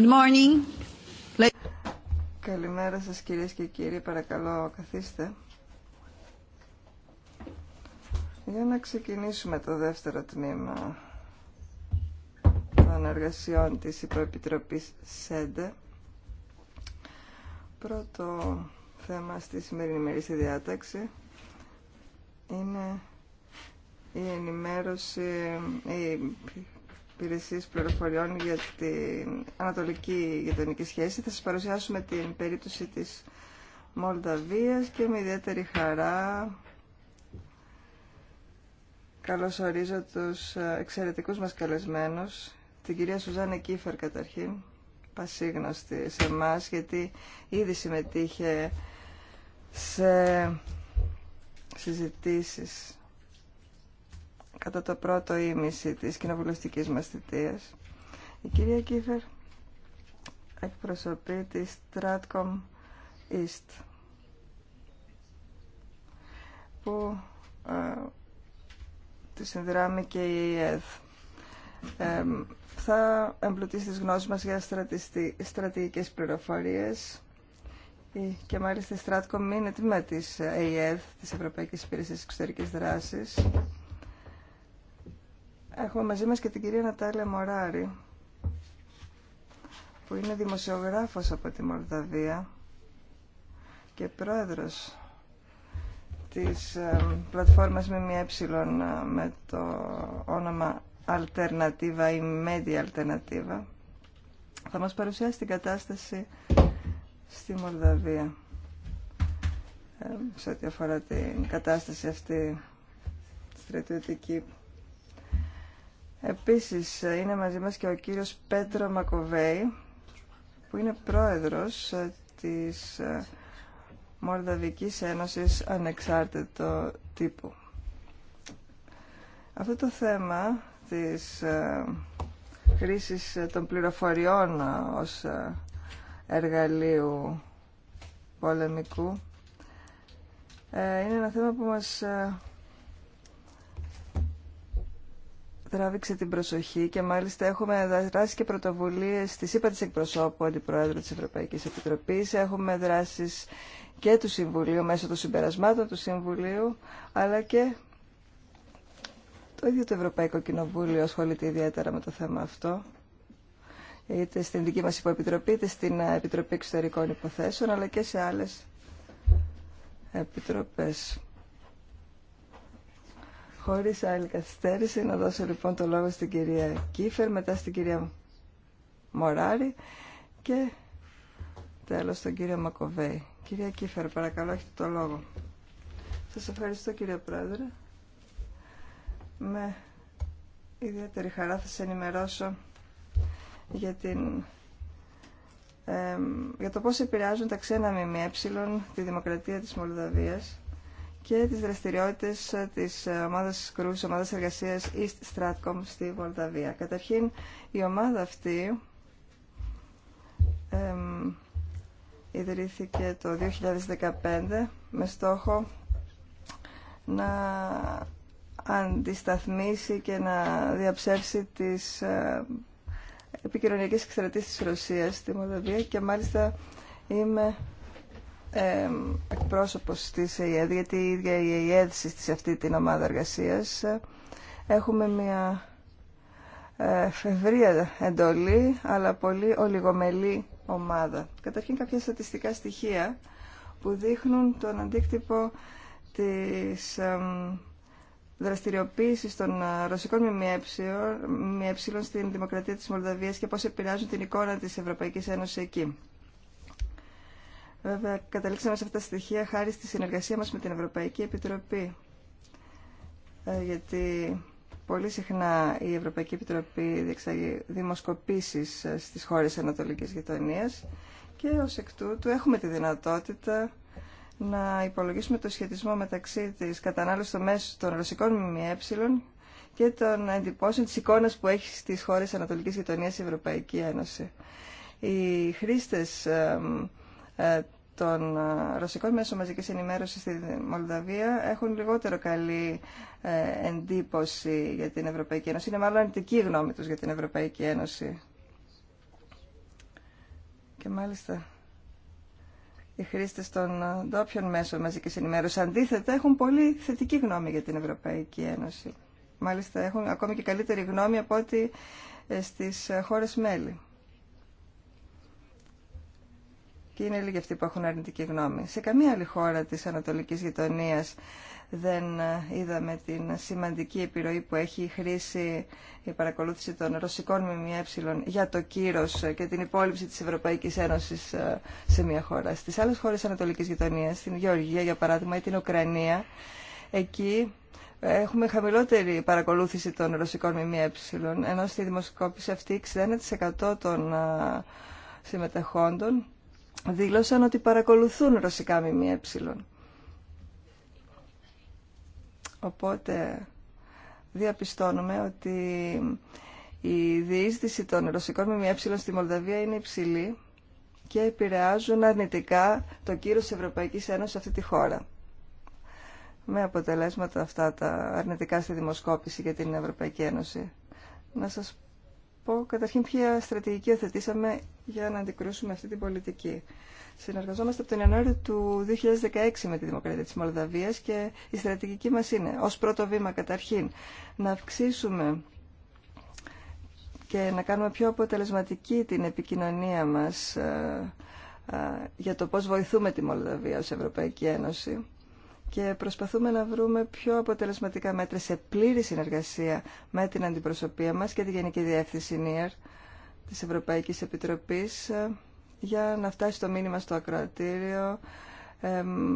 Good morning. Καλημέρα σας κυρίες και κύριοι, παρακαλώ καθίστε. Για να ξεκινήσουμε το δεύτερο τμήμα των εργασιών της Υποεπιτροπής ΣΕΝΤΕ. Πρώτο θέμα στη σημερινή μερίστη διάταξη είναι η ενημέρωση, οι υπηρεσίε πληροφοριών για την ανατολική γειτονική σχέση. Θα σας παρουσιάσουμε την περίπτωση της Μολδαβίας και με ιδιαίτερη χαρά καλωσορίζω τους εξαιρετικούς μας καλεσμένους, την κυρία Σουζάνε Κίφερ καταρχήν, πασίγνωστη σε εμά γιατί ήδη συμμετείχε σε συζητήσεις κατά το πρώτο ήμιση της κοινοβουλευτικής μας θητείας. Η κυρία Κίφερ εκπροσωπεί τη Stratcom East που ε, τη συνδράμει και η ΕΕΔ. θα εμπλουτίσει τις γνώσεις μας για στρατηγικές πληροφορίες και μάλιστα η Stratcom είναι τμήμα της ΕΕΔ, της Ευρωπαϊκής Υπηρεσίας Εξωτερικής Δράσης Έχουμε μαζί μας και την κυρία Νατάλια Μωράρη, που είναι δημοσιογράφος από τη Μολδαβία και πρόεδρος της ε, πλατφόρμας ΜΜΕ με το όνομα Αλτερνατίβα ή Media Alternativa. Θα μας παρουσιάσει την κατάσταση στη Μολδαβία ε, σε ό,τι αφορά την κατάσταση αυτή στρατιωτική Επίσης είναι μαζί μας και ο κύριος Πέτρο Μακοβέη που είναι πρόεδρος ε, της ε, Μορδαβικής Ένωσης Ανεξάρτητο Τύπου. Αυτό το θέμα της ε, χρήσης των πληροφοριών ως εργαλείου πολεμικού είναι ένα θέμα που μας τράβηξε την προσοχή και μάλιστα έχουμε δράσει και πρωτοβουλίε τη ΥΠΑ τη εκπροσώπου Αντιπροέδρου της Ευρωπαϊκής Επιτροπής. Έχουμε δράσεις και του Συμβουλίου μέσω των συμπερασμάτων του Συμβουλίου αλλά και το ίδιο το Ευρωπαϊκό Κοινοβούλιο ασχολείται ιδιαίτερα με το θέμα αυτό είτε στην δική μας υποεπιτροπή είτε στην Επιτροπή Εξωτερικών Υποθέσεων αλλά και σε άλλες επιτροπές. Χωρίς άλλη καθυστέρηση να δώσω λοιπόν το λόγο στην κυρία Κίφερ, μετά στην κυρία Μωράρη και τέλος τον κύριο Μακοβέη. Κυρία Κίφερ, παρακαλώ, έχετε το λόγο. Σας ευχαριστώ κύριε Πρόεδρε. Με ιδιαίτερη χαρά θα σε ενημερώσω για, την, το πώς επηρεάζουν τα ξένα ΜΜΕ τη δημοκρατία της Μολδαβίας και τις δραστηριότητες ε, της ε, ομάδας κρούς, ομάδας εργασίας East Stratcom στη Βολδαβία. Καταρχήν, η ομάδα αυτή ιδρύθηκε το 2015 με στόχο να αντισταθμίσει και να διαψεύσει τις ε, επικοινωνιακές εξτρατείς της Ρωσίας στη Μολδαβία και μάλιστα είμαι ε, εκπρόσωπος της ΕΙΕΔ, γιατί η ίδια η ΕΙΕΔ σε αυτή την ομάδα εργασίας. Έχουμε μια ε, φευρία εντολή, αλλά πολύ ολιγομελή ομάδα. Καταρχήν κάποια στατιστικά στοιχεία που δείχνουν τον αντίκτυπο της δραστηριοποίησης των ε, ρωσικών ΜΜΕ στην δημοκρατία της Μολδαβίας και πώς επηρεάζουν την εικόνα της Ευρωπαϊκής Ένωσης εκεί. Βέβαια, καταλήξαμε σε αυτά τα στοιχεία χάρη στη συνεργασία μας με την Ευρωπαϊκή Επιτροπή. Ε, γιατί πολύ συχνά η Ευρωπαϊκή Επιτροπή διεξάγει δημοσκοπήσεις ε, στις χώρες Ανατολικής Γειτονίας και ως εκ τούτου έχουμε τη δυνατότητα να υπολογίσουμε το σχετισμό μεταξύ της κατανάλωσης των μέσων των ρωσικών ΜΜΕ και των εντυπώσεων της εικόνας που έχει στις χώρες Ανατολικής Γειτονίας η Ευρωπαϊκή Ένωση. Οι χρήστες ε, των ε, ρωσικών μέσων μαζικής ενημέρωσης στη Μολδαβία έχουν λιγότερο καλή ε, εντύπωση για την Ευρωπαϊκή Ένωση. Είναι μάλλον αρνητική γνώμη τους για την Ευρωπαϊκή Ένωση. Και μάλιστα οι χρήστε των ε, ντόπιων μέσων μαζικής ενημέρωσης αντίθετα έχουν πολύ θετική γνώμη για την Ευρωπαϊκή Ένωση. Μάλιστα έχουν ακόμη και καλύτερη γνώμη από ό,τι στις χώρες μέλη. και είναι λίγοι αυτοί που έχουν αρνητική γνώμη. Σε καμία άλλη χώρα της Ανατολικής Γειτονίας δεν ε, είδαμε την σημαντική επιρροή που έχει η χρήση, η παρακολούθηση των ρωσικών ΜΜΕ για το κύρος και την υπόλοιψη της Ευρωπαϊκής Ένωσης ε, σε μια χώρα. Στις άλλες χώρες της Ανατολικής Γειτονίας, στην Γεωργία για παράδειγμα ή την Ουκρανία, εκεί ε, έχουμε χαμηλότερη παρακολούθηση των ρωσικών ΜΜΕ, ενώ στη δημοσκόπηση αυτή 61% των συμμετεχόντων δήλωσαν ότι παρακολουθούν ρωσικά ΜΜΕ. Οπότε διαπιστώνουμε ότι η διείσδυση των ρωσικών ΜΜΕ στη Μολδαβία είναι υψηλή και επηρεάζουν αρνητικά το κύριο της Ευρωπαϊκής Ένωσης σε αυτή τη χώρα. Με αποτελέσματα αυτά τα αρνητικά στη δημοσκόπηση για την Ευρωπαϊκή Ένωση. Να σας πω καταρχήν ποια στρατηγική οθετήσαμε για να αντικρούσουμε αυτή την πολιτική. Συνεργαζόμαστε από τον Ιανουάριο του 2016 με τη Δημοκρατία της Μολδαβίας και η στρατηγική μας είναι ως πρώτο βήμα καταρχήν να αυξήσουμε και να κάνουμε πιο αποτελεσματική την επικοινωνία μας ε, ε, για το πώς βοηθούμε τη Μολδαβία ως Ευρωπαϊκή Ένωση και προσπαθούμε να βρούμε πιο αποτελεσματικά μέτρα σε πλήρη συνεργασία με την αντιπροσωπεία μας και τη Γενική Διεύθυνση ΝΙΕΡ της Ευρωπαϊκής Επιτροπής ε, για να φτάσει το μήνυμα στο ακροατήριο.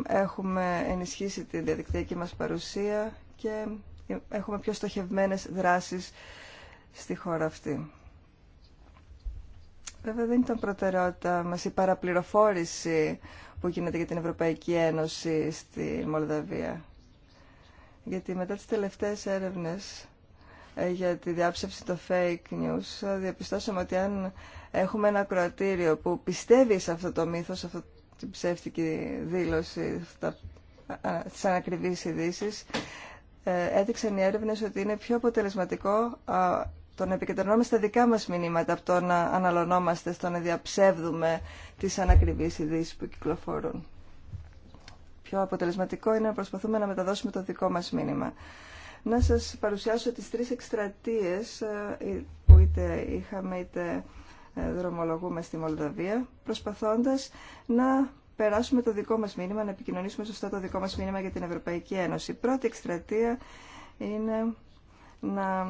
Έχουμε ενισχύσει τη διαδικτυακή μας παρουσία και ε, έχουμε πιο στοχευμένες δράσεις στη χώρα αυτή. Βέβαια δεν ήταν προτεραιότητα μας η παραπληροφόρηση που γίνεται για την Ευρωπαϊκή Ένωση στη Μολδαβία. Γιατί μετά τις τελευταίες έρευνες ε, για τη διάψευση των fake news ε, διαπιστώσαμε ότι αν έχουμε ένα ακροατήριο που πιστεύει σε αυτό το μύθο, σε αυτή την ψεύτικη δήλωση, τις ανακριβείς ειδήσει, ε, έδειξαν οι έρευνες ότι είναι πιο αποτελεσματικό το να επικεντρωνόμαστε στα δικά μας μηνύματα, από το να αναλωνόμαστε, στο να διαψεύδουμε τις ανακριβείς ειδήσει που κυκλοφορούν. Πιο αποτελεσματικό είναι να προσπαθούμε να μεταδώσουμε το δικό μας μήνυμα. Να σας παρουσιάσω τις τρεις εκστρατείες ε, που είτε είχαμε είτε ε, δρομολογούμε στη Μολδαβία, προσπαθώντας να περάσουμε το δικό μας μήνυμα, να επικοινωνήσουμε σωστά το δικό μας μήνυμα για την Ευρωπαϊκή Ένωση. Η πρώτη εκστρατεία είναι να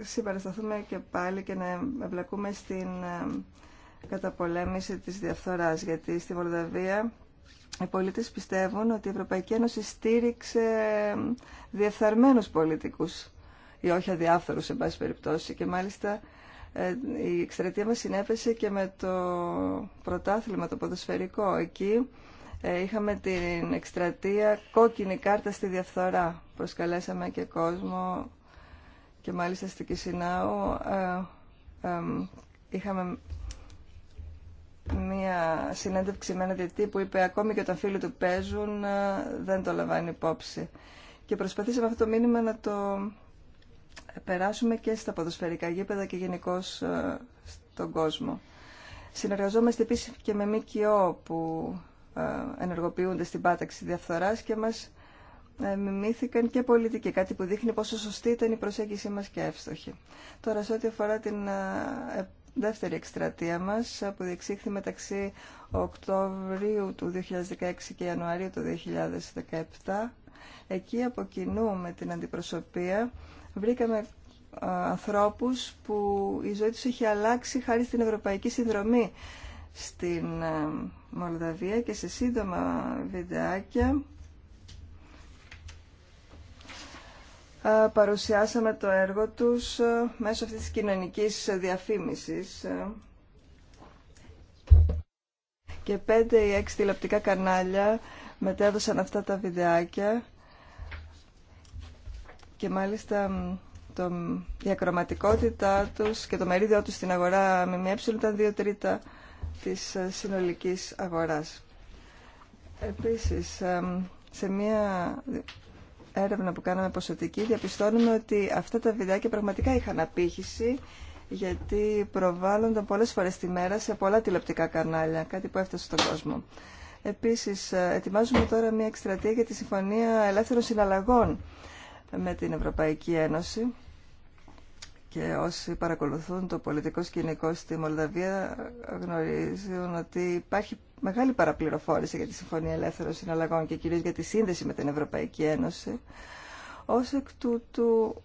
συμπαρασταθούμε και πάλι και να εμπλακούμε στην ε, καταπολέμηση της διαφθοράς, γιατί στη Μολδαβία οι πολίτες πιστεύουν ότι η Ευρωπαϊκή Ένωση στήριξε ε, διεφθαρμένους πολιτικούς ή όχι αδιάφθορους, σε πάση περιπτώσει, και μάλιστα ε, η οχι αδιαφθορους σε παση περιπτωσει και μαλιστα η εξτρατεια μας συνέπεσε και με το πρωτάθλημα το ποδοσφαιρικό. Εκεί είχαμε την εκστρατεία κόκκινη κάρτα στη διαφθορά. Προσκαλέσαμε και κόσμο και μάλιστα στην Κισινάου ε, ε, είχαμε μία συνέντευξη με έναν διετή που είπε ακόμη και όταν φίλοι του παίζουν ε, δεν το λαμβάνει υπόψη. Και προσπαθήσαμε αυτό το μήνυμα να το περάσουμε και στα ποδοσφαιρικά γήπεδα και γενικώ στον κόσμο. Συνεργαζόμαστε επίσης και με ΜΚΟ που ενεργοποιούνται στην πάταξη διαφθοράς και μας ε, μιμήθηκαν και πολιτικοί, κάτι που δείχνει πόσο σωστή ήταν η προσέγγιση μας και εύστοχη. Τώρα, σε ό,τι αφορά την ε, ε, δεύτερη εκστρατεία μας, που διεξήχθη μεταξύ Οκτωβρίου του 2016 και Ιανουαρίου του 2017, εκεί από κοινού με την αντιπροσωπεία βρήκαμε ανθρώπους που η ζωή τους είχε αλλάξει χάρη στην Ευρωπαϊκή Συνδρομή στην Μολδαβία και σε σύντομα βιντεάκια Ε, παρουσιάσαμε το έργο τους ε, μέσω αυτής της κοινωνικής διαφήμισης ε, και πέντε ή έξι τηλεοπτικά κανάλια μετέδωσαν αυτά τα βιντεάκια και μάλιστα το, η ακροματικότητά τους και το μερίδιο τους στην αγορά ΜΜΕ ήταν δύο τρίτα της συνολικής αγοράς. Επίσης, σε μια έρευνα που κάναμε ποσοτική διαπιστώνουμε ότι αυτά τα βιντεάκια πραγματικά είχαν απήχηση γιατί προβάλλονταν πολλές φορές τη μέρα σε πολλά τηλεοπτικά κανάλια, κάτι που έφτασε στον κόσμο. Επίσης, ε, ετοιμάζουμε τώρα μια εκστρατεία για τη Συμφωνία Ελεύθερων Συναλλαγών με την Ευρωπαϊκή Ένωση και όσοι παρακολουθούν το πολιτικό σκηνικό στη Μολδαβία γνωρίζουν ότι υπάρχει μεγάλη παραπληροφόρηση για τη Συμφωνία Ελεύθερων Συναλλαγών και κυρίως για τη σύνδεση με την Ευρωπαϊκή Ένωση. Ως εκ τούτου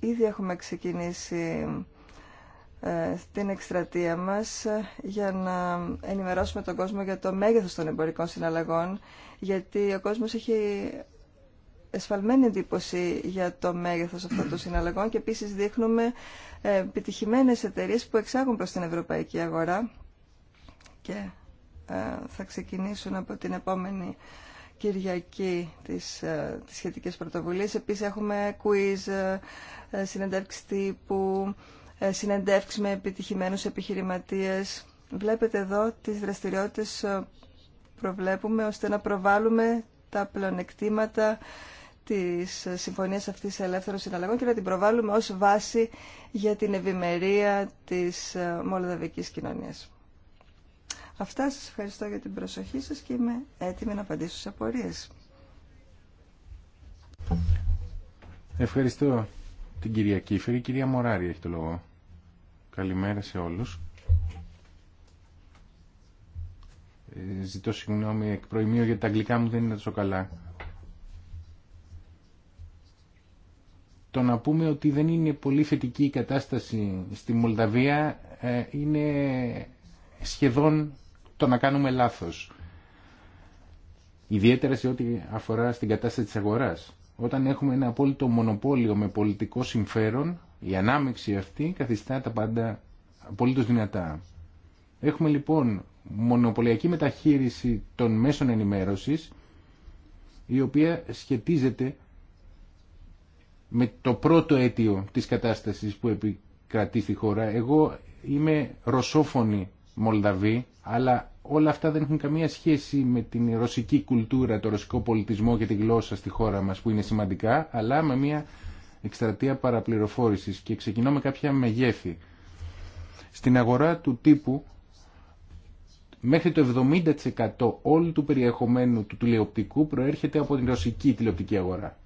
ήδη έχουμε ξεκινήσει ε, την εκστρατεία μας για να ενημερώσουμε τον κόσμο για το μέγεθος των εμπορικών συναλλαγών γιατί ο κόσμος έχει εσφαλμένη εντύπωση για το μέγεθος αυτών των συναλλαγών και επίσης δείχνουμε ε, επιτυχημένε εταιρείε που εξάγουν προς την ευρωπαϊκή αγορά και ε, θα ξεκινήσουν από την επόμενη Κυριακή τις, ε, τις σχετικές πρωτοβουλίες. Επίσης έχουμε quiz, συνεντεύξεις τύπου, συνεντεύξεις με επιτυχημένους επιχειρηματίες. Βλέπετε εδώ τις δραστηριότητες προβλέπουμε ώστε να προβάλλουμε τα πλεονεκτήματα της συμφωνίας αυτής ελεύθερων συναλλαγών και να την προβάλλουμε ως βάση για την ευημερία της ε, μολδαβικής κοινωνίας. Αυτά σας ευχαριστώ για την προσοχή σας και είμαι έτοιμη να απαντήσω σε απορίες. Ευχαριστώ την κυρία Κίφερη. Η κυρία Μωράρη έχει το λόγο. Καλημέρα σε όλους. Ε, ζητώ συγγνώμη εκ προημίου γιατί τα αγγλικά μου δεν είναι τόσο καλά. το να πούμε ότι δεν είναι πολύ θετική η κατάσταση στη Μολδαβία ε, είναι σχεδόν το να κάνουμε λάθος. Ιδιαίτερα σε ό,τι αφορά στην κατάσταση της αγοράς. Όταν έχουμε ένα απόλυτο μονοπόλιο με πολιτικό συμφέρον, η ανάμειξη αυτή καθιστά τα πάντα απολύτως δυνατά. Έχουμε λοιπόν μονοπωλιακή μεταχείριση των μέσων ενημέρωσης, η οποία σχετίζεται με το πρώτο αίτιο της κατάστασης που επικρατεί στη χώρα. Εγώ είμαι ρωσόφωνη Μολδαβή, αλλά όλα αυτά δεν έχουν καμία σχέση με την ρωσική κουλτούρα, το ρωσικό πολιτισμό και τη γλώσσα στη χώρα μας που είναι σημαντικά, αλλά με μια εκστρατεία παραπληροφόρησης και ξεκινώ με κάποια μεγέθη. Στην αγορά του τύπου μέχρι το 70% όλου του περιεχομένου του τηλεοπτικού προέρχεται από την ρωσική τηλεοπτική αγορά.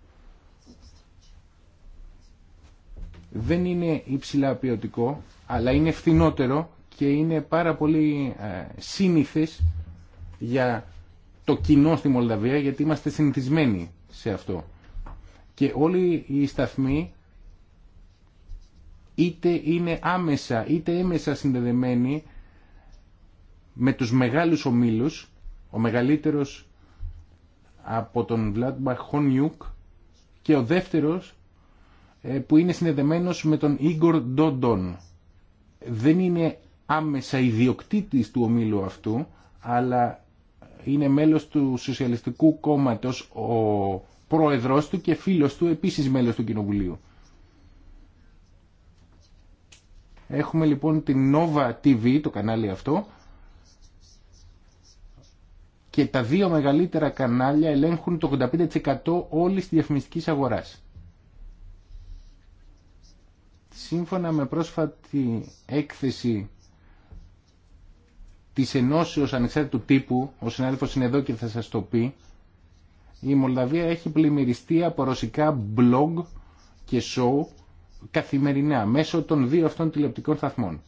δεν είναι υψηλά ποιοτικό, αλλά είναι φθηνότερο και είναι πάρα πολύ ε, σύνηθες για το κοινό στη Μολδαβία, γιατί είμαστε συνηθισμένοι σε αυτό. Και όλοι οι σταθμοί είτε είναι άμεσα είτε έμεσα συνδεδεμένοι με τους μεγάλους ομίλους, ο μεγαλύτερος από τον Βλάντμπαχ Χονιούκ και ο δεύτερος ε, που είναι συνδεδεμένος με τον Ίγκορ Ντόντον. Δεν είναι άμεσα ιδιοκτήτης του ομίλου αυτού, αλλά είναι μέλος του Σοσιαλιστικού Κόμματος ο πρόεδρος του και φίλος του επίσης μέλος του Κοινοβουλίου. Έχουμε λοιπόν την Nova TV, το κανάλι αυτό, και τα δύο μεγαλύτερα κανάλια ελέγχουν το 85% όλης της διαφημιστικής αγοράς. Σύμφωνα με πρόσφατη έκθεση της ενώσεως ανεξάρτητου τύπου, ο συνάδελφος είναι εδώ και θα σας το πει, η Μολδαβία έχει πλημμυριστεί από ρωσικά blog και show καθημερινά μέσω των δύο αυτών τηλεοπτικών σταθμών.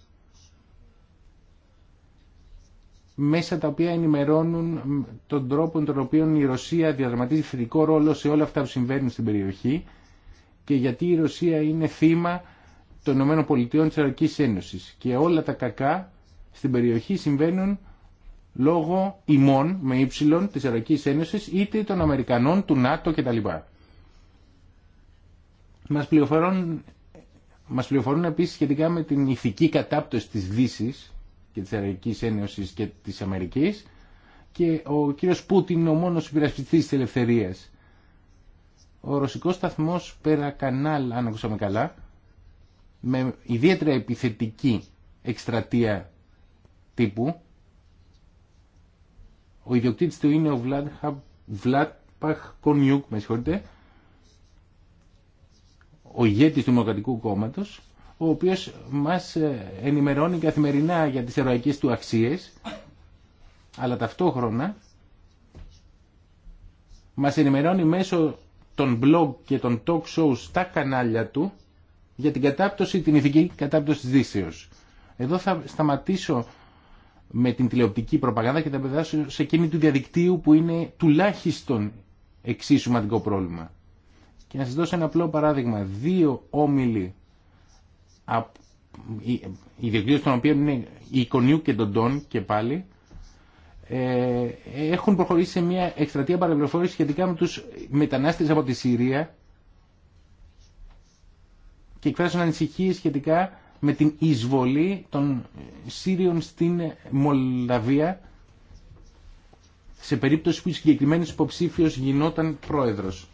Μέσα τα οποία ενημερώνουν τον τρόπο τον οποίο η Ρωσία διαδραματίζει θετικό ρόλο σε όλα αυτά που συμβαίνουν στην περιοχή και γιατί η Ρωσία είναι θύμα των ΗΠΑ της Ευρωπαϊκής Ένωσης και όλα τα κακά στην περιοχή συμβαίνουν λόγω ημών με ύψιλον της Ευρωπαϊκής Ένωσης είτε των Αμερικανών, του ΝΑΤΟ κτλ. Μας πληροφορούν, μας πληροφορούν επίσης σχετικά με την ηθική κατάπτωση της δύση και της Ευρωπαϊκής Ένωσης και της Αμερικής και ο κύριος Πούτιν είναι ο μόνος υπερασπιστή της ελευθερίας. Ο ρωσικός σταθμός πέρα κανάλ, αν ακούσαμε καλά, με ιδιαίτερα επιθετική εκστρατεία τύπου. Ο ιδιοκτήτης του είναι ο Βλάτπαχ Κονιούκ, με συγχωρείτε, ο ηγέτης του Δημοκρατικού Κόμματος, ο οποίος μας ε, ενημερώνει καθημερινά για τις ερωαϊκές του αξίες, αλλά ταυτόχρονα μας ενημερώνει μέσω των blog και των talk shows στα κανάλια του για την κατάπτωση, την ηθική κατάπτωση της δύσεως. Εδώ θα σταματήσω με την τηλεοπτική προπαγάνδα και θα περάσω σε εκείνη του διαδικτύου που είναι τουλάχιστον εξίσου σημαντικό πρόβλημα. Και να σας δώσω ένα απλό παράδειγμα. Δύο όμιλοι, οι διοικητές των οποίων είναι η Ικονίου και τον Τόν και πάλι, ε, έχουν προχωρήσει σε μια εκστρατεία παραπληροφόρηση σχετικά με τους μετανάστες από τη Συρία και εκφράζουν ανησυχίε σχετικά με την εισβολή των Σύριων στην Μολδαβία σε περίπτωση που συγκεκριμένος υποψήφιος γινόταν πρόεδρος.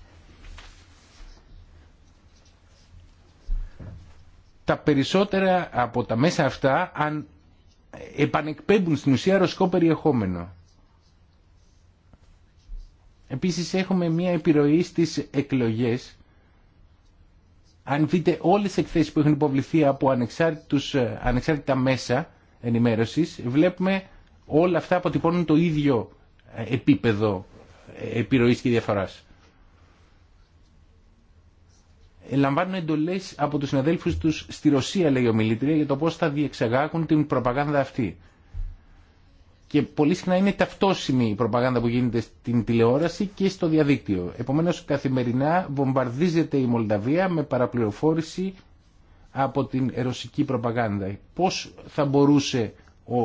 Τα περισσότερα από τα μέσα αυτά αν επανεκπέμπουν στην ουσία ρωσικό περιεχόμενο. Επίσης έχουμε μία επιρροή στις εκλογές αν δείτε όλες τις εκθέσεις που έχουν υποβληθεί από ανεξάρτητους, ε, ανεξάρτητα μέσα ενημέρωσης, βλέπουμε όλα αυτά αποτυπώνουν το ίδιο ε, επίπεδο ε, επιρροής και διαφοράς. Ελαμβάνουν εντολές από τους συναδέλφους τους στη Ρωσία, λέει ο Μιλήτρια, για το πώς θα διεξαγάγουν την προπαγάνδα αυτή και πολύ συχνά είναι ταυτόσιμη η προπαγάνδα που γίνεται στην τηλεόραση και στο διαδίκτυο. Επομένως καθημερινά βομβαρδίζεται η Μολδαβία με παραπληροφόρηση από την ρωσική προπαγάνδα. Πώς θα μπορούσε ο,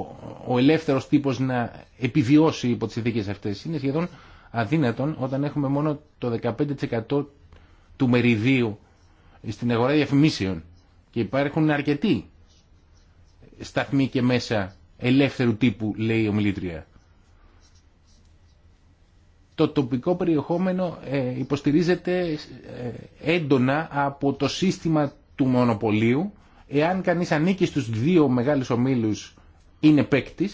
ο ελεύθερος τύπος να επιβιώσει υπό τις συνθήκες αυτές. Είναι σχεδόν αδύνατον όταν έχουμε μόνο το 15% του μεριδίου στην αγορά διαφημίσεων και υπάρχουν αρκετοί σταθμοί και μέσα ελεύθερου τύπου, λέει η ομιλήτρια. Το τοπικό περιεχόμενο ε, υποστηρίζεται ε, έντονα από το σύστημα του μονοπωλίου. Εάν κανείς ανήκει στους δύο μεγάλους ομίλους είναι παίκτη,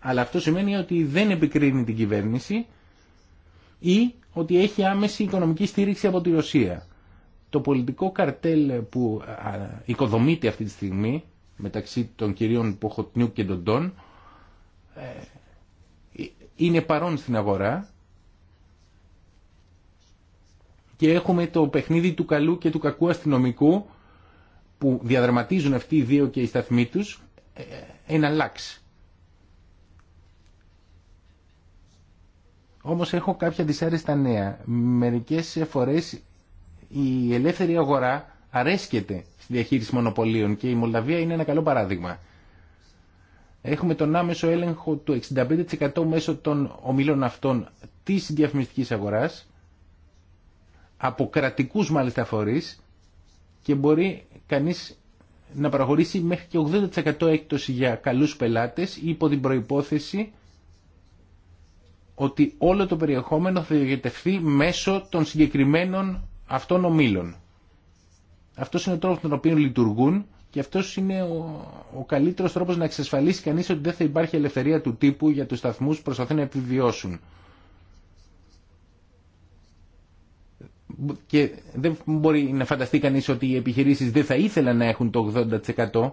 αλλά αυτό σημαίνει ότι δεν επικρίνει την κυβέρνηση ή ότι έχει άμεση οικονομική στήριξη από τη Ρωσία. Το πολιτικό καρτέλ που οικοδομείται αυτή τη στιγμή μεταξύ των κυρίων Ποχοτνιού και ε, είναι παρόν στην αγορά και έχουμε το παιχνίδι του καλού και του κακού αστυνομικού που διαδραματίζουν αυτοί οι δύο και οι σταθμοί τους ε, ένα λάξ. Όμως έχω κάποια δυσάρεστα νέα. Μερικές φορές η ελεύθερη αγορά αρέσκεται στη διαχείριση μονοπωλίων και η Μολδαβία είναι ένα καλό παράδειγμα. Έχουμε τον άμεσο έλεγχο του 65% μέσω των ομιλών αυτών τη διαφημιστική αγορά, από κρατικού μάλιστα φορεί, και μπορεί κανείς να προχωρήσει μέχρι και 80% έκπτωση για καλούς πελάτες υπό την προϋπόθεση ότι όλο το περιεχόμενο θα διοικητευθεί μέσω των συγκεκριμένων αυτών ομίλων. Αυτό είναι ο τρόπος τον οποίο λειτουργούν και αυτό είναι ο, ο καλύτερος τρόπος να εξασφαλίσει κανείς ότι δεν θα υπάρχει ελευθερία του τύπου για τους σταθμού που προσπαθούν να επιβιώσουν. Και δεν μπορεί να φανταστεί κανείς ότι οι επιχειρήσει δεν θα ήθελαν να έχουν το 80%.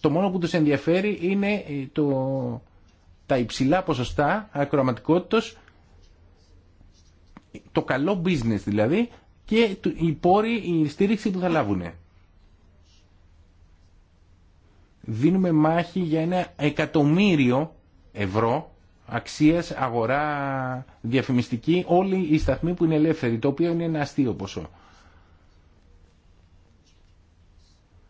Το μόνο που τους ενδιαφέρει είναι το, τα υψηλά ποσοστά ακροαματικότητος, το καλό business δηλαδή, και οι πόροι, η στήριξη που θα λάβουν. Δίνουμε μάχη για ένα εκατομμύριο ευρώ αξίας αγορά διαφημιστική όλη η σταθμοί που είναι ελεύθερη, το οποίο είναι ένα αστείο ποσό.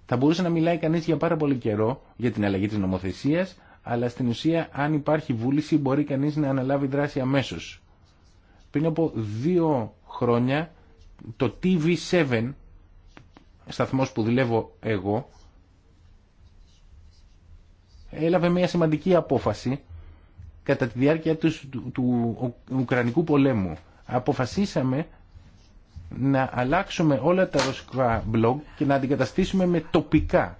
Θα μπορούσε να μιλάει κανείς για πάρα πολύ καιρό για την αλλαγή της νομοθεσίας, αλλά στην ουσία αν υπάρχει βούληση μπορεί κανείς να αναλάβει δράση αμέσως. Πριν από δύο χρόνια το TV7, σταθμός που δουλεύω εγώ, έλαβε μια σημαντική απόφαση κατά τη διάρκεια του, του, Ουκρανικού πολέμου. Αποφασίσαμε να αλλάξουμε όλα τα ρωσικά blog και να αντικαταστήσουμε με τοπικά,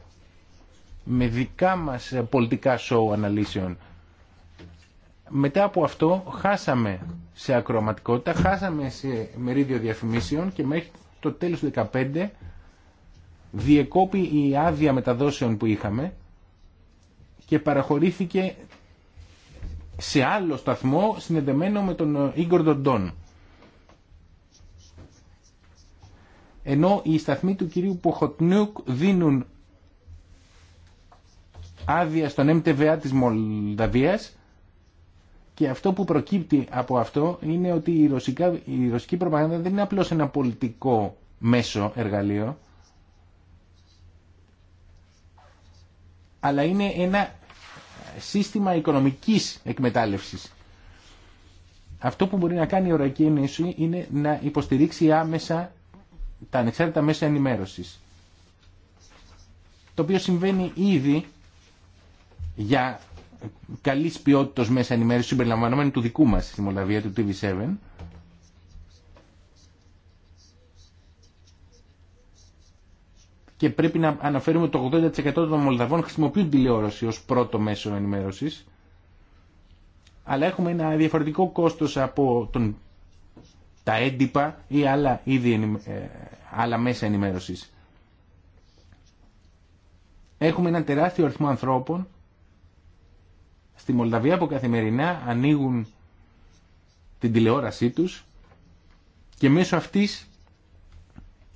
με δικά μας πολιτικά show αναλύσεων μετά από αυτό χάσαμε σε ακροματικότητα, χάσαμε σε μερίδιο διαφημίσεων και μέχρι το τέλος του 2015 διεκόπη η άδεια μεταδόσεων που είχαμε και παραχωρήθηκε σε άλλο σταθμό συνεδεμένο με τον ε, Ίγκορ Ντοντών. Ενώ οι σταθμοί του κυρίου Ποχοτνούκ δίνουν άδεια στον MTVA της Μολδαβίας και αυτό που προκύπτει από αυτό είναι ότι η, ρωσικά, η ρωσική προπαγάνδα δεν είναι απλώς ένα πολιτικό μέσο εργαλείο, αλλά είναι ένα σύστημα οικονομικής εκμετάλλευσης. Αυτό που μπορεί να κάνει η Ευρωπαϊκή Ένωση είναι να υποστηρίξει άμεσα τα ανεξάρτητα μέσα ενημέρωσης. Το οποίο συμβαίνει ήδη για Καλή ποιότητα μέσα ενημέρωση συμπεριλαμβανομένου του δικού μα στη Μολδαβία, του TV7. Και πρέπει να αναφέρουμε ότι το 80% των Μολδαβών χρησιμοποιούν τηλεόραση ως πρώτο μέσο ενημέρωσης. Αλλά έχουμε ένα διαφορετικό κόστος από τον, τα έντυπα ή άλλα, ε, άλλα μέσα ενημέρωσης. Έχουμε ένα τεράστιο αριθμό ανθρώπων στη Μολδαβία που καθημερινά ανοίγουν την τηλεόρασή τους και μέσω αυτής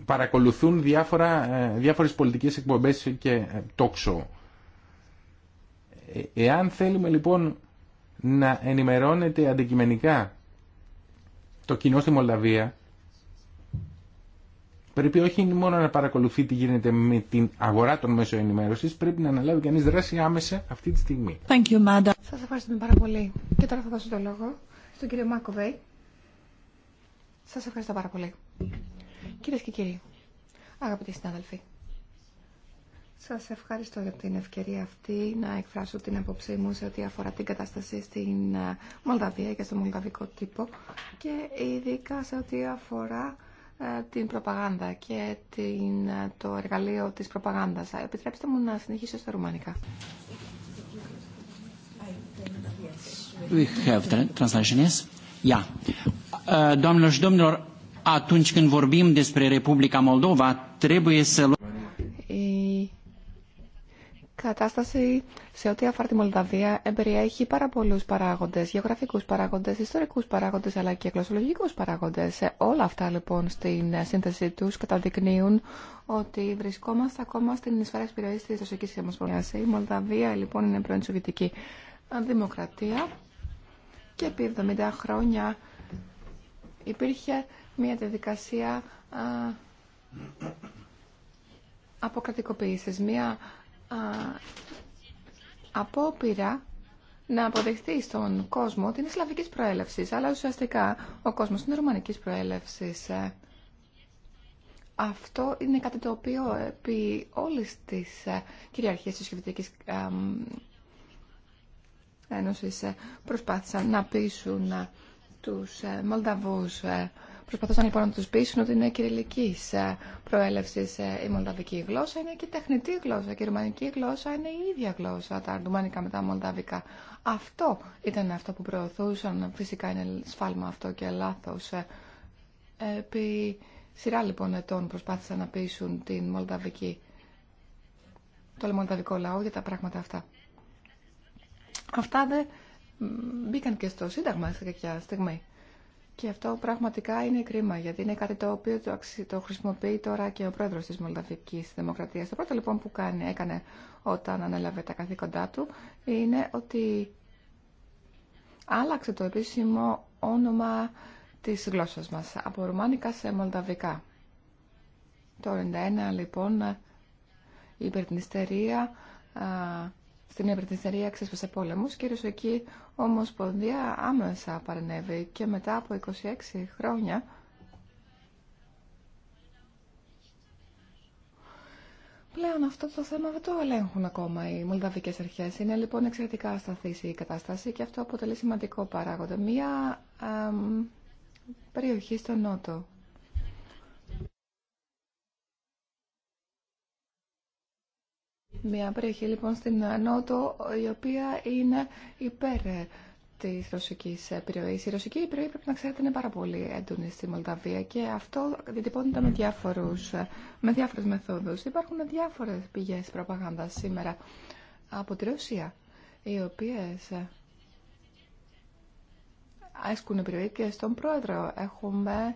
παρακολουθούν διάφορα, ε, διάφορες πολιτικές εκπομπές και τόξο. Ε, ε, εάν θέλουμε λοιπόν να ενημερώνεται αντικειμενικά το κοινό στη Μολδαβία, Πρέπει όχι μόνο να παρακολουθεί τι γίνεται με την αγορά των μέσων ενημέρωση, πρέπει να αναλάβει κανεί δράση άμεσα αυτή τη στιγμή. Thank Σα ευχαριστούμε πάρα πολύ. Και τώρα θα δώσω το λόγο στον κύριο Μάκοβεϊ. Σα ευχαριστώ πάρα πολύ. Κυρίε και κύριοι, αγαπητοί συνάδελφοι, Σα ευχαριστώ για την ευκαιρία αυτή να εκφράσω την απόψή μου σε ό,τι αφορά την κατάσταση στην ε, Μολδαβία και στο μολδαβικό τύπο και ειδικά σε ό,τι αφορά την προπαγάνδα και την, το εργαλείο της προπαγάνδας. Επιτρέψτε μου να συνεχίσω στα ρουμανικά. We have translation, yes? Yeah. Doamnelor și domnilor, atunci când vorbim despre Republica Moldova, trebuie să κατάσταση σε ό,τι αφορά τη Μολδαβία εμπεριέχει πάρα πολλού παράγοντε, γεωγραφικού παράγοντε, ιστορικού παράγοντε αλλά και γλωσσολογικού παράγοντε. Όλα αυτά λοιπόν στην σύνθεση του καταδεικνύουν ότι βρισκόμαστε ακόμα στην σφαίρα επιρροή τη Ρωσική Ομοσπονδία. Η Μολδαβία λοιπόν είναι πρώην Σοβιετική Δημοκρατία και επί 70 χρόνια υπήρχε μια διαδικασία αποκρατικοποίησης, μια απόπειρα να αποδεχτεί στον κόσμο την είναι σλαβικής προέλευσης, αλλά ουσιαστικά ο κόσμος είναι ρουμανικής προέλευσης. Αυτό είναι κάτι το οποίο επί όλης της ε, κυριαρχίες της Σοβιετικής Ένωσης ε, προσπάθησαν να πείσουν ε, τους Μολδαβούς Προσπαθούσαν λοιπόν να του πείσουν ότι είναι κυριλική ε, προέλευση ε, η μολδαβική γλώσσα. Είναι και τεχνητή γλώσσα και η ρουμανική γλώσσα είναι η ίδια γλώσσα, τα ρουμανικά με τα μολδαβικά. Αυτό ήταν αυτό που προωθούσαν. Φυσικά είναι σφάλμα αυτό και λάθο. Ε, επί σειρά λοιπόν ετών προσπάθησαν να πείσουν την μολδαβική, το μολδαβικό λαό για τα πράγματα αυτά. Αυτά δεν μπήκαν και στο Σύνταγμα σε κάποια στιγμή. Και αυτό πραγματικά είναι κρίμα, γιατί είναι κάτι το οποίο το, το χρησιμοποιεί τώρα και ο πρόεδρο τη Μολδαβική Δημοκρατία. Το πρώτο λοιπόν που κάνει, έκανε όταν ανέλαβε τα καθήκοντά του είναι ότι άλλαξε το επίσημο όνομα της γλώσσας μας από ρουμάνικα σε μολδαβικά. Το 1991 λοιπόν η υπερτινιστερία στην Ευρωτερία ξέσπασε πόλεμο και η Ρωσική Ομοσπονδία άμεσα παρενέβη και μετά από 26 χρόνια Πλέον αυτό το θέμα δεν το ελέγχουν ακόμα οι μολδαβικέ αρχέ. Είναι λοιπόν εξαιρετικά ασταθή η κατάσταση και αυτό αποτελεί σημαντικό παράγοντα. Μία περιοχή στο νότο Μια περιοχή λοιπόν στην Νότο η οποία είναι υπέρ τη ρωσική επιρροή. Η ρωσική επιρροή πρέπει να ξέρετε είναι πάρα πολύ έντονη στη Μολδαβία και αυτό διατυπώνεται με, διάφορους, με διάφορες μεθόδους. Υπάρχουν διάφορες πηγές προπαγάνδας σήμερα από τη Ρωσία, οι οποίες άσκουν επιρροή και στον πρόεδρο. Έχουμε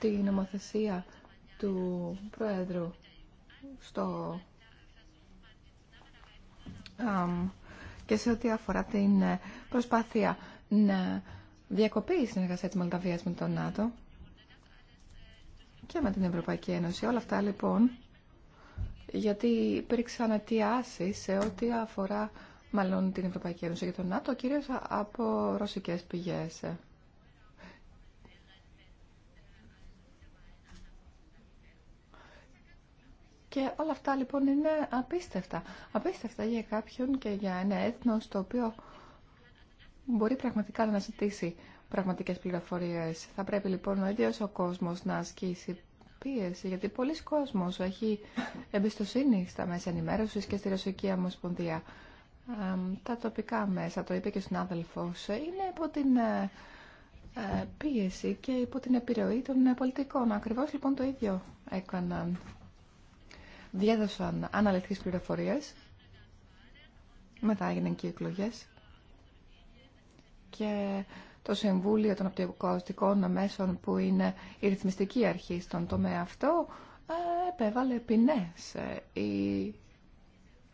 την νομοθεσία του πρόεδρου στο και σε ό,τι αφορά την ε, προσπάθεια να διακοπεί η συνεργασία της Μολδαβίας με τον ΝΑΤΟ και με την Ευρωπαϊκή Ένωση. Όλα αυτά λοιπόν γιατί υπήρξαν αιτιάσει σε ό,τι αφορά μάλλον την Ευρωπαϊκή Ένωση και τον ΝΑΤΟ κυρίως από ρωσικές πηγές. Και όλα αυτά λοιπόν είναι απίστευτα. Απίστευτα για κάποιον και για ένα έθνος το οποίο μπορεί πραγματικά να ζητήσει πραγματικές πληροφορίες. Θα πρέπει λοιπόν ο ίδιος ο κόσμος να ασκήσει πίεση, γιατί πολλοί κόσμος έχει εμπιστοσύνη στα μέσα ενημέρωσης και στη Ρωσική Ομοσπονδία. Τα τοπικά μέσα, το είπε και ο συνάδελφος, είναι υπό την ε, ε, πίεση και υπό την επιρροή των πολιτικών. Ακριβώς λοιπόν το ίδιο έκαναν διέδωσαν αναλυτικές πληροφορίες, μετά έγιναν και οι και το Συμβούλιο των Μέσων που είναι η ρυθμιστική αρχή στον τομέα αυτό ε, επέβαλε ποινές. Ε, οι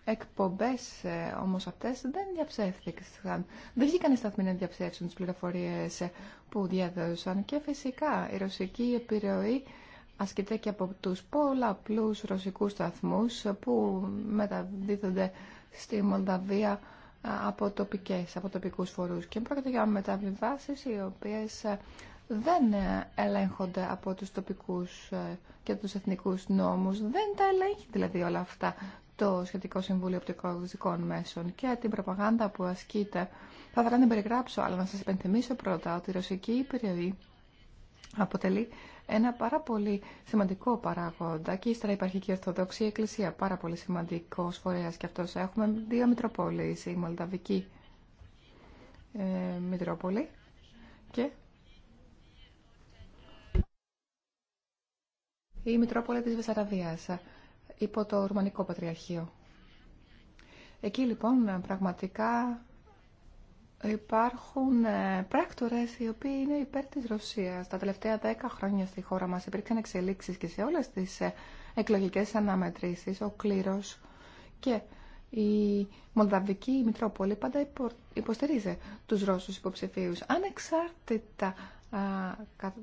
εκπομπές ε, όμως αυτές δεν διαψεύθηκαν. Δεν βγήκαν οι σταθμοί να διαψεύσουν τις πληροφορίες που διαδόσαν. και φυσικά η ρωσική επιρροή ασκείται και από τους πολλαπλούς ρωσικούς σταθμούς που μεταδίδονται στη Μολδαβία από, τοπικές, από τοπικούς φορούς και πρόκειται για μεταβιβάσεις οι οποίες δεν ε, ελέγχονται από τους τοπικούς ε, και τους εθνικούς νόμους. Δεν τα ελέγχει δηλαδή όλα αυτά το Σχετικό Συμβούλιο Οπτικοδοτικών Μέσων και την προπαγάνδα που ασκείται. Θα ήθελα να την περιγράψω, αλλά να σας υπενθυμίσω πρώτα ότι η ρωσική περιοχή αποτελεί ένα πάρα πολύ σημαντικό παράγοντα και ύστερα υπάρχει και η Ορθοδόξη Εκκλησία, πάρα πολύ σημαντικό φορέας και αυτός. Έχουμε δύο Μητροπόλεις, η Μολδαβική ε, Μητρόπολη και η Μητρόπολη της Βεσαραβίας υπό το Ρουμανικό Πατριαρχείο. Εκεί λοιπόν πραγματικά Υπάρχουν ε, πράκτορες οι οποίοι είναι υπέρ της Ρωσίας. Τα τελευταία δέκα χρόνια στη χώρα μας υπήρξαν εξελίξεις και σε όλες τις ε, εκλογικές αναμετρήσεις, ο κλήρος και η Μολδαβική Μητρόπολη πάντα υποστηρίζει τους Ρώσους υποψηφίους, ανεξάρτητα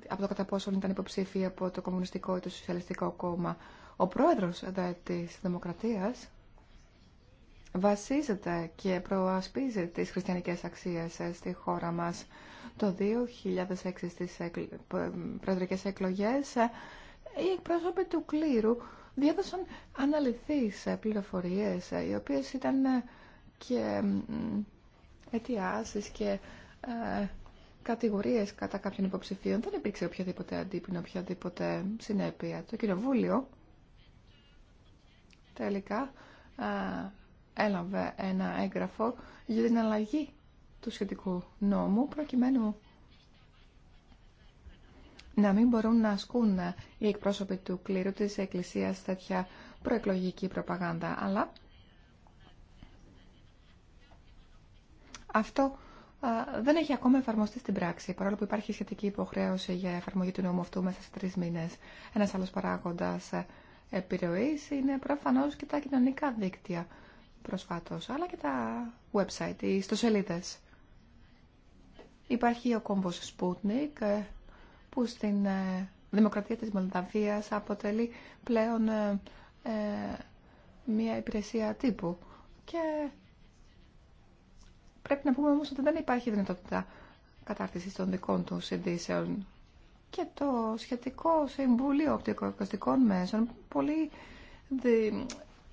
από το κατά πόσον ήταν υποψήφιοι από το Κομμουνιστικό ή το Σοσιαλιστικό Κόμμα. Ο πρόεδρος τη της Δημοκρατίας βασίζεται και προασπίζει τις χριστιανικές αξίες ε, στη χώρα μας. Το 2006 στις προεδρικές εκλογές ε, οι εκπρόσωποι του κλήρου διέδωσαν αναλυθείς ε, πληροφορίες οι οποίες ήταν και αιτιάσεις και κατηγορίες κατά κάποιων υποψηφίων. Δεν υπήρξε οποιαδήποτε αντίπινο, οποιαδήποτε συνέπεια. Το Κοινοβούλιο τελικά έλαβε ένα έγγραφο για την αλλαγή του σχετικού νόμου προκειμένου να μην μπορούν να ασκούν οι εκπρόσωποι του κλήρου της Εκκλησίας τέτοια προεκλογική προπαγάνδα. Αλλά αυτό δεν έχει ακόμα εφαρμοστεί στην πράξη, παρόλο που υπάρχει σχετική υποχρέωση για εφαρμογή του νόμου αυτού μέσα σε τρει μήνες, Ένα άλλο παράγοντα επιρροή είναι προφανώ και τα κοινωνικά δίκτυα, προσφάτως, αλλά και τα website, οι ιστοσελίδες. Υπάρχει ο κόμβος Sputnik, ε, που στην ε, Δημοκρατία της Μολδαβίας αποτελεί πλέον ε, μια υπηρεσία τύπου. Και πρέπει να πούμε όμως ότι δεν υπάρχει δυνατότητα κατάρτισης των δικών του συντήσεων. Και το σχετικό Συμβούλιο Οπτικοακουστικών Μέσων πολύ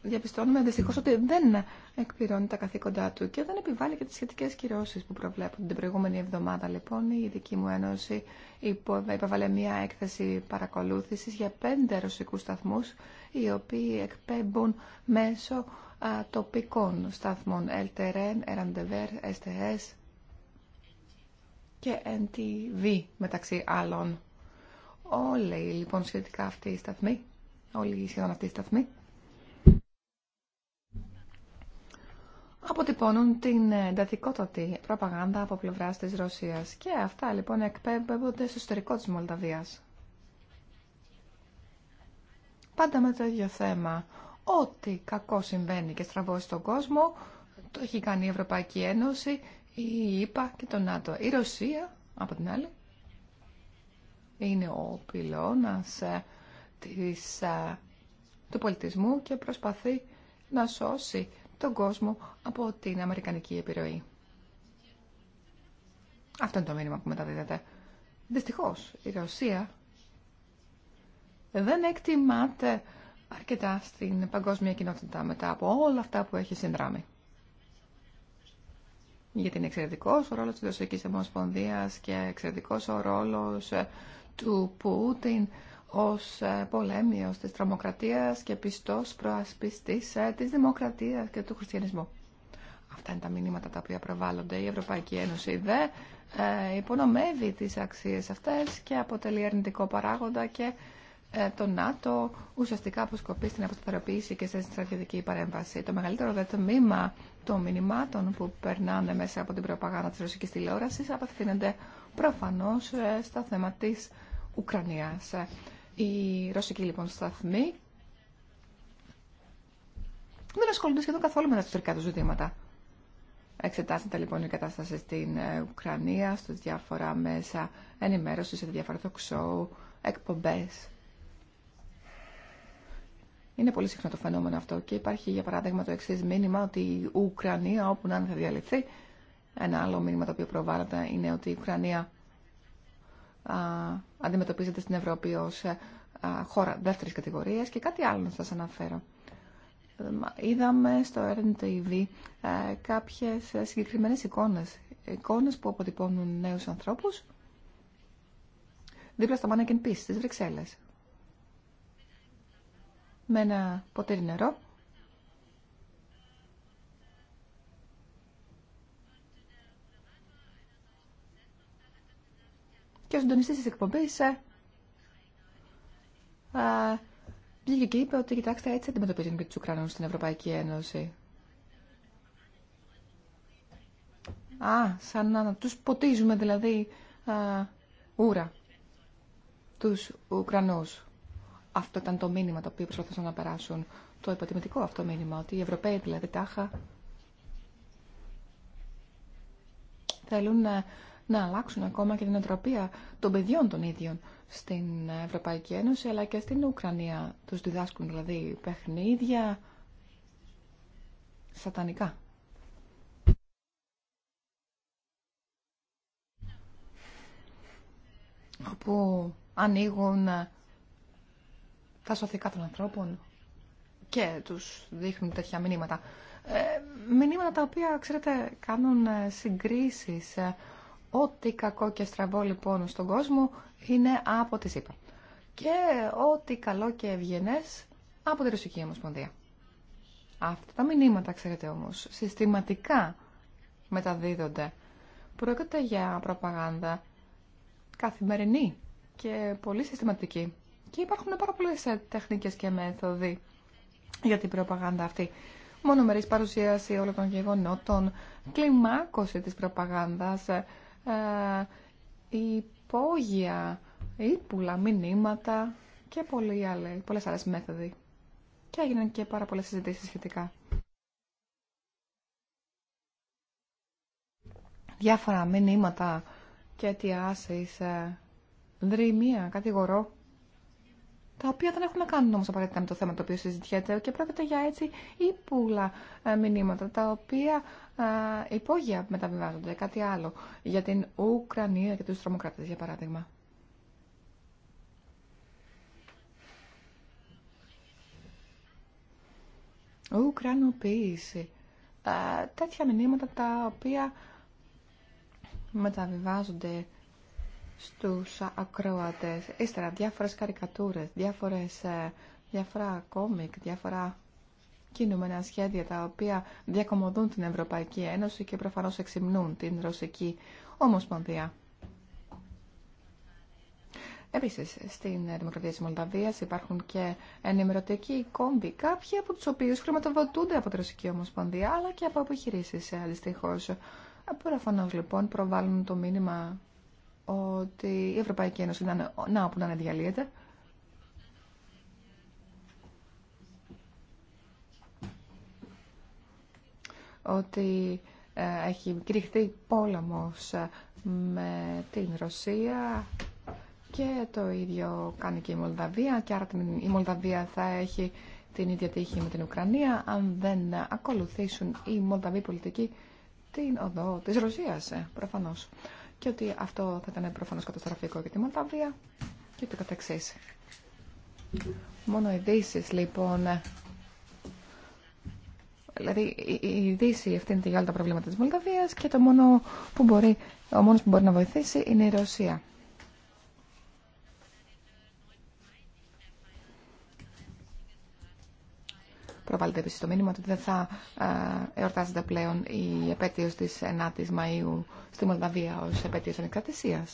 διαπιστώνουμε δυστυχώ ότι δεν εκπληρώνει τα καθήκοντά του και δεν επιβάλλει και τι σχετικέ κυρώσει που προβλέπουν. Την προηγούμενη εβδομάδα, λοιπόν, η δική μου ένωση υπέβαλε μία έκθεση παρακολούθηση για πέντε ρωσικού σταθμού, οι οποίοι εκπέμπουν μέσω τοπικών σταθμών LTRN, RANDEVER, STS και NTV μεταξύ άλλων. Όλοι λοιπόν σχετικά αυτοί οι σταθμοί, όλοι σχεδόν αυτοί οι σταθμοί, αποτυπώνουν την εντατικότατη προπαγάνδα από πλευρά της Ρωσίας. Και αυτά λοιπόν εκπέμπονται στο εσωτερικό της Μολδαβία. Πάντα με το ίδιο θέμα. Ό,τι κακό συμβαίνει και στραβώσει τον κόσμο, το έχει κάνει η Ευρωπαϊκή Ένωση, η ΕΠΑ ΕΕ και το ΝΑΤΟ. Η Ρωσία, από την άλλη, είναι ο πυλώνας ε, της, ε, του πολιτισμού και προσπαθεί να σώσει τον κόσμο από την Αμερικανική επιρροή. Αυτό είναι το μήνυμα που μεταδίδεται. Δυστυχώ, η Ρωσία δεν εκτιμάται αρκετά στην παγκόσμια κοινότητα μετά από όλα αυτά που έχει συνδράμει. Γιατί είναι εξαιρετικό ο ρόλο της Ρωσική Ομοσπονδία και εξαιρετικό ο ρόλος του Πούτιν ως ε, πολέμιος της τρομοκρατίας και πιστός προασπιστής ε, της δημοκρατίας και του χριστιανισμού. Αυτά είναι τα μηνύματα τα οποία προβάλλονται. Η Ευρωπαϊκή Ένωση δε ε, υπονομεύει τις αξίες αυτές και αποτελεί αρνητικό παράγοντα και το ΝΑΤΟ ουσιαστικά αποσκοπεί στην αποσταθεροποίηση και στην στρατιωτική παρέμβαση. Το μεγαλύτερο δε τμήμα των μηνυμάτων που περνάνε μέσα από την προπαγάνδα της ρωσικής τηλεόρασης απευθύνεται προφανώς στα θέματα της Ουκρανίας. Η ρωσικοί λοιπόν σταθμή δεν ασχολούνται σχεδόν καθόλου με τα εσωτερικά του ζητήματα. Εξετάζεται λοιπόν η κατάσταση στην ε, Ουκρανία, στα διάφορα μέσα ενημέρωση, σε διάφορα talk show, εκπομπέ. Είναι πολύ συχνό το φαινόμενο αυτό και υπάρχει για παράδειγμα το εξή μήνυμα ότι η Ουκρανία όπου να είναι θα διαλυθεί. Ένα άλλο μήνυμα το οποίο προβάλλεται είναι ότι η Ουκρανία αντιμετωπίζεται στην Ευρώπη ως ε, χώρα δεύτερης κατηγορίας και κάτι άλλο να σας αναφέρω. Είδαμε στο RNTV ε, κάποιες συγκεκριμένες εικόνες. Εικόνες που αποτυπώνουν νέους ανθρώπους δίπλα στο Mannequin Peace στις Βρυξέλλες. Με ένα ποτήρι νερό και ο συντονιστή τη εκπομπή ε, ε, βγήκε και είπε ότι κοιτάξτε έτσι αντιμετωπίζουν και του Ουκρανούς στην Ευρωπαϊκή Ένωση. Α, σαν να του ποτίζουμε δηλαδή ε, ούρα τους Ουκρανούς. Αυτό ήταν το μήνυμα το οποίο προσπαθούσαν να περάσουν. Το υποτιμητικό αυτό μήνυμα, ότι οι Ευρωπαίοι δηλαδή τάχα θέλουν να ε, να αλλάξουν ακόμα και την οτροπία των παιδιών των ίδιων στην Ευρωπαϊκή Ένωση αλλά και στην Ουκρανία. Τους διδάσκουν δηλαδή παιχνίδια σατανικά. όπου ανοίγουν ε, τα σωθικά των ανθρώπων και τους δείχνουν τέτοια μηνύματα. Ε, μηνύματα τα οποία, ξέρετε, κάνουν ε, συγκρίσεις ε, Ό,τι κακό και στραβό λοιπόν στον κόσμο είναι από τη ΣΥΠΑ. Και ό,τι καλό και ευγενέ από τη Ρωσική Ομοσπονδία. Αυτά τα μηνύματα, ξέρετε όμως, συστηματικά μεταδίδονται. Πρόκειται για προπαγάνδα καθημερινή και πολύ συστηματική. Και υπάρχουν πάρα πολλέ ε, τεχνικές και μέθοδοι για την προπαγάνδα αυτή. Μονομερής παρουσίαση όλων των γεγονότων, κλιμάκωση τη προπαγάνδας, ε, ε, υπόγεια, ύπουλα, μηνύματα και πολλοί άλλοι, πολλές άλλες μέθοδοι. Και έγιναν και πάρα πολλές συζητήσεις σχετικά. Διάφορα μηνύματα και αιτιάσεις, ε, δρυμία, κατηγορώ τα οποία δεν έχουν να κάνουν όμως απαραίτητα με το θέμα το οποίο συζητιέται και πρόκειται για έτσι ύπουλα ε, μηνύματα, τα οποία ε, υπόγεια μεταβιβάζονται, κάτι άλλο, για την Ουκρανία και τους τρομοκράτες, για παράδειγμα. Ουκρανοποίηση. Ε, τέτοια μηνύματα τα οποία μεταβιβάζονται στους ακροατές. Ύστερα διάφορες καρικατούρες, διάφορες, ε, διάφορα κόμικ, διάφορα κινούμενα σχέδια τα οποία διακομωδούν την Ευρωπαϊκή Ένωση και προφανώς εξυμνούν την Ρωσική Ομοσπονδία. Επίσης, στην Δημοκρατία της Μολδαβίας υπάρχουν και ενημερωτικοί κόμποι, κάποιοι από τους οποίους χρηματοδοτούνται από τη Ρωσική Ομοσπονδία, αλλά και από επιχειρήσει αντιστοιχώ. Ε, ε, προφανώς λοιπόν προβάλλουν το μήνυμα ότι η Ευρωπαϊκή Ένωση να, να όπου να διαλύεται. Ότι ε, έχει κηρυχθεί πόλεμος ε, με την Ρωσία και το ίδιο κάνει και η Μολδαβία και άρα η Μολδαβία θα έχει την ίδια τύχη με την Ουκρανία αν δεν ακολουθήσουν οι Μολδαβοί πολιτικοί την οδό της Ρωσίας ε, προφανώς και ότι αυτό θα ήταν προφανώ καταστροφικό για τη Μολδαβία και το καθεξή. Μόνο ειδήσει λοιπόν. Δηλαδή η Δύση ευθύνεται για όλα τα προβλήματα της Μολδαβίας και το μόνο που μπορεί, ο μόνος που μπορεί να βοηθήσει είναι η Ρωσία. Προβάλλεται επίση το μήνυμα ότι δεν θα ε, εορτάζεται πλέον η επέτειο τη 9η Μαου στη Μολδαβία ω επέτειο ανεξαρτησία.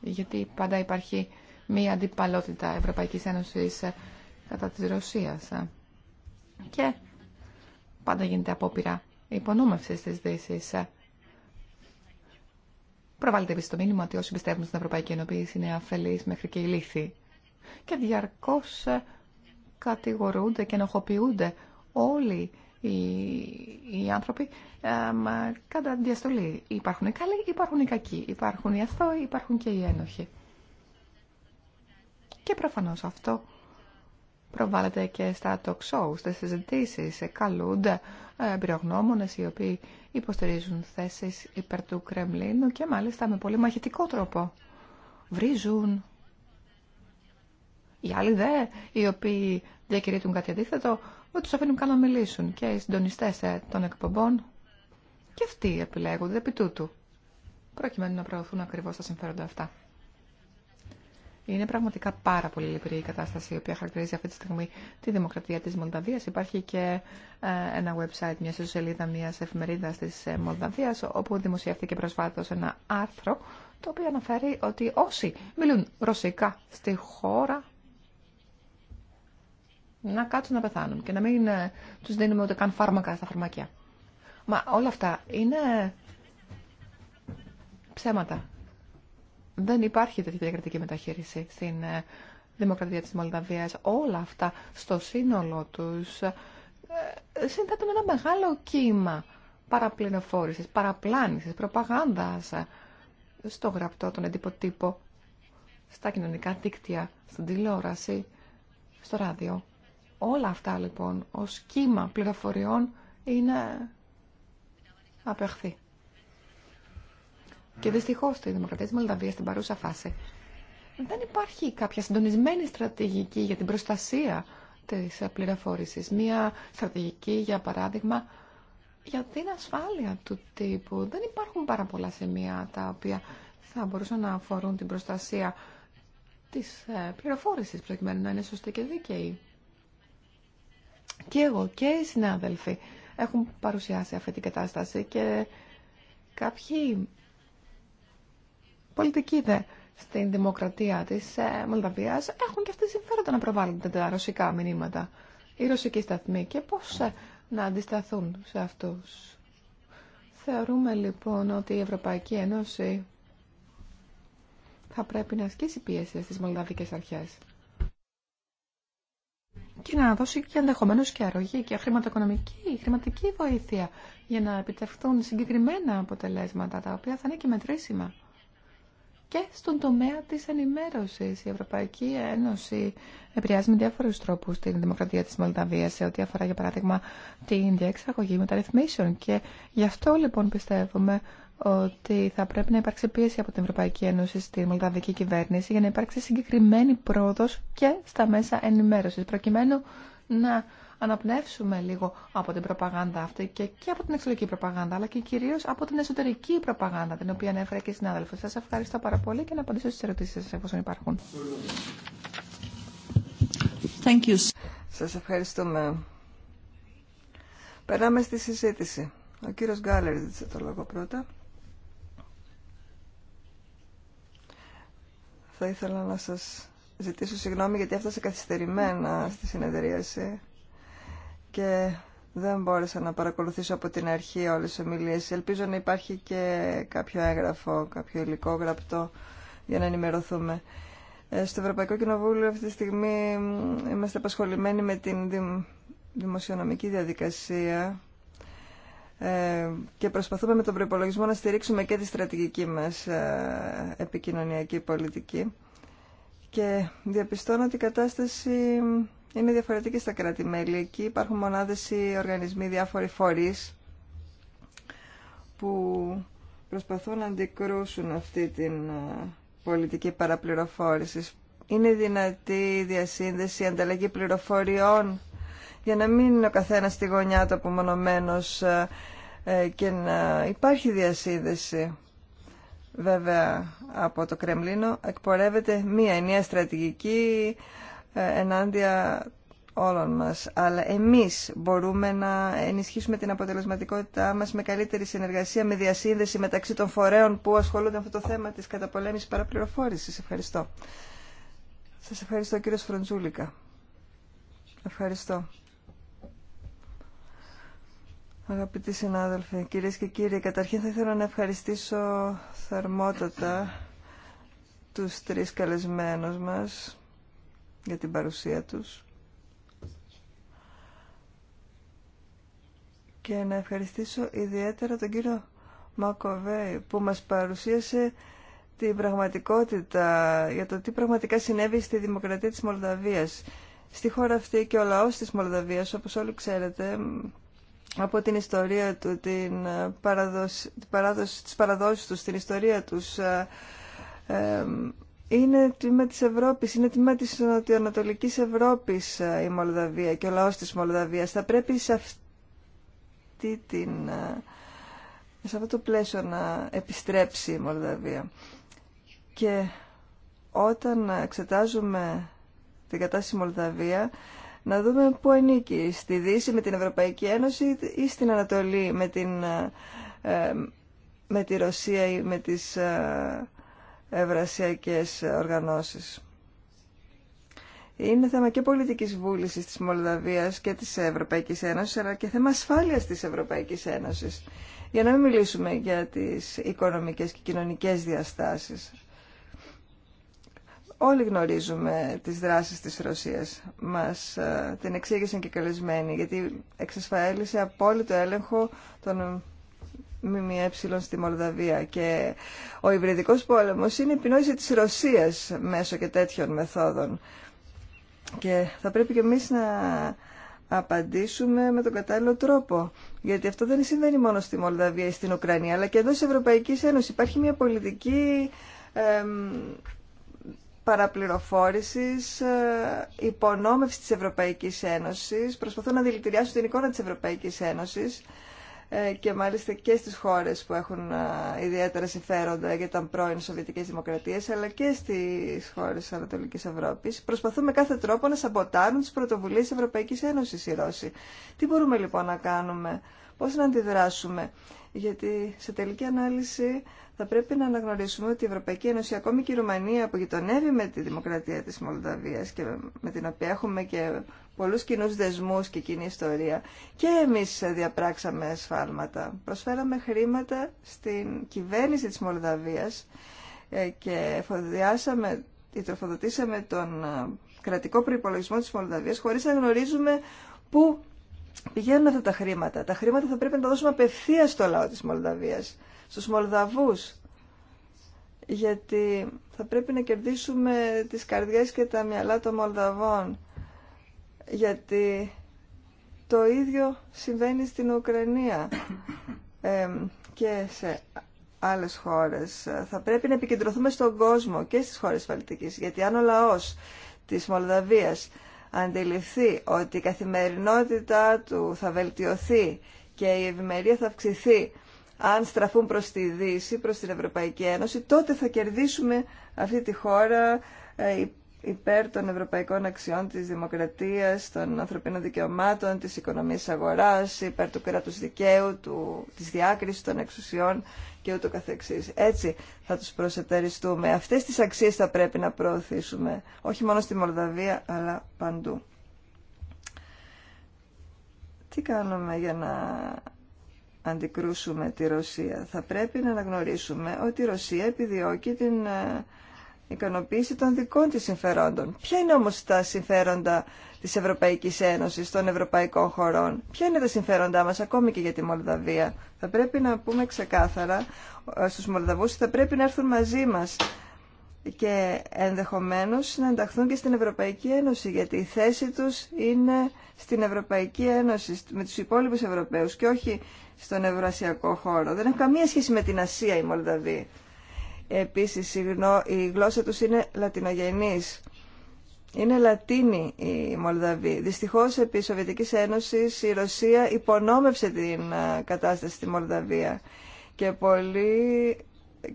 Γιατί πάντα υπάρχει μία αντιπαλότητα Ευρωπαϊκή Ένωση ε, κατά τη Ρωσία. Ε. Και πάντα γίνεται απόπειρα υπονόμευση τη Δύση. Προβάλλεται επίση το μήνυμα ότι όσοι πιστεύουν στην Ευρωπαϊκή Ενωποίηση είναι αφελεί μέχρι και ηλίθιοι. Και διαρκώ κατηγορούνται και ενοχοποιούνται όλοι οι, άνθρωποι ε, κατά διαστολή. Υπάρχουν οι καλοί, υπάρχουν οι κακοί, υπάρχουν οι αθώοι, υπάρχουν και οι ένοχοι. Και προφανώς αυτό προβάλλεται και στα talk shows, στις συζητήσεις, καλούνται ε, εμπειρογνώμονες οι οποίοι υποστηρίζουν θέσεις υπέρ του Κρεμλίνου και μάλιστα με πολύ μαχητικό τρόπο. Βρίζουν, οι άλλοι δε, οι οποίοι διακηρύττουν κάτι αντίθετο, δεν τους αφήνουν καν να μιλήσουν. Και οι συντονιστέ ε, των εκπομπών και αυτοί επιλέγονται επί τούτου, προκειμένου να προωθούν ακριβώς τα συμφέροντα αυτά. Είναι πραγματικά πάρα πολύ λυπηρή η κατάσταση η οποία χαρακτηρίζει αυτή τη στιγμή τη δημοκρατία της Μολδαβίας. Υπάρχει και ε, ένα website, μια σελίδα μια εφημερίδα της ε, Μολδαβίας, όπου δημοσιεύτηκε προσφάτως ένα άρθρο, το οποίο αναφέρει ότι όσοι μιλούν ρωσικά στη χώρα να κάτσουν να πεθάνουν και να μην ε, τους δίνουμε ούτε καν φάρμακα στα φαρμακιά. Μα όλα αυτά είναι ψέματα. Δεν υπάρχει τέτοια διακρατική μεταχείριση στην ε, δημοκρατία της Μολδαβίας. Όλα αυτά στο σύνολο τους ε, συνθέτουν ένα μεγάλο κύμα παραπληροφόρησης, παραπλάνησης, προπαγάνδας στο γραπτό, τον εντυπωτύπο, στα κοινωνικά δίκτυα, στην τηλεόραση, στο ράδιο. Όλα αυτά λοιπόν ως κύμα πληροφοριών είναι απεχθή. Και δυστυχώ στη Δημοκρατία τη Μολδαβία στην παρούσα φάση δεν υπάρχει κάποια συντονισμένη στρατηγική για την προστασία της πληροφόρηση. Μία στρατηγική, για παράδειγμα, για την ασφάλεια του τύπου. Δεν υπάρχουν πάρα πολλά σημεία τα οποία θα μπορούσαν να αφορούν την προστασία της ε, πληροφόρησης προκειμένου να είναι σωστή και δίκαιη. Και εγώ και οι συνάδελφοι έχουν παρουσιάσει αυτή την κατάσταση και κάποιοι πολιτικοί δε στην δημοκρατία της ε, Μολδαβίας έχουν και αυτοί συμφέροντα να προβάλλονται τα ρωσικά μηνύματα, οι ρωσικοί σταθμοί και πώς ε, να αντισταθούν σε αυτούς. Θεωρούμε λοιπόν ότι η Ευρωπαϊκή Ένωση θα πρέπει να ασκήσει πίεση στις Μολδαβικές Αρχές και να δώσει και ενδεχομένω και αρρωγή και χρηματοοικονομική, χρηματική βοήθεια για να επιτευχθούν συγκεκριμένα αποτελέσματα τα οποία θα είναι και μετρήσιμα. Και στον τομέα της ενημέρωσης η Ευρωπαϊκή Ένωση επηρεάζει με διάφορους τρόπους την δημοκρατία της Μολδαβία, σε ό,τι αφορά για παράδειγμα την διεξαγωγή μεταρρυθμίσεων και γι' αυτό λοιπόν πιστεύουμε ότι θα πρέπει να υπάρξει πίεση από την Ευρωπαϊκή Ένωση στη Μολδαβική κυβέρνηση για να υπάρξει συγκεκριμένη πρόοδος και στα μέσα ενημέρωσης, προκειμένου να αναπνεύσουμε λίγο από την προπαγάνδα αυτή και, από την εξωτερική προπαγάνδα, αλλά και κυρίως από την εσωτερική προπαγάνδα, την οποία ανέφερε και η συνάδελφος. Σας ευχαριστώ πάρα πολύ και να απαντήσω στις ερωτήσεις σας εφόσον υπάρχουν. Thank you. Σας ευχαριστούμε. Περάμε στη συζήτηση. Ο κύριος Γκάλερ ζήτησε το λόγο πρώτα. θα ήθελα να σας ζητήσω συγγνώμη γιατί έφτασα καθυστερημένα στη συνεδρίαση και δεν μπόρεσα να παρακολουθήσω από την αρχή όλες τις ομιλίες. Ελπίζω να υπάρχει και κάποιο έγγραφο, κάποιο υλικό γραπτό για να ενημερωθούμε. Ε, στο Ευρωπαϊκό Κοινοβούλιο αυτή τη στιγμή είμαστε απασχολημένοι με την δημοσιονομική διαδικασία ε, και προσπαθούμε με τον προπολογισμό να στηρίξουμε και τη στρατηγική μας ε, επικοινωνιακή πολιτική. Και διαπιστώνω ότι η κατάσταση είναι διαφορετική στα κράτη-μέλη. Εκεί υπάρχουν μονάδες ή οργανισμοί, διάφοροι φορείς που προσπαθούν να αντικρούσουν αυτή την ε, πολιτική παραπληροφόρηση. Είναι δυνατή η διασύνδεση, η ανταλλαγή πληροφοριών για να μην είναι ο καθένα στη γωνιά του απομονωμένο ε, ε, και να υπάρχει διασύνδεση. Βέβαια, από το Κρεμλίνο εκπορεύεται μία ενιαία στρατηγική ε, ενάντια όλων μας. Αλλά εμείς μπορούμε να ενισχύσουμε την αποτελεσματικότητά μας με καλύτερη συνεργασία, με διασύνδεση μεταξύ των φορέων που ασχολούνται με αυτό το θέμα της καταπολέμησης παραπληροφόρησης. Ευχαριστώ. Σας ευχαριστώ κύριος Φροντζούλικα. Ευχαριστώ. Αγαπητοί συνάδελφοι, κυρίες και κύριοι, καταρχήν θα ήθελα να ευχαριστήσω θερμότατα τους τρεις καλεσμένους μας για την παρουσία τους και να ευχαριστήσω ιδιαίτερα τον κύριο Μακοβέη που μας παρουσίασε την πραγματικότητα για το τι πραγματικά συνέβη στη δημοκρατία της Μολδαβίας. Στη χώρα αυτή και ο λαός της Μολδαβίας, όπως όλοι ξέρετε, από την ιστορία του, την ε, παράδοση, την τις παραδόσεις τους, την ιστορία τους. Ε, ε, είναι τμήμα της Ευρώπης, είναι τμήμα της νοτιοανατολικής Ευρώπης η Μολδαβία και ο λαός της Μολδαβίας. Θα πρέπει σε αυτή την... αυτό το πλαίσιο να επιστρέψει η Μολδαβία. Και όταν εξετάζουμε την κατάσταση Μολδαβία, να δούμε πού ανήκει, στη Δύση με την Ευρωπαϊκή Ένωση ή στην Ανατολή με, την, ε, ε, με τη Ρωσία ή με τις ε, ευρασιακές οργανώσεις. Είναι θέμα και πολιτικής βούλησης της Μολδαβίας και της Ευρωπαϊκής Ένωσης, αλλά και θέμα ασφάλειας της Ευρωπαϊκής Ένωσης. Για να μην μιλήσουμε για τις οικονομικές και κοινωνικές διαστάσεις. Όλοι γνωρίζουμε τις δράσεις της Ρωσίας. Μας ε, την εξήγησαν και καλεσμένοι, γιατί εξασφαλίσε απόλυτο έλεγχο των ΜΜΕ στη Μολδαβία και ο υβριδικός πόλεμος είναι επινόηση της Ρωσίας μέσω και τέτοιων μεθόδων. Και θα πρέπει και εμείς να απαντήσουμε με τον κατάλληλο τρόπο. Γιατί αυτό δεν συμβαίνει μόνο στη Μολδαβία ή στην Ουκρανία, αλλά και εδώ στην Ευρωπαϊκή Ένωση. Υπάρχει μια πολιτική παραπληροφόρησης, ε, υπονόμευση της Ευρωπαϊκής Ένωσης, προσπαθούν να δηλητηριάσουν την εικόνα της Ευρωπαϊκής Ένωσης ε, και μάλιστα και στις χώρες που έχουν ε, ιδιαίτερα συμφέροντα για τα πρώην Σοβιετικές Δημοκρατίες αλλά και στις χώρες της Ανατολικής Ευρώπης προσπαθούν με κάθε τρόπο να σαμποτάρουν τις πρωτοβουλίες της Ευρωπαϊκής Ένωσης οι Ρώσοι. Τι μπορούμε λοιπόν να κάνουμε πώς να αντιδράσουμε. Γιατί σε τελική ανάλυση θα πρέπει να αναγνωρίσουμε ότι η Ευρωπαϊκή Ένωση, ακόμη και η Ρουμανία που γειτονεύει με τη δημοκρατία της Μολδαβίας και με την οποία έχουμε και πολλούς κοινού δεσμούς και κοινή ιστορία, και εμείς διαπράξαμε σφάλματα. Προσφέραμε χρήματα στην κυβέρνηση της Μολδαβίας ε, και εφοδιάσαμε ή τροφοδοτήσαμε τον ε, κρατικό προϋπολογισμό της Μολδαβίας χωρίς να γνωρίζουμε πού πηγαίνουν αυτά τα χρήματα. Τα χρήματα θα πρέπει να τα δώσουμε απευθεία στο λαό της Μολδαβίας, στους Μολδαβούς. Γιατί θα πρέπει να κερδίσουμε τις καρδιές και τα μυαλά των Μολδαβών. Γιατί το ίδιο συμβαίνει στην Ουκρανία και σε άλλες χώρες. Θα πρέπει να επικεντρωθούμε στον κόσμο και στις χώρες Βαλτικής. Γιατί αν ο λαός της Μολδαβίας αντιληφθεί ότι η καθημερινότητά του θα βελτιωθεί και η ευημερία θα αυξηθεί αν στραφούν προς τη Δύση, προς την Ευρωπαϊκή Ένωση, τότε θα κερδίσουμε αυτή τη χώρα ε, υπέρ των ευρωπαϊκών αξιών της δημοκρατίας, των ανθρωπίνων δικαιωμάτων, της οικονομίας αγοράς, υπέρ του κράτους δικαίου, του, της διάκρισης των εξουσιών και ούτω καθεξής. Έτσι θα τους προσετεριστούμε. Αυτές τις αξίες θα πρέπει να προωθήσουμε, όχι μόνο στη Μολδαβία, αλλά παντού. Τι κάνουμε για να αντικρούσουμε τη Ρωσία. Θα πρέπει να αναγνωρίσουμε ότι η Ρωσία επιδιώκει την ε, ικανοποίηση των δικών της συμφερόντων. Ποια είναι όμως τα συμφέροντα Τη Ευρωπαϊκή Ένωση, των ευρωπαϊκών χωρών. Ποια είναι τα συμφέροντά μα, ακόμη και για τη Μολδαβία. Θα πρέπει να πούμε ξεκάθαρα ε, στου Μολδαβού, ότι θα πρέπει να έρθουν μαζί μα. και ενδεχομένω να ενταχθούν και στην Ευρωπαϊκή Ένωση γιατί η θέση του είναι στην Ευρωπαϊκή Ένωση με του υπόλοιπου Ευρωπαίου και όχι στον Ευρωασιακό χώρο. Δεν έχουν καμία σχέση με την Ασία οι Μολδαβοί. Επίσης η γλώσσα τους είναι λατινογενής είναι Λατίνοι η Μολδαβοί. Δυστυχώς επί Σοβιετική Ένωσης η Ρωσία υπονόμευσε την ε, κατάσταση στη Μολδαβία και πολλοί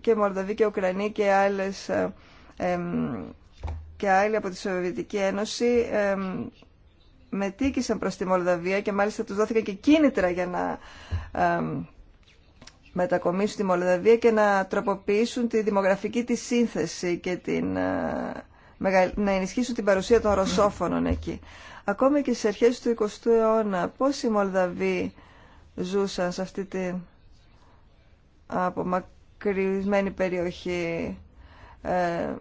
και Μολδαβοί και Ουκρανοί και άλλες ε, και άλλοι από τη Σοβιετική Ένωση μετήκησαν προς τη Μολδαβία και μάλιστα τους δόθηκαν και κίνητρα για να μετακομίσουν τη Μολδαβία και να τροποποιήσουν τη δημογραφική της σύνθεση και την ε, να ενισχύσουν την παρουσία των ρωσόφωνων εκεί. Ακόμη και στις αρχές του 20ου αιώνα, οι Μολδαβοί ζούσαν σε αυτή την απομακρυσμένη περιοχή, ε,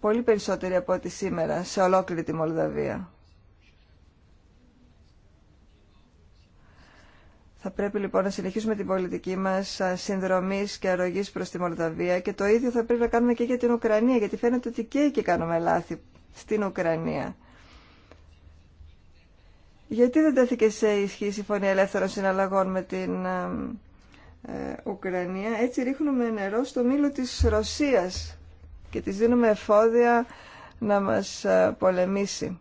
πολύ περισσότεροι από ό,τι σήμερα, σε ολόκληρη τη Μολδαβία. Θα πρέπει λοιπόν να συνεχίσουμε την πολιτική μας συνδρομή και αρρωγή προς τη Μολδαβία και το ίδιο θα πρέπει να κάνουμε και για την Ουκρανία, γιατί φαίνεται ότι και εκεί κάνουμε λάθη στην Ουκρανία. Γιατί δεν τέθηκε σε ισχύ η Συμφωνία Ελεύθερων Συναλλαγών με την ε, Ουκρανία. Έτσι ρίχνουμε νερό στο μήλο της Ρωσίας και της δίνουμε εφόδια να μας πολεμήσει.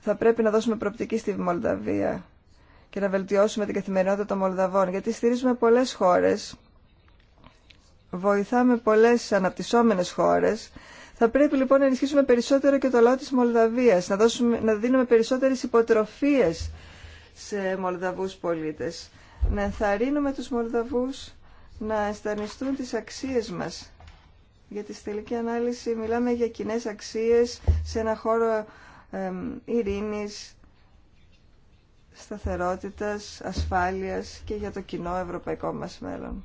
Θα πρέπει να δώσουμε προπτική στη Μολδαβία και να βελτιώσουμε την καθημερινότητα των Μολδαβών. Γιατί στηρίζουμε πολλές χώρες, βοηθάμε πολλές αναπτυσσόμενες χώρες. Θα πρέπει λοιπόν να ενισχύσουμε περισσότερο και το λαό της Μολδαβίας, να, να δίνουμε περισσότερες υποτροφίες σε Μολδαβούς πολίτες. Να ενθαρρύνουμε τους Μολδαβούς να αισθανιστούν τις αξίες μας. Γιατί στη τελική ανάλυση μιλάμε για κοινέ αξίες σε ένα χώρο ειρήνης, σταθερότητας, ασφάλειας και για το κοινό ευρωπαϊκό μας μέλλον.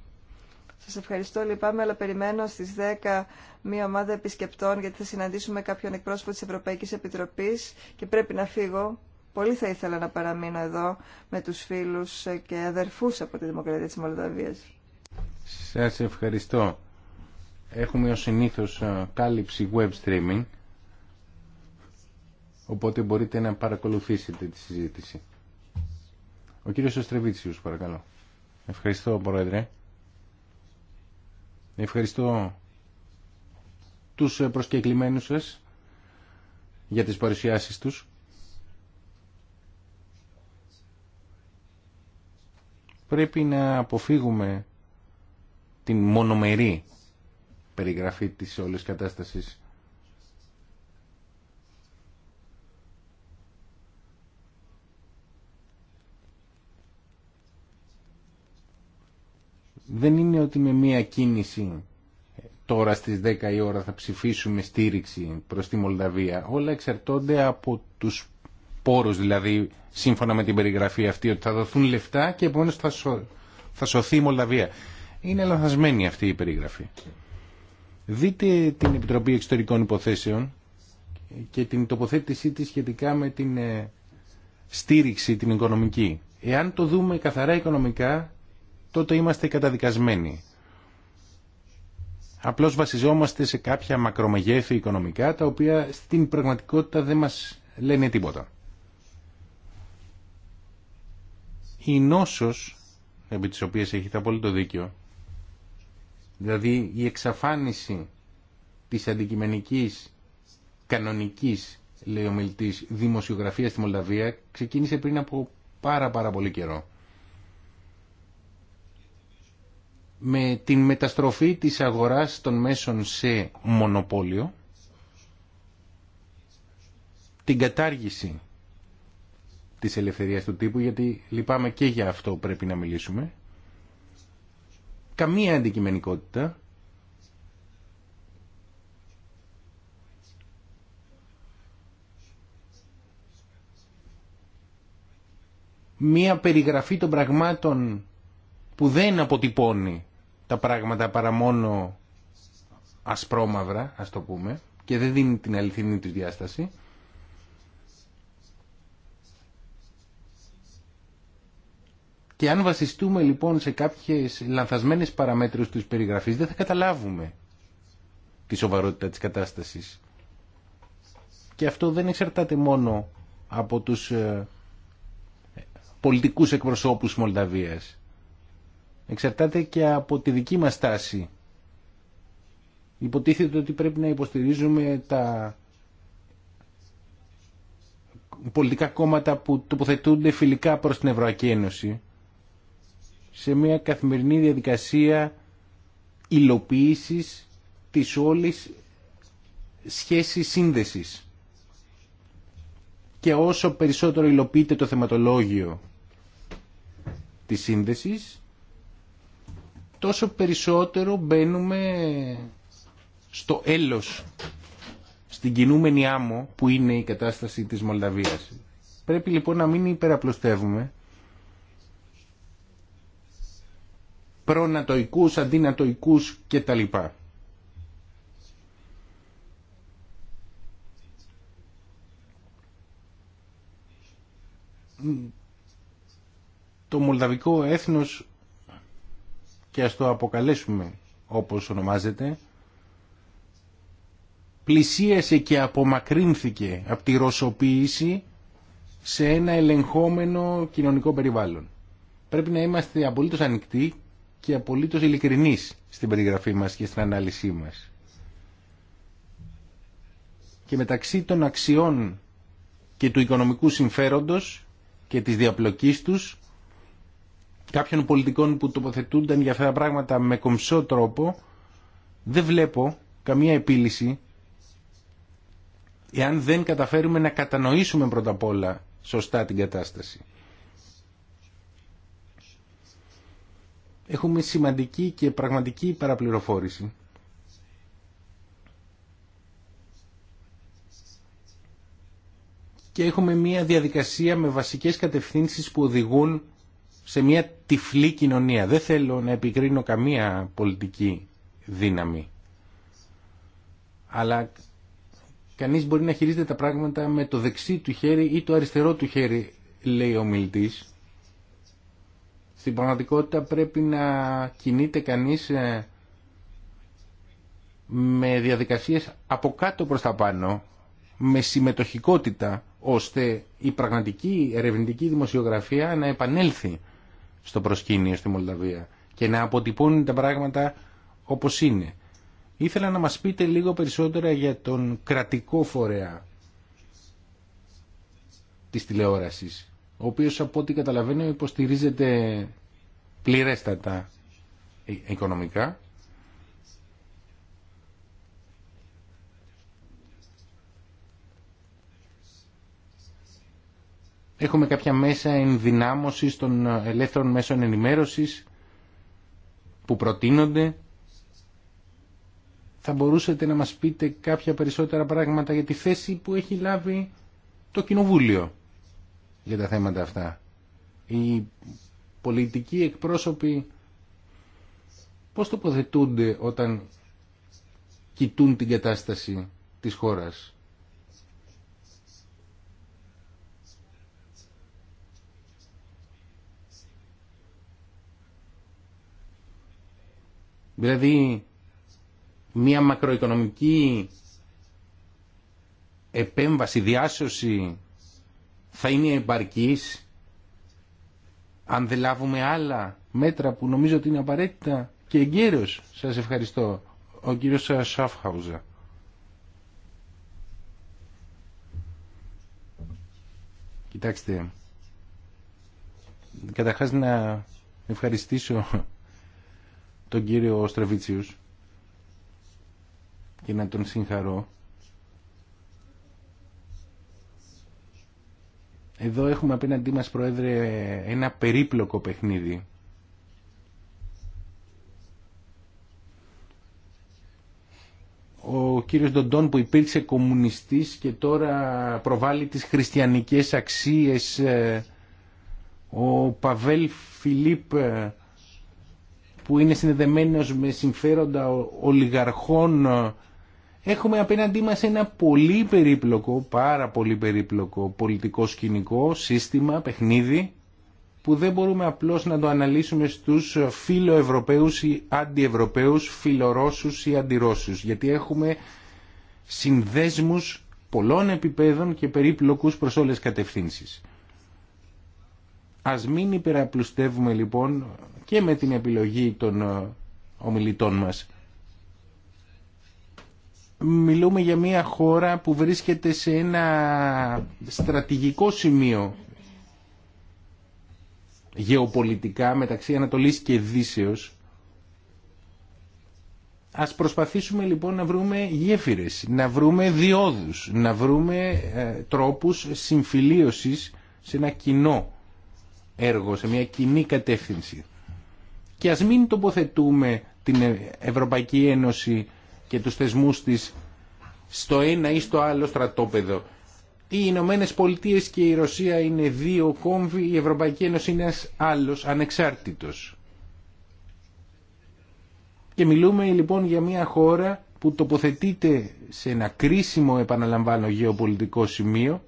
Σας ευχαριστώ, λυπάμαι, αλλά περιμένω στις 10 μία ομάδα επισκεπτών γιατί θα συναντήσουμε κάποιον εκπρόσωπο της Ευρωπαϊκής Επιτροπής και πρέπει να φύγω. Πολύ θα ήθελα να παραμείνω εδώ με τους φίλους και αδερφούς από τη Δημοκρατία της Μολδαβίας. Σας ευχαριστώ. Έχουμε ως συνήθως ε, κάλυψη web streaming, οπότε μπορείτε να παρακολουθήσετε τη συζήτηση. Ο κύριος Οστρεβίτσιος, παρακαλώ. Ευχαριστώ, Πρόεδρε. Ευχαριστώ τους προσκεκλημένους σας για τις παρουσιάσεις τους. Πρέπει να αποφύγουμε την μονομερή περιγραφή της όλης κατάστασης δεν είναι ότι με μία κίνηση τώρα στις 10 η ώρα θα ψηφίσουμε στήριξη προς τη Μολδαβία. Όλα εξαρτώνται από τους πόρους, δηλαδή σύμφωνα με την περιγραφή αυτή, ότι θα δοθούν λεφτά και επομένως θα, σω... θα σωθεί η Μολδαβία. Είναι λανθασμένη αυτή η περιγραφή. Δείτε την Επιτροπή Εξωτερικών Υποθέσεων και την τοποθέτησή της σχετικά με την ε, στήριξη την οικονομική. Εάν το δούμε καθαρά οικονομικά, τότε είμαστε καταδικασμένοι. Απλώς βασιζόμαστε σε κάποια μακρομεγέθη οικονομικά, τα οποία στην πραγματικότητα δεν μας λένε τίποτα. Η νόσος, επί της οποίας έχετε το δίκιο, δηλαδή η εξαφάνιση της αντικειμενικής κανονικής λέει ο δημοσιογραφία στη Μολδαβία ξεκίνησε πριν από πάρα πάρα πολύ καιρό. με την μεταστροφή της αγοράς των μέσων σε μονοπόλιο, την κατάργηση της ελευθερίας του τύπου, γιατί λυπάμαι και για αυτό πρέπει να μιλήσουμε, καμία αντικειμενικότητα, μία περιγραφή των πραγμάτων που δεν αποτυπώνει τα πράγματα παρά μόνο ασπρόμαυρα, ας το πούμε, και δεν δίνει την αληθινή του διάσταση. Και αν βασιστούμε λοιπόν σε κάποιες λανθασμένες παραμέτρους της περιγραφής, δεν θα καταλάβουμε τη σοβαρότητα της κατάστασης. Και αυτό δεν εξαρτάται μόνο από τους ε, πολιτικούς εκπροσώπους Μολδαβίας εξαρτάται και από τη δική μας τάση. Υποτίθεται ότι πρέπει να υποστηρίζουμε τα πολιτικά κόμματα που τοποθετούνται φιλικά προς την Ευρωπαϊκή Ένωση σε μια καθημερινή διαδικασία υλοποίησης της όλης σχέσης σύνδεσης. Και όσο περισσότερο υλοποιείται το θεματολόγιο της σύνδεσης, τόσο περισσότερο μπαίνουμε στο έλος, στην κινούμενη άμμο που είναι η κατάσταση της Μολδαβίας. Πρέπει λοιπόν να μην υπεραπλωστεύουμε προνατοικούς, αντινατοικούς κτλ. Το μολδαβικό έθνος και ας το αποκαλέσουμε όπως ονομάζεται, πλησίασε και απομακρύνθηκε από τη ρωσοποίηση σε ένα ελεγχόμενο κοινωνικό περιβάλλον. Πρέπει να είμαστε απολύτως ανοιχτοί και απολύτως ειλικρινείς στην περιγραφή μας και στην ανάλυση μας. Και μεταξύ των αξιών και του οικονομικού συμφέροντος και της διαπλοκής τους κάποιων πολιτικών που τοποθετούνταν για αυτά τα πράγματα με κομψό τρόπο, δεν βλέπω καμία επίλυση εάν δεν καταφέρουμε να κατανοήσουμε πρώτα απ' όλα σωστά την κατάσταση. Έχουμε σημαντική και πραγματική παραπληροφόρηση. Και έχουμε μια διαδικασία με βασικές κατευθύνσεις που οδηγούν σε μια τυφλή κοινωνία. Δεν θέλω να επικρίνω καμία πολιτική δύναμη. Αλλά κανείς μπορεί να χειρίζεται τα πράγματα με το δεξί του χέρι ή το αριστερό του χέρι, λέει ο μιλτής. Στην πραγματικότητα πρέπει να κινείται κανείς ε, με διαδικασίες από κάτω προς τα πάνω, με συμμετοχικότητα, ώστε η πραγματική ερευνητική δημοσιογραφία να επανέλθει στο προσκήνιο στη Μολδαβία και να αποτυπώνει τα πράγματα όπως είναι. Ήθελα να μας πείτε λίγο περισσότερα για τον κρατικό φορέα της τηλεόρασης, ο οποίος από ό,τι καταλαβαίνω υποστηρίζεται πληρέστατα ε, οικονομικά Έχουμε κάποια μέσα ενδυνάμωσης των ελεύθερων μέσων ενημέρωσης που προτείνονται. Θα μπορούσατε να μας πείτε κάποια περισσότερα πράγματα για τη θέση που έχει λάβει το Κοινοβούλιο για τα θέματα αυτά. Οι πολιτικοί εκπρόσωποι πώς τοποθετούνται όταν κοιτούν την κατάσταση της χώρας Δηλαδή μια μακροοικονομική επέμβαση, διάσωση θα είναι επαρκής αν δεν λάβουμε άλλα μέτρα που νομίζω ότι είναι απαραίτητα και εγκαίρως. Σας ευχαριστώ. Ο κύριος Σαφχάουζα. Κοιτάξτε, καταρχάς να ευχαριστήσω τον κύριο Στρεβίτσιους και να τον συγχαρώ. Εδώ έχουμε απέναντί μας, Πρόεδρε, ένα περίπλοκο παιχνίδι. Ο κύριος Ντοντών που υπήρξε κομμουνιστής και τώρα προβάλλει τις χριστιανικές αξίες. Ε, ο Παβέλ Φιλίπ ε, που είναι συνδεδεμένος με συμφέροντα ολιγαρχών έχουμε απέναντί μας ένα πολύ περίπλοκο, πάρα πολύ περίπλοκο πολιτικό σκηνικό, σύστημα, παιχνίδι που δεν μπορούμε απλώς να το αναλύσουμε στους φιλοευρωπαίους ή αντιευρωπαίους, φιλορώσους ή αντιρώσους γιατί έχουμε συνδέσμους πολλών επιπέδων και περίπλοκους προς όλες κατευθύνσεις. Ας μην υπεραπλουστεύουμε λοιπόν και με την επιλογή των ε, ομιλητών μας. Μιλούμε για μια χώρα που βρίσκεται σε ένα στρατηγικό σημείο γεωπολιτικά μεταξύ Ανατολής και Δύσεως. Ας προσπαθήσουμε λοιπόν να βρούμε γέφυρες, να βρούμε διόδους, να βρούμε ε, τρόπους συμφιλίωσης σε ένα κοινό έργο, σε μια κοινή κατεύθυνση και ας μην τοποθετούμε την ε- Ευρωπαϊκή Ένωση και τους θεσμούς της στο ένα ή στο άλλο στρατόπεδο. Οι Ηνωμένε Πολιτείε και η Ρωσία είναι δύο κόμβοι, η Ευρωπαϊκή Ένωση είναι ένας άλλος ανεξάρτητος. Και μιλούμε λοιπόν για μια χώρα που τοποθετείται σε ένα κρίσιμο επαναλαμβάνω γεωπολιτικό σημείο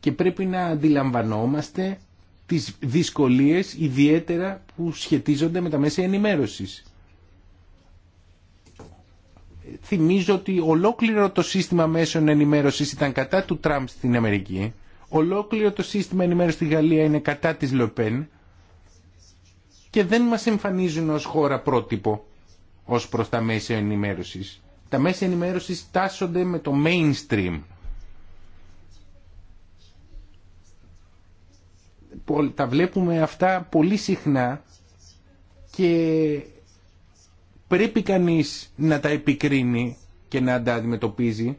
και πρέπει να αντιλαμβανόμαστε τις δυσκολίες ιδιαίτερα που σχετίζονται με τα μέσα ενημέρωσης. Θυμίζω ότι ολόκληρο το σύστημα μέσων ενημέρωσης ήταν κατά του Τραμπ στην Αμερική. Ολόκληρο το σύστημα ενημέρωσης στη Γαλλία είναι κατά της Λοπέν και δεν μας εμφανίζουν ως χώρα πρότυπο ως προς τα μέσα ενημέρωσης. Τα μέσα ενημέρωσης τάσσονται με το mainstream τα βλέπουμε αυτά πολύ συχνά και πρέπει κανείς να τα επικρίνει και να τα αντιμετωπίζει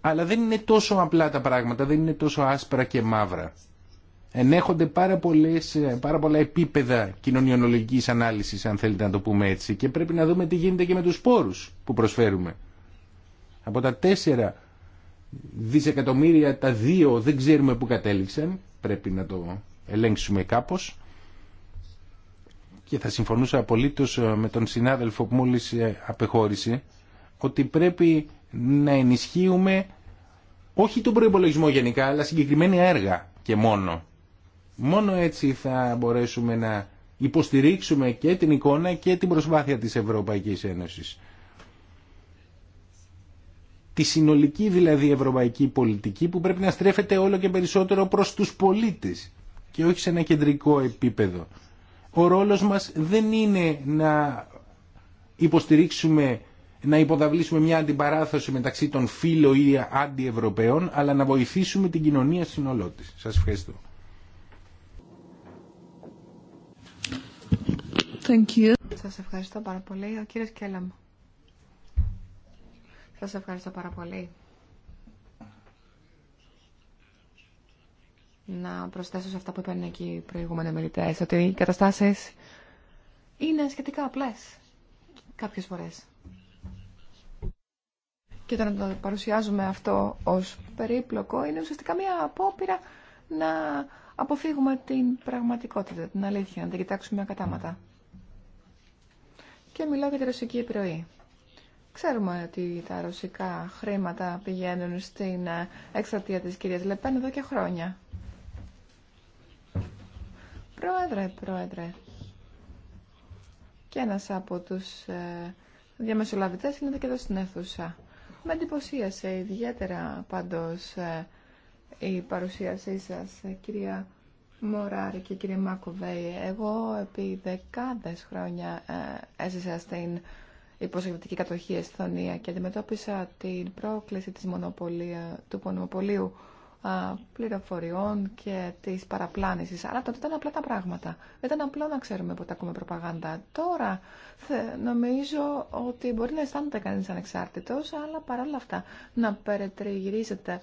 αλλά δεν είναι τόσο απλά τα πράγματα, δεν είναι τόσο άσπρα και μαύρα. Ενέχονται πάρα, πολλές, πάρα πολλά επίπεδα κοινωνιολογικής ανάλυσης, αν θέλετε να το πούμε έτσι, και πρέπει να δούμε τι γίνεται και με τους σπόρους που προσφέρουμε. Από τα τέσσερα δισεκατομμύρια, τα δύο δεν ξέρουμε που κατέληξαν πρέπει να το ελέγξουμε κάπως και θα συμφωνούσα απολύτως ε, με τον συνάδελφο που μόλις ε, απεχώρησε ότι πρέπει να ενισχύουμε όχι τον προϋπολογισμό γενικά αλλά συγκεκριμένα έργα και μόνο. Μόνο έτσι θα μπορέσουμε να υποστηρίξουμε και την εικόνα και την προσπάθεια της Ευρωπαϊκής Ένωσης. Η συνολική δηλαδή ευρωπαϊκή πολιτική που πρέπει να στρέφεται όλο και περισσότερο προς τους πολίτες και όχι σε ένα κεντρικό επίπεδο. Ο ρόλος μας δεν είναι να υποστηρίξουμε, να υποδαβλήσουμε μια αντιπαράθεση μεταξύ των φίλων ή αντιευρωπαίων, αλλά να βοηθήσουμε την κοινωνία συνολό τη. Σας ευχαριστώ. Thank you. Σας ευχαριστώ πάρα πολύ. Ο κύριος Κέλαμ. Σα ευχαριστώ πάρα πολύ. Να προσθέσω σε αυτά που είπαν εκεί οι προηγούμενοι μιλητέ, ότι οι καταστάσεις είναι σχετικά απλές κάποιες φορές. Και όταν το παρουσιάζουμε αυτό ως περίπλοκο, είναι ουσιαστικά μια απόπειρα να αποφύγουμε την πραγματικότητα, την αλήθεια, να την κοιτάξουμε ακατάματα. Και μιλάω για τη ρωσική επιρροή. Ξέρουμε ότι τα ρωσικά χρήματα πηγαίνουν στην εξαρτία της κυρίας Λεπέν εδώ και χρόνια. Πρόεδρε, πρόεδρε. Και ένας από τους ε, διαμεσολαβητές είναι και εδώ στην αίθουσα. Με εντυπωσίασε ιδιαίτερα πάντως ε, η παρουσίασή σας, ε, κυρία Μωράρη και κύριε Μάκοβέη. Εγώ επί δεκάδες χρόνια ε, έζησα στην υποσυγκριτική κατοχή Εσθονία και αντιμετώπισα την πρόκληση της του μονοπωλίου πληροφοριών και της παραπλάνησης. Αλλά τότε ήταν απλά τα πράγματα. ήταν απλό να ξέρουμε πότε ακούμε προπαγάνδα. Τώρα νομίζω ότι μπορεί να αισθάνεται κανείς ανεξάρτητος, αλλά παρόλα αυτά να περιτριγυρίζεται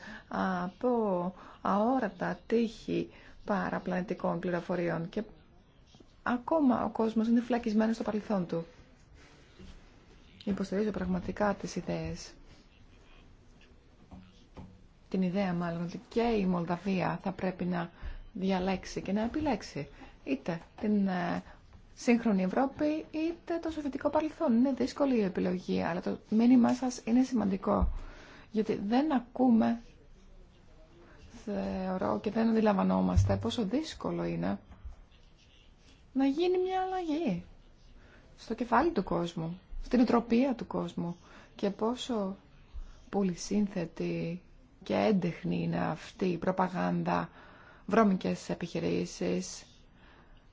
από αόρατα τείχη παραπλανητικών πληροφοριών και ακόμα ο κόσμος είναι φλακισμένος στο παρελθόν του. Υποστηρίζω πραγματικά τις ιδέες. Την ιδέα μάλλον ότι και η Μολδαβία θα πρέπει να διαλέξει και να επιλέξει είτε την ε, σύγχρονη Ευρώπη είτε το σοβιετικό παρελθόν. Είναι δύσκολη η επιλογή, αλλά το μήνυμά σας είναι σημαντικό. Γιατί δεν ακούμε, θεωρώ και δεν αντιλαμβανόμαστε πόσο δύσκολο είναι να γίνει μια αλλαγή στο κεφάλι του κόσμου στην οτροπία του κόσμου και πόσο πολυσύνθετη και έντεχνη είναι αυτή η προπαγάνδα βρώμικες επιχειρήσεις,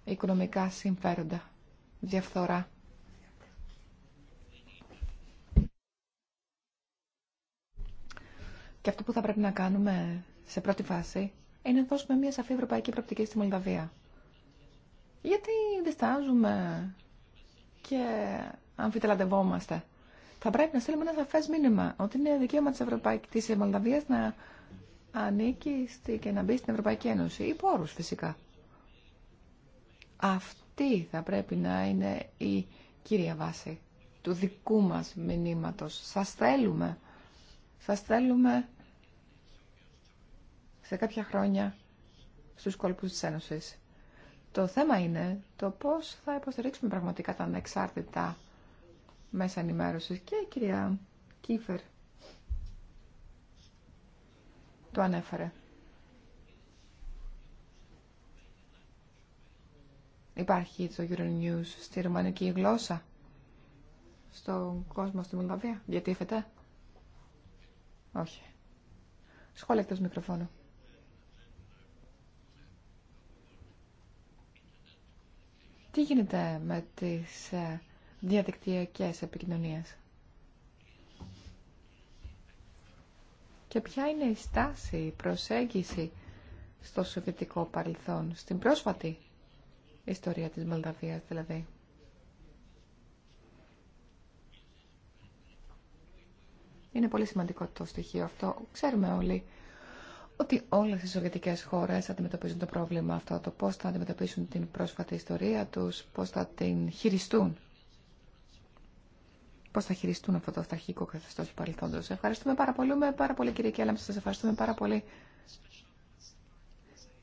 οικονομικά συμφέροντα, διαφθορά. Και αυτό που θα πρέπει να κάνουμε σε πρώτη φάση είναι να δώσουμε μια σαφή ευρωπαϊκή προοπτική στη Μολδαβία. Γιατί διστάζουμε και αν φυτελαντευόμαστε. Θα πρέπει να στείλουμε ένα σαφέ μήνυμα ότι είναι δικαίωμα τη Ευρωπαϊκή Μολδαβία να ανήκει στη... και να μπει στην Ευρωπαϊκή Ένωση. η κυρία βάση του δικού μα μήνυματο. Σα φυσικά. Αυτή θα πρέπει να είναι η κύρια βάση του δικού μα μηνυματο σα θέλουμε. σα θέλουμε σε κάποια χρόνια στου κολπου τη ενωση Το θέμα είναι το πώς θα υποστηρίξουμε πραγματικά τα ανεξάρτητα μέσα ενημέρωση και η κυρία Κίφερ το ανέφερε. Υπάρχει το Euronews στη ρουμανική γλώσσα στον κόσμο στη Μολδαβία. Διατίθεται. Όχι. Σχόλια εκτός Τι γίνεται με τις ε, διαδικτυακές επικοινωνίες. Και ποια είναι η στάση, η προσέγγιση στο σοβιετικό παρελθόν, στην πρόσφατη ιστορία της Μολδαβίας δηλαδή. Είναι πολύ σημαντικό το στοιχείο αυτό. Ξέρουμε όλοι ότι όλες οι σοβιετικές χώρες αντιμετωπίζουν το πρόβλημα αυτό, το πώς θα αντιμετωπίσουν την πρόσφατη ιστορία τους, πώς θα την χειριστούν πώ θα χειριστούν αυτό το αυταρχικό καθεστώ του παρελθόντο. Ευχαριστούμε πάρα πολύ, με πάρα κύριε Κέλαμ, σα ευχαριστούμε πάρα πολύ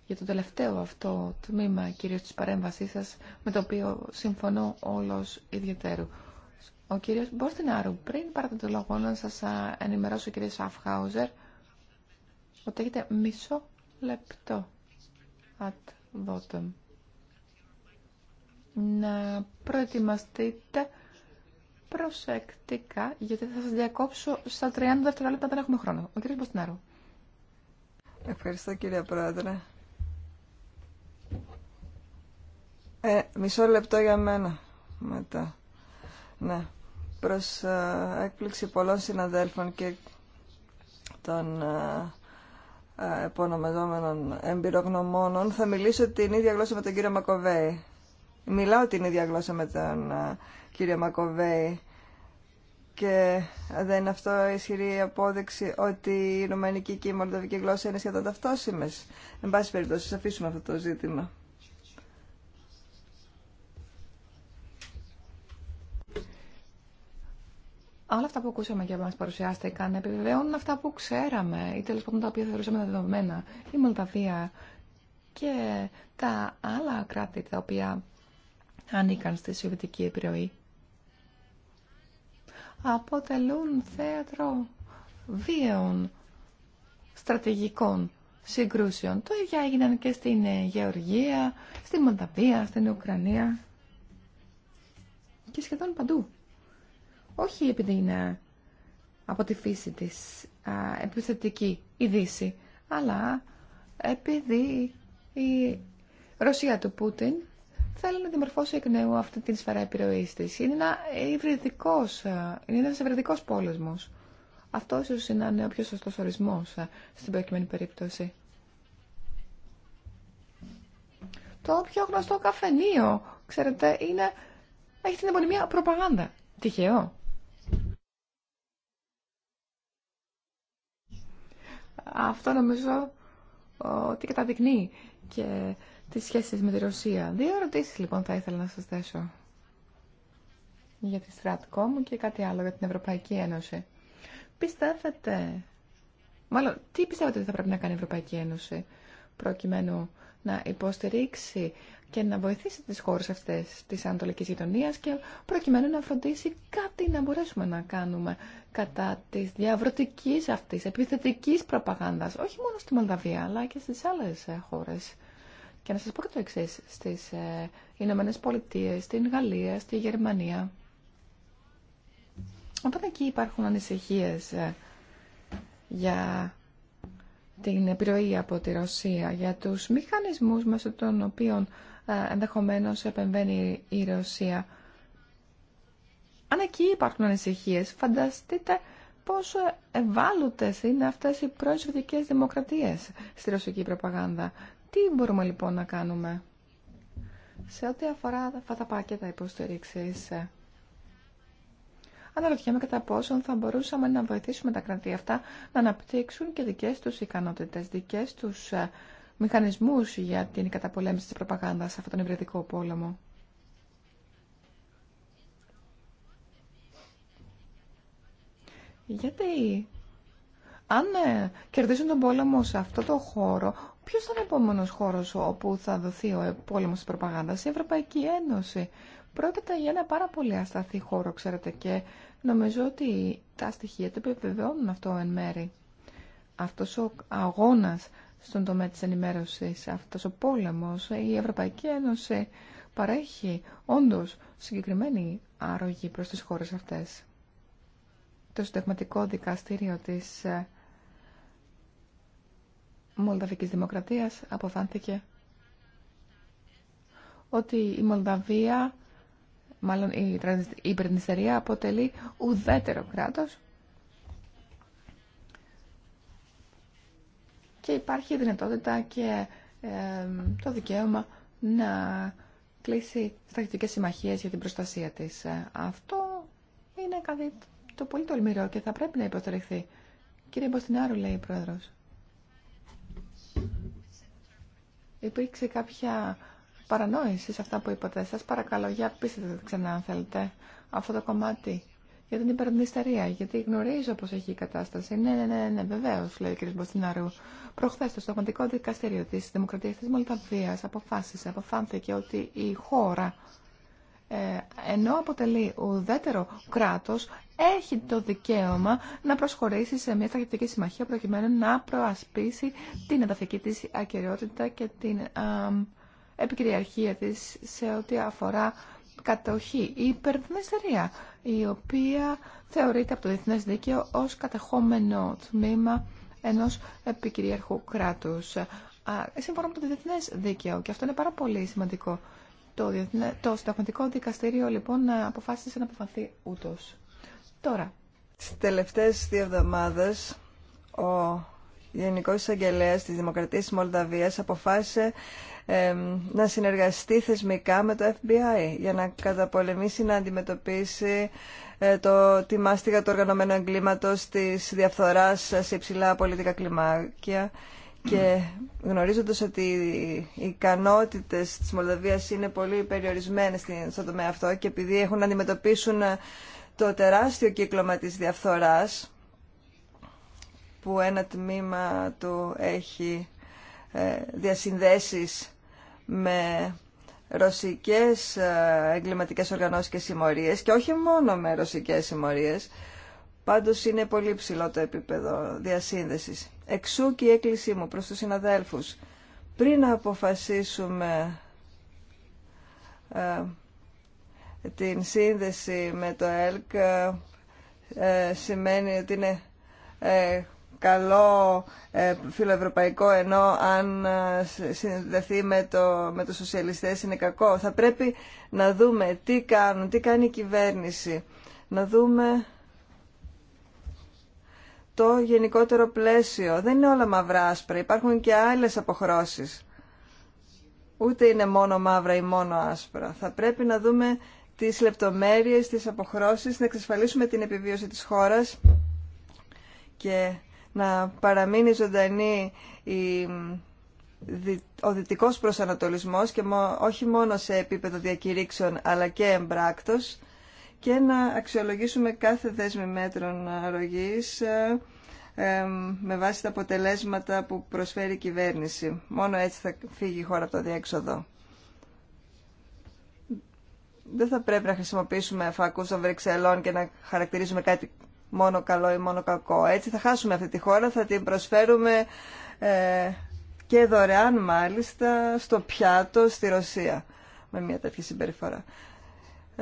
για το τελευταίο αυτό τμήμα κυρίω τη παρέμβασή σα, με το οποίο συμφωνώ όλο ιδιαίτερου. Ο κύριος Μπορτινάρου, πριν πάρετε το λόγο να σας ενημερώσω κύριε Σαφχάουζερ, ότι έχετε μισό λεπτό at bottom. Να προετοιμαστείτε προσεκτικά, γιατί θα σας διακόψω στα 30 δευτερόλεπτα, δεν έχουμε χρόνο. Ο κύριος Μποστινάρου. Ευχαριστώ κύριε Πρόεδρε. Ε, μισό λεπτό για μένα μετά. Ναι. Προς ε, έκπληξη πολλών συναδέλφων και των ε, ε, επωνομεζόμενων εμπειρογνωμόνων θα μιλήσω την ίδια γλώσσα με τον κύριο Μακοβέη μιλάω την ίδια γλώσσα με τον ε, κύριο Μακοβέη και δεν είναι αυτό ισχυρή απόδειξη ότι η ρουμανική και η μολδαβική γλώσσα είναι σχεδόν ταυτόσιμες. Εν πάση περιπτώσει, αφήσουμε αυτό το ζήτημα. Όλα αυτά που ακούσαμε και μας παρουσιάστηκαν επιβεβαιώνουν αυτά που ξέραμε ή τέλος πάντων τα οποία θεωρούσαμε δεδομένα. Η Μολδαβία και τα άλλα κράτη τα οποία ανήκαν στη Σοβιετική επιρροή αποτελούν θέατρο βίαιων στρατηγικών συγκρούσεων. Το ίδιο έγιναν και στην Γεωργία, στη Μονταβία, στην Ουκρανία και σχεδόν παντού. Όχι επειδή είναι από τη φύση της επιθετική η Δύση, αλλά επειδή η Ρωσία του Πούτιν θέλει να δημορφώσει εκ νέου αυτή τη σφαίρα επιρροή τη. Είναι ένα υβριδικό, ε, είναι ένα υβριδικό πόλεμο. Αυτό ίσω είναι ο πιο σωστό ορισμό ε, στην προκειμένη περίπτωση. Το πιο γνωστό καφενείο, ξέρετε, είναι, έχει την επωνυμία προπαγάνδα. Τυχαίο. Αυτό νομίζω ε, ότι καταδεικνύει και τις σχέσεις με τη Ρωσία. Δύο ερωτήσεις λοιπόν θα ήθελα να σας θέσω για τη μου και κάτι άλλο για την Ευρωπαϊκή Ένωση. Πιστεύετε, μάλλον τι πιστεύετε ότι θα πρέπει να κάνει η Ευρωπαϊκή Ένωση προκειμένου να υποστηρίξει και να βοηθήσει τις χώρες αυτές της Ανατολικής Γειτονίας και προκειμένου να φροντίσει κάτι να μπορέσουμε να κάνουμε κατά της διαβρωτικής αυτής επιθετικής προπαγάνδας, όχι μόνο στη Μολδαβία αλλά και στις άλλες ε, χώρες και να σας πω και το εξή στις ε, Ηνωμένες Πολιτείες, στην Γαλλία, στη Γερμανία. Όταν εκεί υπάρχουν ανησυχίες ε, για την επιρροή από τη Ρωσία, για τους μηχανισμούς μέσω των οποίων ε, ενδεχομένως επεμβαίνει η Ρωσία. Αν εκεί υπάρχουν ανησυχίες, φανταστείτε πόσο ευάλωτες είναι αυτές οι προσβητικές δημοκρατίες στη ρωσική προπαγάνδα. Τι μπορούμε λοιπόν να κάνουμε σε ό,τι αφορά αυτά τα πάκετα υποστήριξη. Αναρωτιέμαι κατά πόσον θα μπορούσαμε να βοηθήσουμε τα κρατή αυτά να αναπτύξουν και δικές τους ικανότητες, δικές τους ε, μηχανισμούς για την καταπολέμηση της προπαγάνδας σε αυτόν τον ευρετικό πόλεμο. Γιατί αν ε, κερδίσουν τον πόλεμο σε αυτό το χώρο, Ποιο θα είναι ο επόμενο χώρο όπου θα δοθεί ο πόλεμο τη προπαγάνδα, η Ευρωπαϊκή Ένωση. Πρόκειται για ένα πάρα πολύ ασταθή χώρο, ξέρετε, και νομίζω ότι τα στοιχεία το επιβεβαιώνουν αυτό εν μέρη. Αυτό ο αγώνα στον τομέα τη ενημέρωση, αυτό ο πόλεμο, η Ευρωπαϊκή Ένωση παρέχει όντω συγκεκριμένη άρρωγη προ τι χώρε αυτέ. Το συνταγματικό δικαστήριο της ε, Μολδαβικής Δημοκρατίας αποφάνθηκε ότι η Μολδαβία, μάλλον η υπερνιστερία αποτελεί ουδέτερο κράτος και υπάρχει δυνατότητα και το δικαίωμα να κλείσει στρατιωτικές συμμαχίες για την προστασία της. Ε, αυτό είναι κάτι το πολύ τολμηρό και θα πρέπει να υποστηριχθεί. Κύριε Μποστινάρου, λέει η Πρόεδρος. υπήρξε κάποια παρανόηση σε αυτά που είπατε. Σας παρακαλώ, για πείστε ξανά αν θέλετε αυτό το κομμάτι για την υπερμυστερία, γιατί γνωρίζω πώς έχει η κατάσταση. Ναι, ναι, ναι, ναι, ναι βεβαίως, λέει ο κ. Μποστινάρου. Προχθές το Στοχματικό Δικαστήριο της Δημοκρατίας της Μολδαβίας αποφάσισε, αποφάνθηκε ότι η χώρα ε, ενώ αποτελεί ουδέτερο κράτος, έχει το δικαίωμα να προσχωρήσει σε μια στρατιωτική συμμαχία προκειμένου να προασπίσει την ενταφική της ακαιρεότητα και την επικυριαρχία της σε ό,τι αφορά κατοχή ή υπερδνηστερία, η υπερδυνεστερια η θεωρείται από το Διεθνές Δίκαιο ως κατεχόμενο τμήμα ενός επικυριαρχού κράτους. Σύμφωνα με το Διεθνές Δίκαιο, και αυτό είναι πάρα πολύ σημαντικό το, το συνταγματικό δικαστήριο λοιπόν αποφάσισε να αποφανθεί ούτω. Τώρα. Στι τελευταίε δύο εβδομάδε, ο Γενικό Εισαγγελέα της Δημοκρατία τη Μολδαβίας αποφάσισε να συνεργαστεί θεσμικά με το FBI για να καταπολεμήσει, να αντιμετωπίσει ε, το, τη μάστιγα του οργανωμένου εγκλήματος, της διαφθοράς σε υψηλά πολιτικά κλιμάκια και γνωρίζοντας ότι οι ικανότητες της Μολδαβίας είναι πολύ περιορισμένες στον τομέα αυτό και επειδή έχουν να αντιμετωπίσουν ε, το τεράστιο κύκλωμα της διαφθοράς που ένα τμήμα του έχει ε, διασυνδέσεις με ρωσικές ε, εγκληματικές οργανώσεις και συμμορίες και όχι μόνο με ρωσικές συμμορίες Πάντως είναι πολύ ψηλό το επίπεδο διασύνδεσης. Εξού και η έκκλησή μου προς τους συναδέλφους. Πριν να αποφασίσουμε ε, την σύνδεση με το ΕΛΚ, ε, ε σημαίνει ότι είναι ε, καλό ε, φιλοευρωπαϊκό, ενώ αν ε, συνδεθεί με, το, με τους σοσιαλιστές είναι κακό. Θα πρέπει να δούμε τι κάνουν, τι κάνει η κυβέρνηση. Να δούμε το γενικότερο πλαίσιο. Δεν είναι όλα μαυρά-άσπρα, υπάρχουν και άλλες αποχρώσεις. Ούτε είναι μόνο μαύρα ή μόνο άσπρα. Θα πρέπει να δούμε τις λεπτομέρειες, τις αποχρώσεις, να εξασφαλίσουμε την επιβίωση της χώρας και να παραμείνει ζωντανή η, ο δυτικό προσανατολισμός και όχι μόνο σε επίπεδο διακηρύξεων αλλά και εμπράκτος και να αξιολογήσουμε κάθε δέσμη μέτρων αρρωγής ε, ε, με βάση τα αποτελέσματα που προσφέρει η κυβέρνηση. Μόνο έτσι θα φύγει η χώρα από το διέξοδο. Δεν θα πρέπει να χρησιμοποιήσουμε φακούς των Βρυξελών και να χαρακτηρίζουμε κάτι μόνο καλό ή μόνο κακό. Έτσι θα χάσουμε αυτή τη χώρα, θα την προσφέρουμε ε, και δωρεάν μάλιστα στο πιάτο στη Ρωσία με μια τέτοια συμπεριφορά.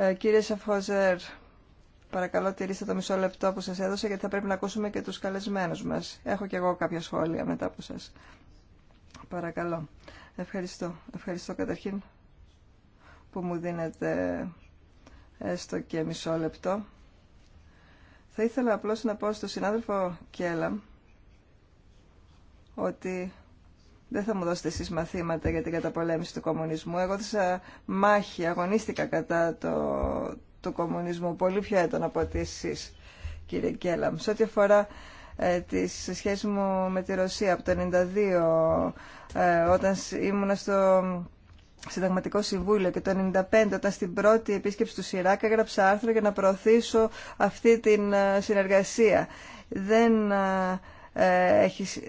Ε, κύριε Σαφχόζερ, παρακαλώ τηρήστε το μισό λεπτό που σας έδωσα γιατί θα πρέπει να ακούσουμε και τους καλεσμένους μας. Έχω και εγώ κάποια σχόλια μετά από σας. Παρακαλώ. Ευχαριστώ. Ευχαριστώ καταρχήν που μου δίνετε έστω και μισό λεπτό. Θα ήθελα απλώς να πω στον συνάδελφο Κέλα ότι δεν θα μου δώσετε εσεί μαθήματα για την καταπολέμηση του κομμουνισμού. Εγώ έδωσα ε, μάχη, αγωνίστηκα κατά το, του κομμουνισμού, πολύ πιο έντονα από ότι εσεί, κύριε Κέλαμ. Σε ό,τι αφορά ε, τις μου με τη Ρωσία από το 1992, ε, όταν ήμουν στο Συνταγματικό Συμβούλιο και το 1995, όταν στην πρώτη επίσκεψη του Σιράκα έγραψα άρθρο για να προωθήσω αυτή την ε, συνεργασία. Δεν... Ε,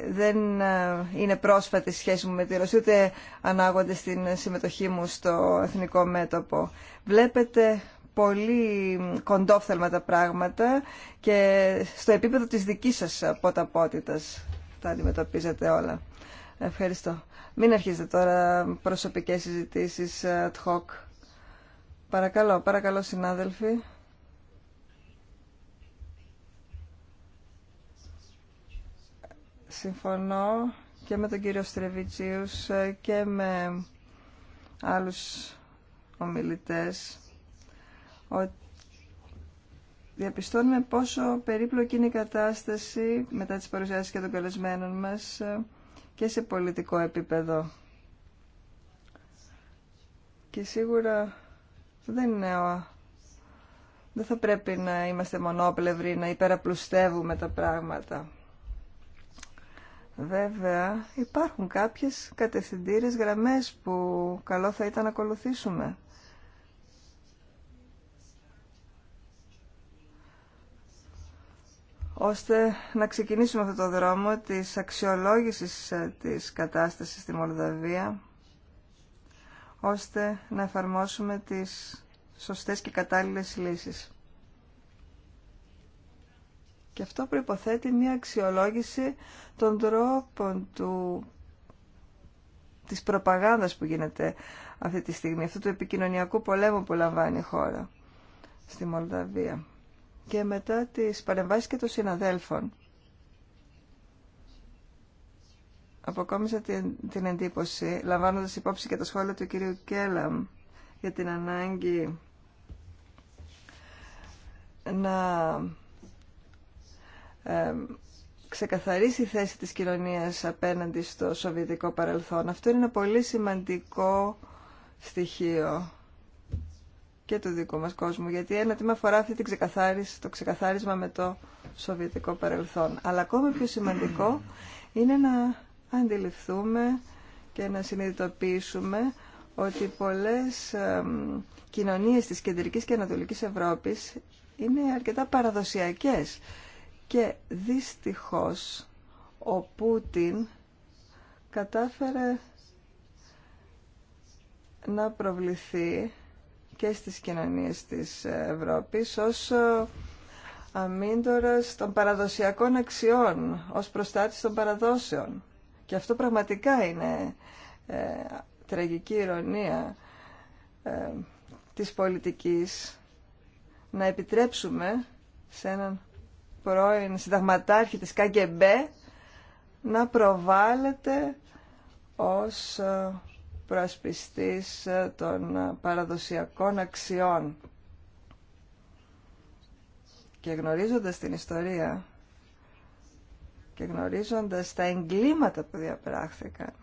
δεν ε, είναι πρόσφατη σχέση μου με τη Ρωσία, ούτε ανάγονται στην συμμετοχή μου στο εθνικό μέτωπο. Βλέπετε πολύ κοντόφθαλμα τα πράγματα και στο επίπεδο της δικής σας ποταπότητας τα αντιμετωπίζετε όλα. Ευχαριστώ. Μην αρχίζετε τώρα προσωπικές συζητήσεις ε, ad hoc. Παρακαλώ, παρακαλώ συνάδελφοι. Συμφωνώ και με τον κύριο Στρεβιτσίους ε, και με άλλους ομιλητές ότι διαπιστώνουμε πόσο περίπλοκη είναι η κατάσταση μετά τις παρουσιάσεις και των καλεσμένων μας ε, και σε πολιτικό επίπεδο. Και σίγουρα δεν είναι δεν θα πρέπει να είμαστε μονόπλευροι, να υπεραπλουστεύουμε τα πράγματα. Βέβαια, υπάρχουν κάποιες κατευθυντήρες γραμμές που καλό θα ήταν να ακολουθήσουμε. ώστε να ξεκινήσουμε αυτό το δρόμο της αξιολόγησης ε, της κατάστασης στη Μολδαβία, ώστε να εφαρμόσουμε τις σωστές και κατάλληλες λύσεις. Και αυτό προϋποθέτει μια αξιολόγηση των τρόπων του, της προπαγάνδας που γίνεται αυτή τη στιγμή, αυτού του επικοινωνιακού πολέμου που λαμβάνει η χώρα στη Μολδαβία. Και μετά τις παρεμβάσεις και των συναδέλφων. Αποκόμισα την, την εντύπωση, λαμβάνοντας υπόψη και τα σχόλια του κυρίου Κέλαμ για την ανάγκη να ε, ξεκαθαρίσει η θέση της κοινωνίας απέναντι στο σοβιετικό παρελθόν. Αυτό είναι ένα πολύ σημαντικό στοιχείο και του δικού μας κόσμου, γιατί ένα τίμα αφορά την ξεκαθάριση, το ξεκαθάρισμα με το σοβιετικό παρελθόν. Αλλά ακόμα πιο σημαντικό είναι να αντιληφθούμε και να συνειδητοποιήσουμε ότι πολλές κοινωνίες της κεντρικής και ανατολικής Ευρώπης είναι αρκετά παραδοσιακές και δυστυχώς ο Πούτιν κατάφερε να προβληθεί και στις κοινωνίες της Ευρώπης ως ε, αμύντορας των παραδοσιακών αξιών, ως προστάτης των παραδόσεων. Και αυτό πραγματικά είναι ε, τραγική ηρωνία ε, της πολιτικής να επιτρέψουμε σε έναν πρώην συνταγματάρχη της ΚΑΚΕΜΠΕ να προβάλλεται ως ε, προασπιστής ε, των ε, παραδοσιακών αξιών. Και γνωρίζοντας την ιστορία και γνωρίζοντας τα εγκλήματα που διαπράχθηκαν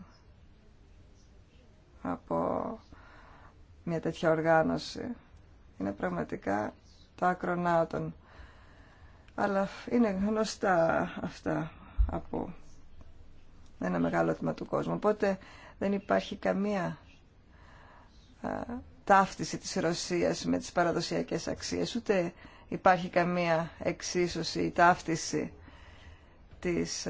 από μια τέτοια οργάνωση, είναι πραγματικά το άκρο των αλλά είναι γνωστά αυτά από ένα μεγάλο τμήμα του κόσμου. Οπότε δεν υπάρχει καμία α, ταύτιση της Ρωσίας με τις παραδοσιακές αξίες, ούτε υπάρχει καμία εξίσωση ή ταύτιση της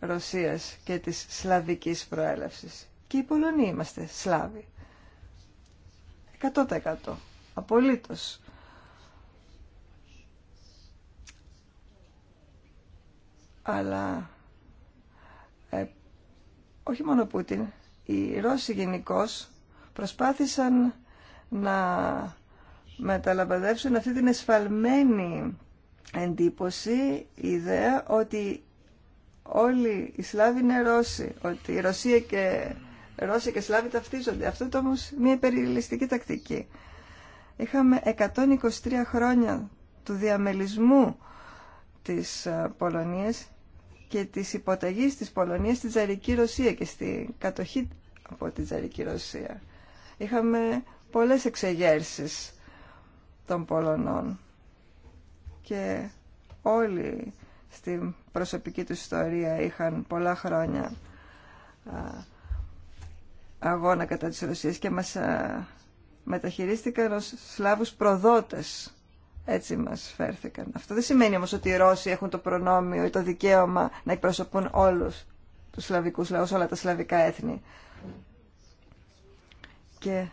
Ρωσίας και της σλαβικής προέλευσης. Και οι Πολωνοί είμαστε Σλάβοι. 100%. Απολύτως. Αλλά ε, όχι μόνο ο Πούτιν, οι Ρώσοι γενικώ προσπάθησαν να μεταλαμπαδεύσουν αυτή την εσφαλμένη εντύπωση, η ιδέα ότι όλοι οι Σλάβοι είναι Ρώσοι, ότι η Ρωσία και Ρώσοι και Σλάβοι ταυτίζονται. Αυτό το όμως μια υπεριλιστική τακτική. Είχαμε 123 χρόνια του διαμελισμού της ε, Πολωνίας και της υποταγής της Πολωνίας στη Τζαρική Ρωσία και στη κατοχή από τη Τζαρική Ρωσία. Είχαμε πολλές εξεγέρσεις των Πολωνών και όλοι στην προσωπική του ιστορία είχαν πολλά χρόνια αγώνα κατά της Ρωσίας και μας μεταχειρίστηκαν ως Σλάβους προδότες έτσι μα φέρθηκαν. Αυτό δεν σημαίνει όμως ότι οι Ρώσοι έχουν το προνόμιο ή το δικαίωμα να εκπροσωπούν όλους τους σλαβικού λαούς, όλα τα σλαβικά έθνη. Και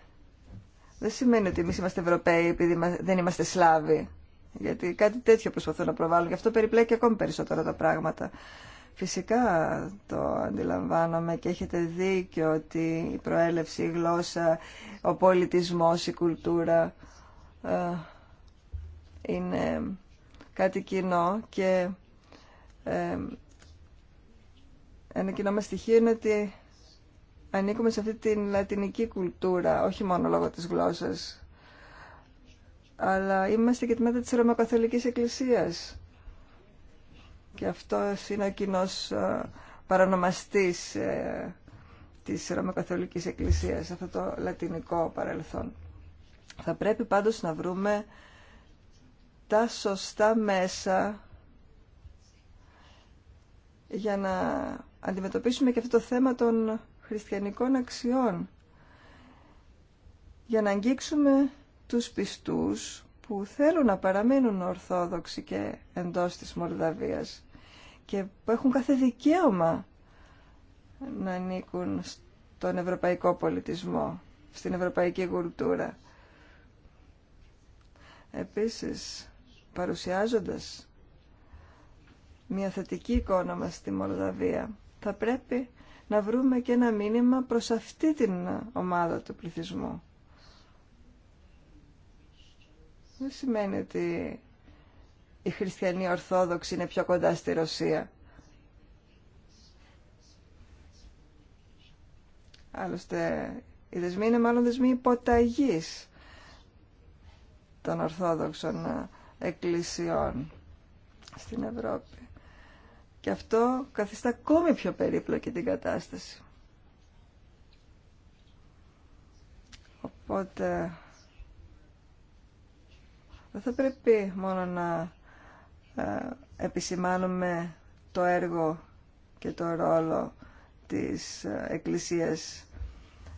δεν σημαίνει ότι εμείς είμαστε Ευρωπαίοι επειδή δεν είμαστε Σλάβοι. Γιατί κάτι τέτοιο προσπαθούν να προβάλλουν. Γι' αυτό περιπλέκει ακόμη περισσότερο τα πράγματα. Φυσικά το αντιλαμβάνομαι και έχετε δίκιο ότι η προέλευση, η γλώσσα, ο πολιτισμός, η κουλτούρα ε, είναι κάτι κοινό και ε, ένα κοινό μας στοιχείο είναι ότι ανήκουμε σε αυτή την λατινική κουλτούρα, όχι μόνο λόγω της γλώσσας, αλλά είμαστε και τη μέτα της Ρωμακαθολικής Εκκλησίας. Και αυτό είναι ο κοινό ε, παρανομαστής ε, της καθολικής Εκκλησίας, αυτό το λατινικό παρελθόν. Θα πρέπει πάντως να βρούμε τα σωστά μέσα για να αντιμετωπίσουμε και αυτό το θέμα των χριστιανικών αξιών. Για να αγγίξουμε τους πιστούς που θέλουν να παραμείνουν ορθόδοξοι και εντός της Μολδαβίας και που έχουν κάθε δικαίωμα να ανήκουν στον ευρωπαϊκό πολιτισμό, στην ευρωπαϊκή κουλτούρα. Επίσης, παρουσιάζοντας μια θετική εικόνα μας στη Μολδαβία, θα πρέπει να βρούμε και ένα μήνυμα προς αυτή την ομάδα του πληθυσμού. Δεν σημαίνει ότι οι χριστιανοί ορθόδοξοι είναι πιο κοντά στη Ρωσία. Άλλωστε, οι δεσμοί είναι μάλλον δεσμοί υποταγής των Ορθόδοξων εκκλησιών στην Ευρώπη. Και αυτό καθιστά ακόμη πιο περίπλοκη την κατάσταση. Οπότε δεν θα πρέπει μόνο να ε, επισημάνουμε το έργο και το ρόλο της ε, Εκκλησίας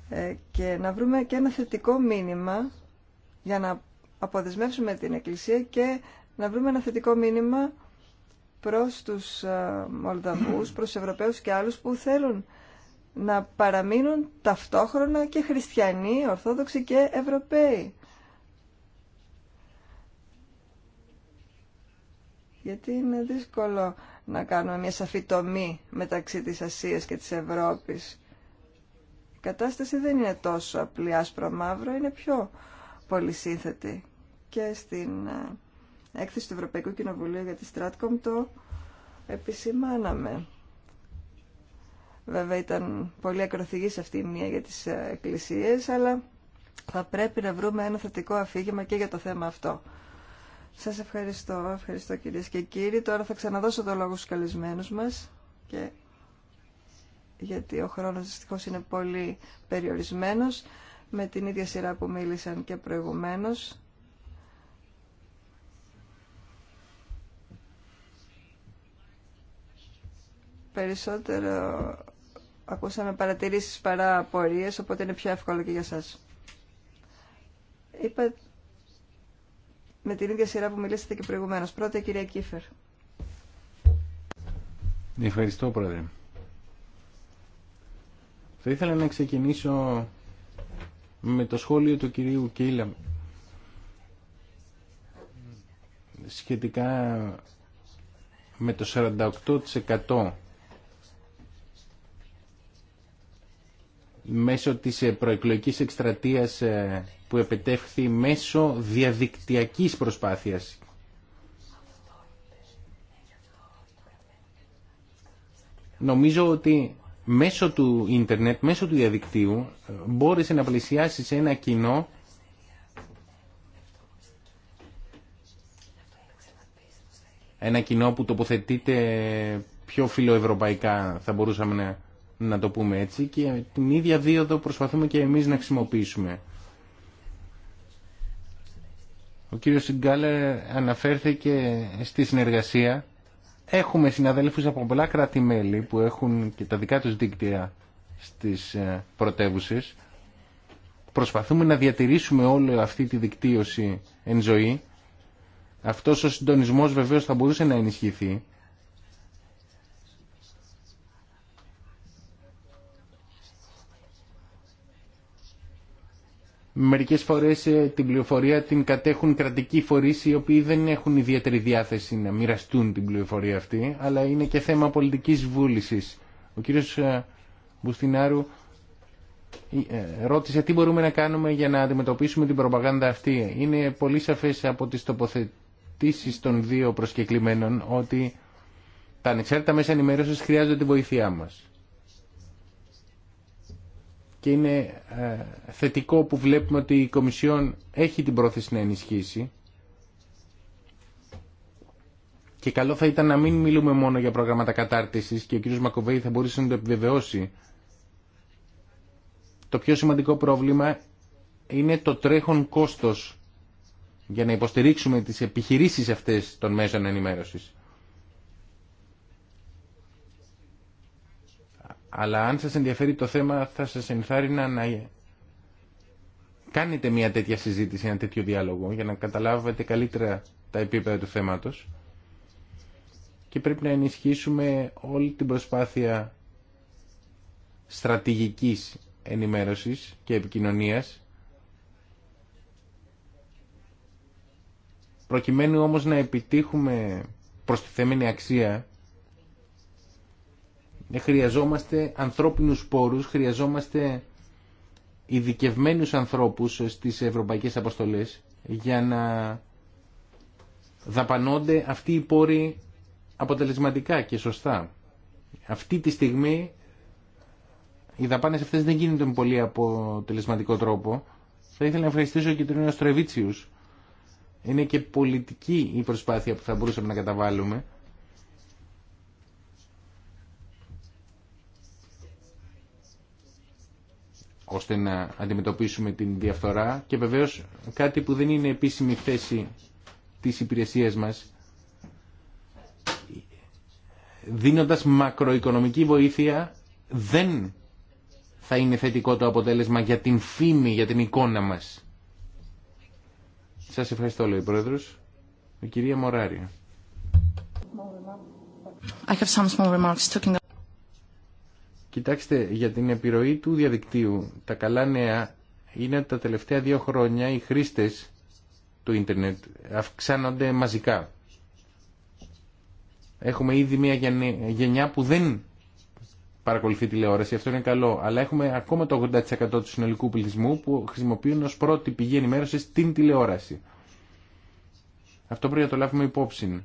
ε, και να βρούμε και ένα θετικό μήνυμα για να αποδεσμεύσουμε την Εκκλησία και να βρούμε ένα θετικό μήνυμα προς τους ε, Μολδαβούς, προς Ευρωπαίους και άλλους που θέλουν να παραμείνουν ταυτόχρονα και χριστιανοί, ορθόδοξοι και Ευρωπαίοι. Γιατί είναι δύσκολο να κάνουμε μια σαφή τομή μεταξύ της Ασίας και της Ευρώπης. Η κατάσταση δεν είναι τόσο απλή άσπρο-μαύρο, είναι πιο πολυσύνθετη. Και στην ε, έκθεση του Ευρωπαϊκού Κοινοβουλίου για τη Stratcom το επισημάναμε. Βέβαια ήταν πολύ ακροθυγής αυτή η μία για τις ε, εκκλησίες, αλλά θα πρέπει να βρούμε ένα θετικό αφήγημα και για το θέμα αυτό. Σας ευχαριστώ, ευχαριστώ κυρίες και κύριοι. Τώρα θα ξαναδώσω το λόγο στους καλεσμένους μας και γιατί ο χρόνος δυστυχώς είναι πολύ περιορισμένος με την ίδια σειρά που μίλησαν και προηγουμένως. Περισσότερο ακούσαμε παρατηρήσεις παρά απορίες, οπότε είναι πιο εύκολο και για σας. Είπα με την ίδια σειρά που μιλήσατε και προηγουμένως. Πρώτα κυρία Κίφερ. Ευχαριστώ, Πρόεδρε. Θα ήθελα να ξεκινήσω με το σχόλιο του κυρίου Κίλαμ σχετικά με το 48% μέσω της ε, προεκλογικής εκστρατείας ε, που επετεύχθη μέσω διαδικτυακής προσπάθειας. Νομίζω ότι μέσω του ίντερνετ, μέσω του διαδικτύου ε, μπόρεσε να πλησιάσει σε ένα κοινό ένα κοινό που τοποθετείται πιο φιλοευρωπαϊκά θα μπορούσαμε να, να το πούμε έτσι και την ίδια δίωδο προσπαθούμε και εμείς να χρησιμοποιήσουμε. Ο κύριος Σιγκάλε αναφέρθηκε στη συνεργασία Έχουμε συναδέλφους από πολλά κράτη-μέλη που έχουν και τα δικά τους δίκτυα στις ε, πρωτεύουσε. Προσπαθούμε να διατηρήσουμε όλη αυτή τη δικτύωση εν ζωή. Αυτός ο συντονισμός βεβαίως θα μπορούσε να ενισχυθεί Μερικές φορές ε, την πληροφορία την κατέχουν κρατικοί φορείς οι οποίοι δεν έχουν ιδιαίτερη διάθεση να μοιραστούν την πληροφορία αυτή, αλλά είναι και θέμα πολιτικής βούλησης. Ο κύριος ε, Μπουστινάρου ε, ρώτησε τι μπορούμε να κάνουμε για να αντιμετωπίσουμε την προπαγάνδα αυτή. Είναι πολύ σαφές από τις τοποθετήσεις των δύο προσκεκλημένων ότι τα ανεξάρτητα μέσα ενημέρωσης χρειάζονται τη βοήθειά μας και είναι ε, θετικό που βλέπουμε ότι η Κομισιόν έχει την πρόθεση να ενισχύσει και καλό θα ήταν να μην μιλούμε μόνο για προγράμματα κατάρτισης και ο κ. Μακοβέη θα μπορούσε να το επιβεβαιώσει. Το πιο σημαντικό πρόβλημα είναι το τρέχον κόστος για να υποστηρίξουμε τις επιχειρήσεις αυτές των μέσων ενημέρωσης. Αλλά αν σας ενδιαφέρει το θέμα θα σας ενθάρρυνα να κάνετε μια τέτοια συζήτηση, ένα τέτοιο διάλογο για να καταλάβετε καλύτερα τα επίπεδα του θέματος και πρέπει να ενισχύσουμε όλη την προσπάθεια στρατηγικής ενημέρωσης και επικοινωνίας προκειμένου όμως να επιτύχουμε τη θέμενη αξία ε, χρειαζόμαστε ανθρώπινους πόρους, χρειαζόμαστε ειδικευμένους ανθρώπους στις ευρωπαϊκές αποστολές για να δαπανώνται αυτοί οι πόροι αποτελεσματικά και σωστά. Αυτή τη στιγμή οι δαπάνες αυτές δεν γίνονται με πολύ αποτελεσματικό τρόπο. Θα ήθελα να ευχαριστήσω και τον Στρεβίτσιους. Είναι και πολιτική η προσπάθεια που θα μπορούσαμε να καταβάλουμε. ώστε να αντιμετωπίσουμε την διαφθορά και βεβαίως κάτι που δεν είναι επίσημη θέση της υπηρεσίας μας δίνοντας μακροοικονομική βοήθεια δεν θα είναι θετικό το αποτέλεσμα για την φήμη, για την εικόνα μας. Σας ευχαριστώ, λέει ο Πρόεδρος. Η κυρία Μωράρια. I have some small Κοιτάξτε, για την επιρροή του διαδικτύου, τα καλά νέα είναι τα τελευταία δύο χρόνια οι χρήστες του ίντερνετ αυξάνονται μαζικά. Έχουμε ήδη μια γενιά που δεν παρακολουθεί τηλεόραση, αυτό είναι καλό, αλλά έχουμε ακόμα το 80% του συνολικού πληθυσμού που χρησιμοποιούν ως πρώτη πηγή ενημέρωσης την τηλεόραση. Αυτό πρέπει να το λάβουμε υπόψη.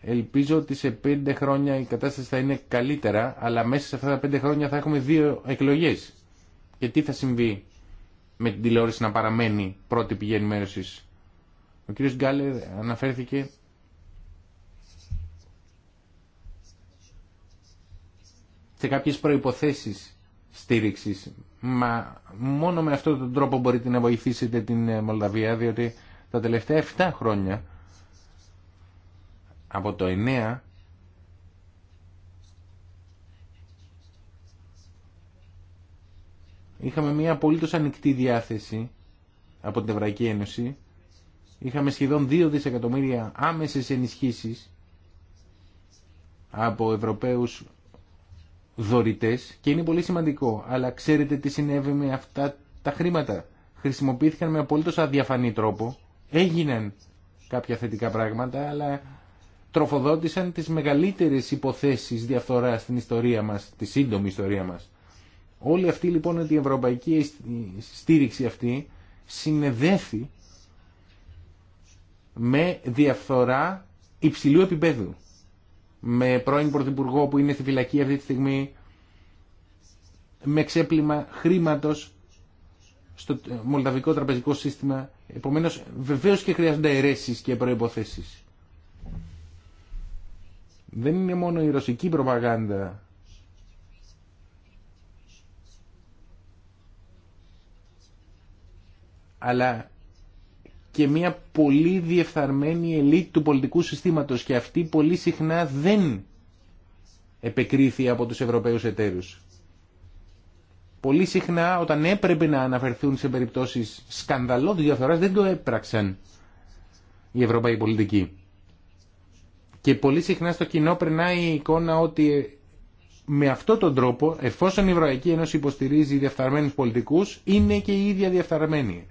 Ελπίζω ότι σε πέντε χρόνια η κατάσταση θα είναι καλύτερα, αλλά μέσα σε αυτά τα πέντε χρόνια θα έχουμε δύο εκλογές. Και τι θα συμβεί με την τηλεόραση να παραμένει πρώτη πηγή ενημέρωση. Ο κύριος Γκάλε αναφέρθηκε σε κάποιες προϋποθέσεις στήριξης. Μα μόνο με αυτόν τον τρόπο μπορείτε να βοηθήσετε την Μολδαβία, διότι τα τελευταία 7 χρόνια από το 9 είχαμε μια απολύτως ανοιχτή διάθεση από την Ευρωπαϊκή Ένωση είχαμε σχεδόν 2 δισεκατομμύρια άμεσες ενισχύσεις από Ευρωπαίους δωρητές και είναι πολύ σημαντικό αλλά ξέρετε τι συνέβη με αυτά τα χρήματα χρησιμοποιήθηκαν με απολύτως αδιαφανή τρόπο έγιναν κάποια θετικά πράγματα αλλά τροφοδότησαν τις μεγαλύτερες υποθέσεις διαφθοράς στην ιστορία μας, τη σύντομη ιστορία μας. Όλη αυτή λοιπόν ότι η ευρωπαϊκή στήριξη αυτή συνεδέθη με διαφθορά υψηλού επίπεδου. Με πρώην Πρωθυπουργό που είναι στη φυλακή αυτή τη στιγμή, με ξέπλυμα χρήματος στο μολδαβικό τραπεζικό σύστημα. Επομένως βεβαίως και χρειάζονται αιρέσεις και προϋποθέσεις δεν είναι μόνο η ρωσική προπαγάνδα αλλά και μια πολύ διεφθαρμένη ελίτ του πολιτικού συστήματος και αυτή πολύ συχνά δεν επεκρίθη από τους Ευρωπαίους εταίρους. Πολύ συχνά όταν έπρεπε να αναφερθούν σε περιπτώσεις σκανδαλώδης διαφθοράς δεν το έπραξαν οι Ευρωπαίοι πολιτικοί. Και πολύ συχνά στο κοινό περνάει η εικόνα ότι με αυτόν τον τρόπο, εφόσον η Ευρωπαϊκή Ένωση υποστηρίζει διαφθαρμένους πολιτικούς, είναι και η ίδια διαφθαρμένη.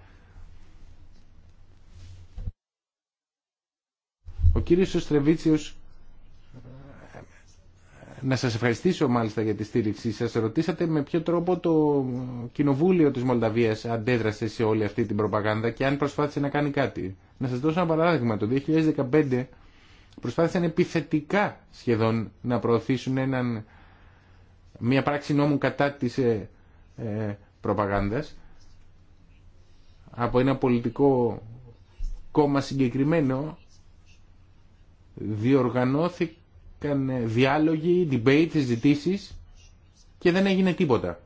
Ο κύριος Στρεβίτσιος, να σας ευχαριστήσω μάλιστα για τη στήριξή σας. Ρωτήσατε με ποιο τρόπο το Κοινοβούλιο της Μολδαβίας αντέδρασε σε όλη αυτή την προπαγάνδα και αν προσπάθησε να κάνει κάτι. Να σας δώσω ένα παράδειγμα. Το 2015 προσπάθησαν επιθετικά σχεδόν να προωθήσουν έναν, μια πράξη νόμου κατά της ε, ε προπαγάνδας από ένα πολιτικό κόμμα συγκεκριμένο διοργανώθηκαν ε, διάλογοι, debate, ζητήσει και δεν έγινε τίποτα.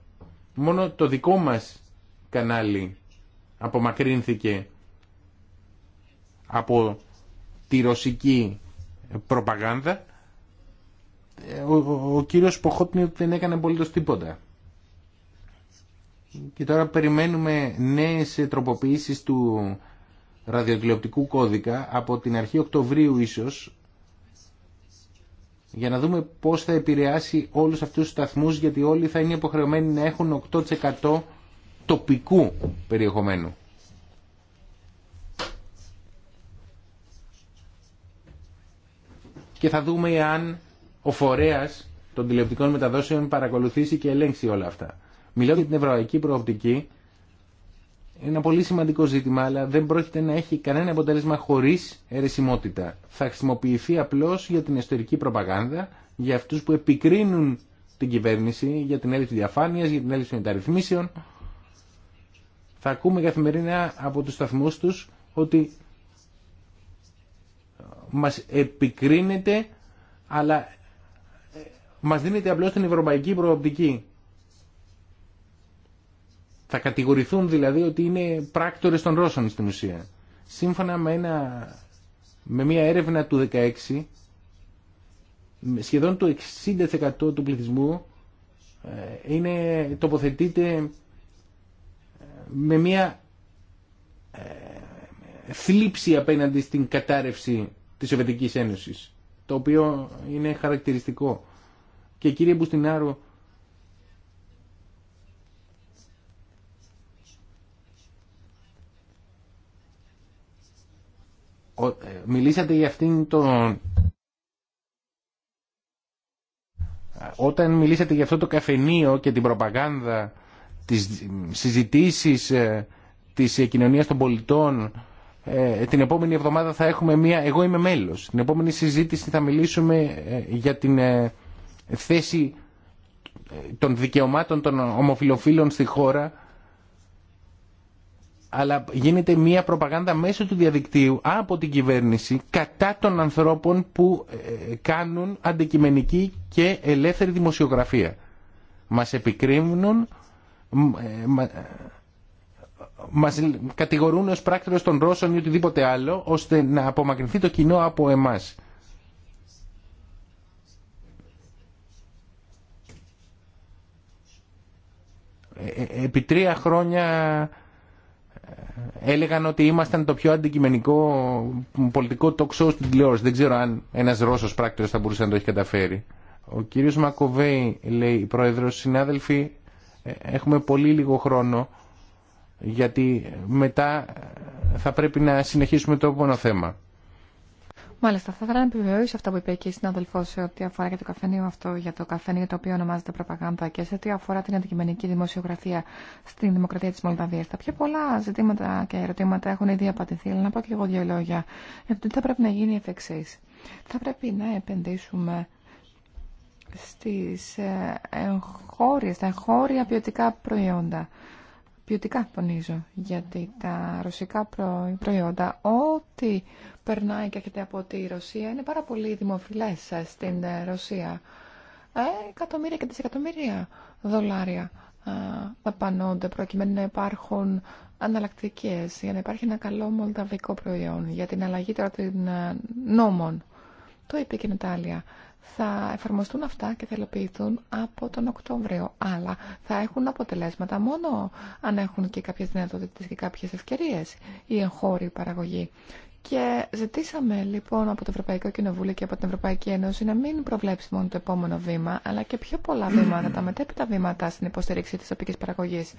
Μόνο το δικό μας κανάλι απομακρύνθηκε από τη ρωσική προπαγάνδα ο, ο, ο κύριος Ποχότνιου δεν έκανε απολύτως τίποτα. Και τώρα περιμένουμε νέες τροποποιήσεις του ραδιοτηλεοπτικού κώδικα από την αρχή Οκτωβρίου ίσως για να δούμε πώς θα επηρεάσει όλους αυτούς τους σταθμούς γιατί όλοι θα είναι υποχρεωμένοι να έχουν 8% τοπικού περιεχομένου. και θα δούμε αν ο φορέας των τηλεοπτικών μεταδόσεων παρακολουθήσει και ελέγξει όλα αυτά. Μιλάω για την ευρωπαϊκή προοπτική. Είναι ένα πολύ σημαντικό ζήτημα, αλλά δεν πρόκειται να έχει κανένα αποτέλεσμα χωρί αιρεσιμότητα. Θα χρησιμοποιηθεί απλώ για την εσωτερική προπαγάνδα, για αυτού που επικρίνουν την κυβέρνηση, για την έλλειψη διαφάνεια, για την έλλειψη μεταρρυθμίσεων. Θα ακούμε καθημερινά από του σταθμού του ότι μας επικρίνεται αλλά ε, μας δίνεται απλώς την ευρωπαϊκή προοπτική. Θα κατηγορηθούν δηλαδή ότι είναι πράκτορες των Ρώσων στην ουσία. Σύμφωνα με, ένα, με μια έρευνα του 16, σχεδόν το 60% του πληθυσμού ε, είναι, τοποθετείται ε, με μια θλίψη απέναντι στην κατάρρευση της Σοβιετικής Ένωσης, το οποίο είναι χαρακτηριστικό. Και κύριε Μπουστινάρου, ε, μιλήσατε για αυτήν τον... Όταν μιλήσατε για αυτό το καφενείο και την προπαγάνδα, τις συζητήσεις ε, της κοινωνίας των πολιτών ε, την επόμενη εβδομάδα θα έχουμε μία, εγώ είμαι μέλος, την επόμενη συζήτηση θα μιλήσουμε ε, για την ε, θέση των δικαιωμάτων των ομοφιλοφίλων στη χώρα αλλά γίνεται μία προπαγάνδα μέσω του διαδικτύου από την κυβέρνηση κατά των ανθρώπων που κάνουν αντικειμενική και ελεύθερη δημοσιογραφία. Μας επικρίνουν μας κατηγορούν ως πράκτορες των Ρώσων ή οτιδήποτε άλλο, ώστε να απομακρυνθεί το κοινό από εμάς. Ε, ε, επί τρία χρόνια ε, έλεγαν ότι ήμασταν το πιο αντικειμενικό πολιτικό τοξό στην τηλεόραση. Δεν ξέρω αν ένας Ρώσος πράκτορας θα μπορούσε να το έχει καταφέρει. Ο κύριος Μακοβέη, λέει η πρόεδρος, συνάδελφοι, έχουμε πολύ λίγο χρόνο γιατί μετά θα πρέπει να συνεχίσουμε το επόμενο θέμα. Μάλιστα, θα ήθελα να επιβεβαιώσω αυτά που είπε και η συνάδελφό σε ό,τι αφορά για το καφενείο αυτό, για το καφενείο το οποίο ονομάζεται προπαγάνδα και σε ό,τι αφορά την αντικειμενική δημοσιογραφία στην Δημοκρατία τη Μολδαβία. Τα πιο πολλά ζητήματα και ερωτήματα έχουν ήδη απαντηθεί, αλλά να πω και εγώ δύο λόγια. Γιατί θα πρέπει να γίνει εφ' εξή. Θα πρέπει να επενδύσουμε στις ε, εγχώριες, στα εγχώρια ποιοτικά προϊόντα ποιοτικά τονίζω, γιατί τα ρωσικά προϊόντα, ό,τι περνάει και έρχεται από τη Ρωσία, είναι πάρα πολύ δημοφιλές ε, στην ε, Ρωσία. Ε, εκατομμύρια και δισεκατομμύρια δολάρια ε, δαπανώνται προκειμένου να υπάρχουν αναλλακτικέ για να υπάρχει ένα καλό μολδαβικό προϊόν για την αλλαγή τώρα των νόμων. Το είπε και η Νατάλια θα εφαρμοστούν αυτά και θα υλοποιηθούν από τον Οκτώβριο. Αλλά θα έχουν αποτελέσματα μόνο αν έχουν και κάποιες δυνατότητες και κάποιες ευκαιρίες η εγχώρη παραγωγή. Και ζητήσαμε λοιπόν από το Ευρωπαϊκό Κοινοβούλιο και από την Ευρωπαϊκή Ένωση να μην προβλέψει μόνο το επόμενο βήμα, αλλά και πιο πολλά βήματα, τα μετέπειτα βήματα στην υποστήριξη της τοπικής παραγωγής,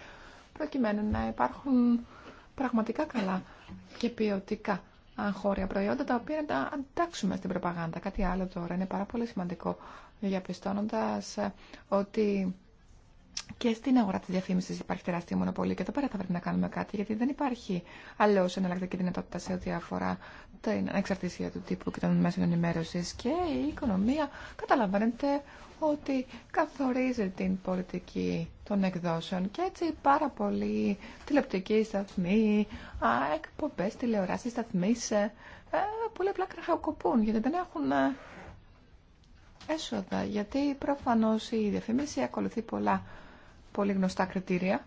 προκειμένου να υπάρχουν πραγματικά καλά και ποιοτικά χώρια προϊόντα τα οποία να τα αντάξουμε στην προπαγάνδα. Κάτι άλλο τώρα είναι πάρα πολύ σημαντικό διαπιστώνοντας ε, ότι και στην αγορά τη διαφήμιση υπάρχει τεράστια μονοπολία και εδώ πέρα θα πρέπει να κάνουμε κάτι, γιατί δεν υπάρχει αλλιώ εναλλακτική δυνατότητα σε ό,τι αφορά την ανεξαρτησία του τύπου και των μέσων ενημέρωση. Και η οικονομία καταλαβαίνετε ότι καθορίζει την πολιτική των εκδόσεων και έτσι πάρα πολλοί τηλεοπτικοί σταθμοί, εκπομπές, τηλεοράσεις, σταθμοί ε, ε, πολύ απλά κραχακοπούν γιατί δεν έχουν ε, έσοδα γιατί προφανώ η διαφήμιση ακολουθεί πολλά πολύ γνωστά κριτήρια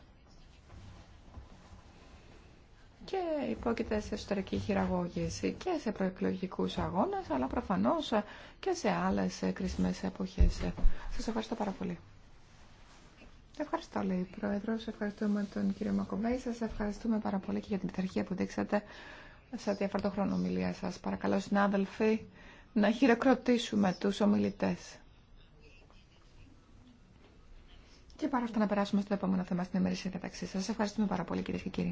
και υπόκειται σε εσωτερική χειραγώγηση και σε προεκλογικούς αγώνες αλλά προφανώς και σε άλλε κρίσιμε εποχές. Σα ευχαριστώ πάρα πολύ. Ευχαριστώ, λέει η Πρόεδρο. Ευχαριστούμε τον κύριο Μακοβέη. Σα ευχαριστούμε πάρα πολύ και για την πειθαρχία που δείξατε σε ό,τι αφορά το χρόνο ομιλία σα. Παρακαλώ, συνάδελφοι, να χειροκροτήσουμε του ομιλητέ. Και πάρα αυτά να περάσουμε στο επόμενο θέμα στην ημερήσια διαταξή σα. Ευχαριστούμε πάρα πολύ, κυρίε και κύριοι.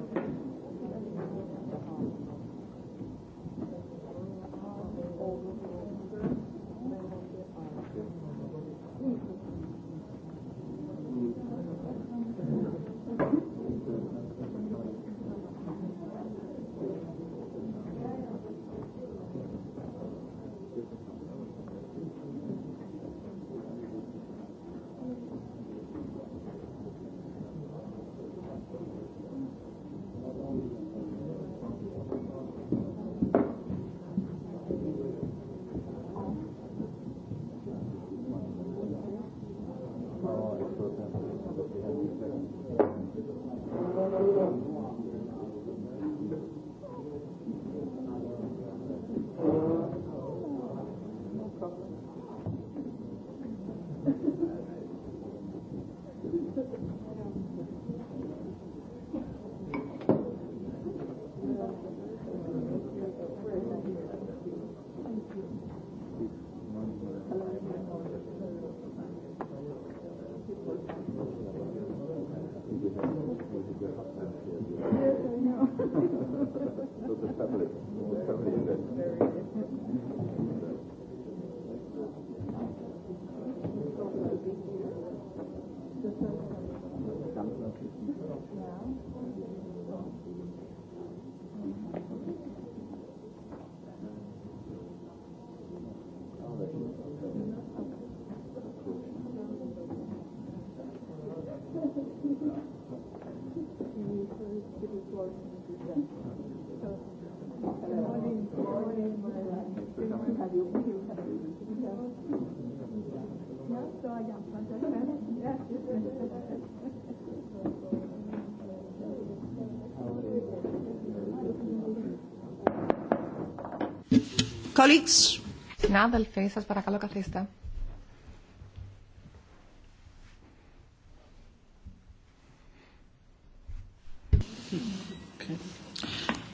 Colleagues. Συνάδελφοι, σας παρακαλώ καθίστε.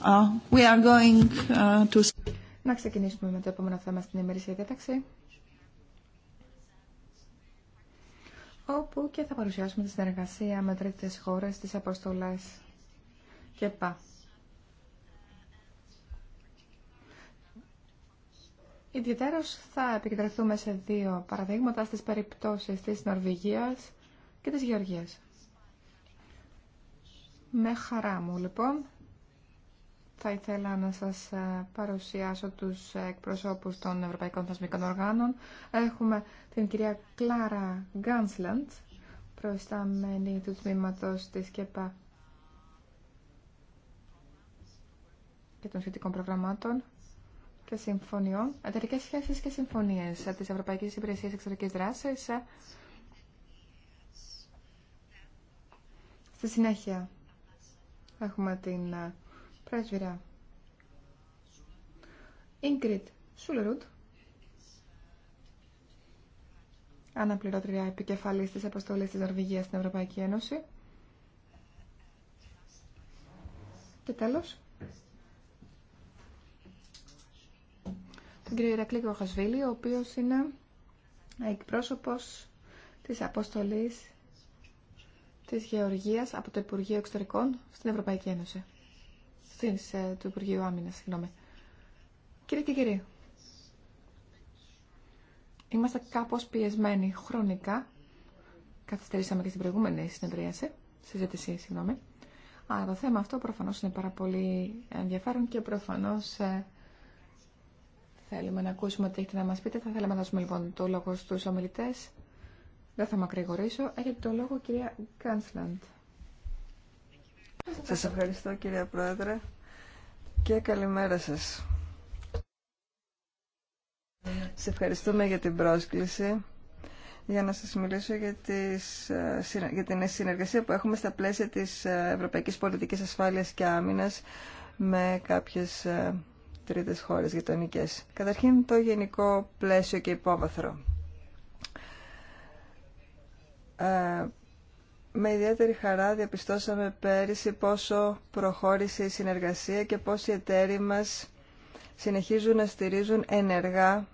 Uh, we are going, uh, to... Να ξεκινήσουμε με το επόμενο θέμα στην ημερήσια διάταξη. Όπου και θα παρουσιάσουμε τη συνεργασία με τρίτες χώρες, τις αποστολές και πά. Ιδιαίτερως θα επικεντρωθούμε σε δύο παραδείγματα στις περιπτώσεις της Νορβηγίας και της Γεωργίας. Με χαρά μου λοιπόν θα ήθελα να σας ε, παρουσιάσω τους εκπροσώπους των Ευρωπαϊκών Θεσμικών Οργάνων. Έχουμε την κυρία Κλάρα Γκάνσλαντ, προϊστάμενη του τμήματος της ΚΕΠΑ και των σχετικών προγραμμάτων και συμφωνιών, εταιρικέ σχέσει και συμφωνίε τη Ευρωπαϊκή Υπηρεσία Εξωτερική Δράση. Ε, στη συνέχεια έχουμε την ε, πρέσβυρα Ingrid Σουλερούτ, αναπληρώτρια επικεφαλή της αποστολής τη Νορβηγία στην Ευρωπαϊκή Ένωση. Και τέλος, τον κύριο Ηρακλή Κοχασβίλη, ο οποίος είναι εκπρόσωπος της αποστολής της Γεωργίας από το Υπουργείο Εξωτερικών στην Ευρωπαϊκή Ένωση. Στην, ε, του Υπουργείου Άμυνας, συγγνώμη. Κύριε και κύριοι, είμαστε κάπως πιεσμένοι χρονικά. Καθυστερήσαμε και στην προηγούμενη συνεδρίαση, συζήτηση, συγγνώμη. Αλλά το θέμα αυτό προφανώς είναι πάρα πολύ ενδιαφέρον και προφανώς ε, Θέλουμε να ακούσουμε τι έχετε να μας πείτε. Θα θέλαμε να δώσουμε λοιπόν το λόγο στους ομιλητές. Δεν θα μακρηγορήσω. Έχετε το λόγο κυρία Γκάνσλαντ. Σας ευχαριστώ κυρία Πρόεδρε και καλημέρα σας. Σε ευχαριστούμε για την πρόσκληση για να σας μιλήσω για, τις, ε, για την συνεργασία που έχουμε στα πλαίσια της ε, Ευρωπαϊκής Πολιτικής Ασφάλειας και Άμυνας με κάποιες ε, Τρίτε χώρε γειτονικέ. Καταρχήν το γενικό πλαίσιο και υπόβαθρο. Ε, με ιδιαίτερη χαρά διαπιστώσαμε πέρυσι πόσο προχώρησε η συνεργασία και πώς οι εταίροι μας συνεχίζουν να στηρίζουν ενεργά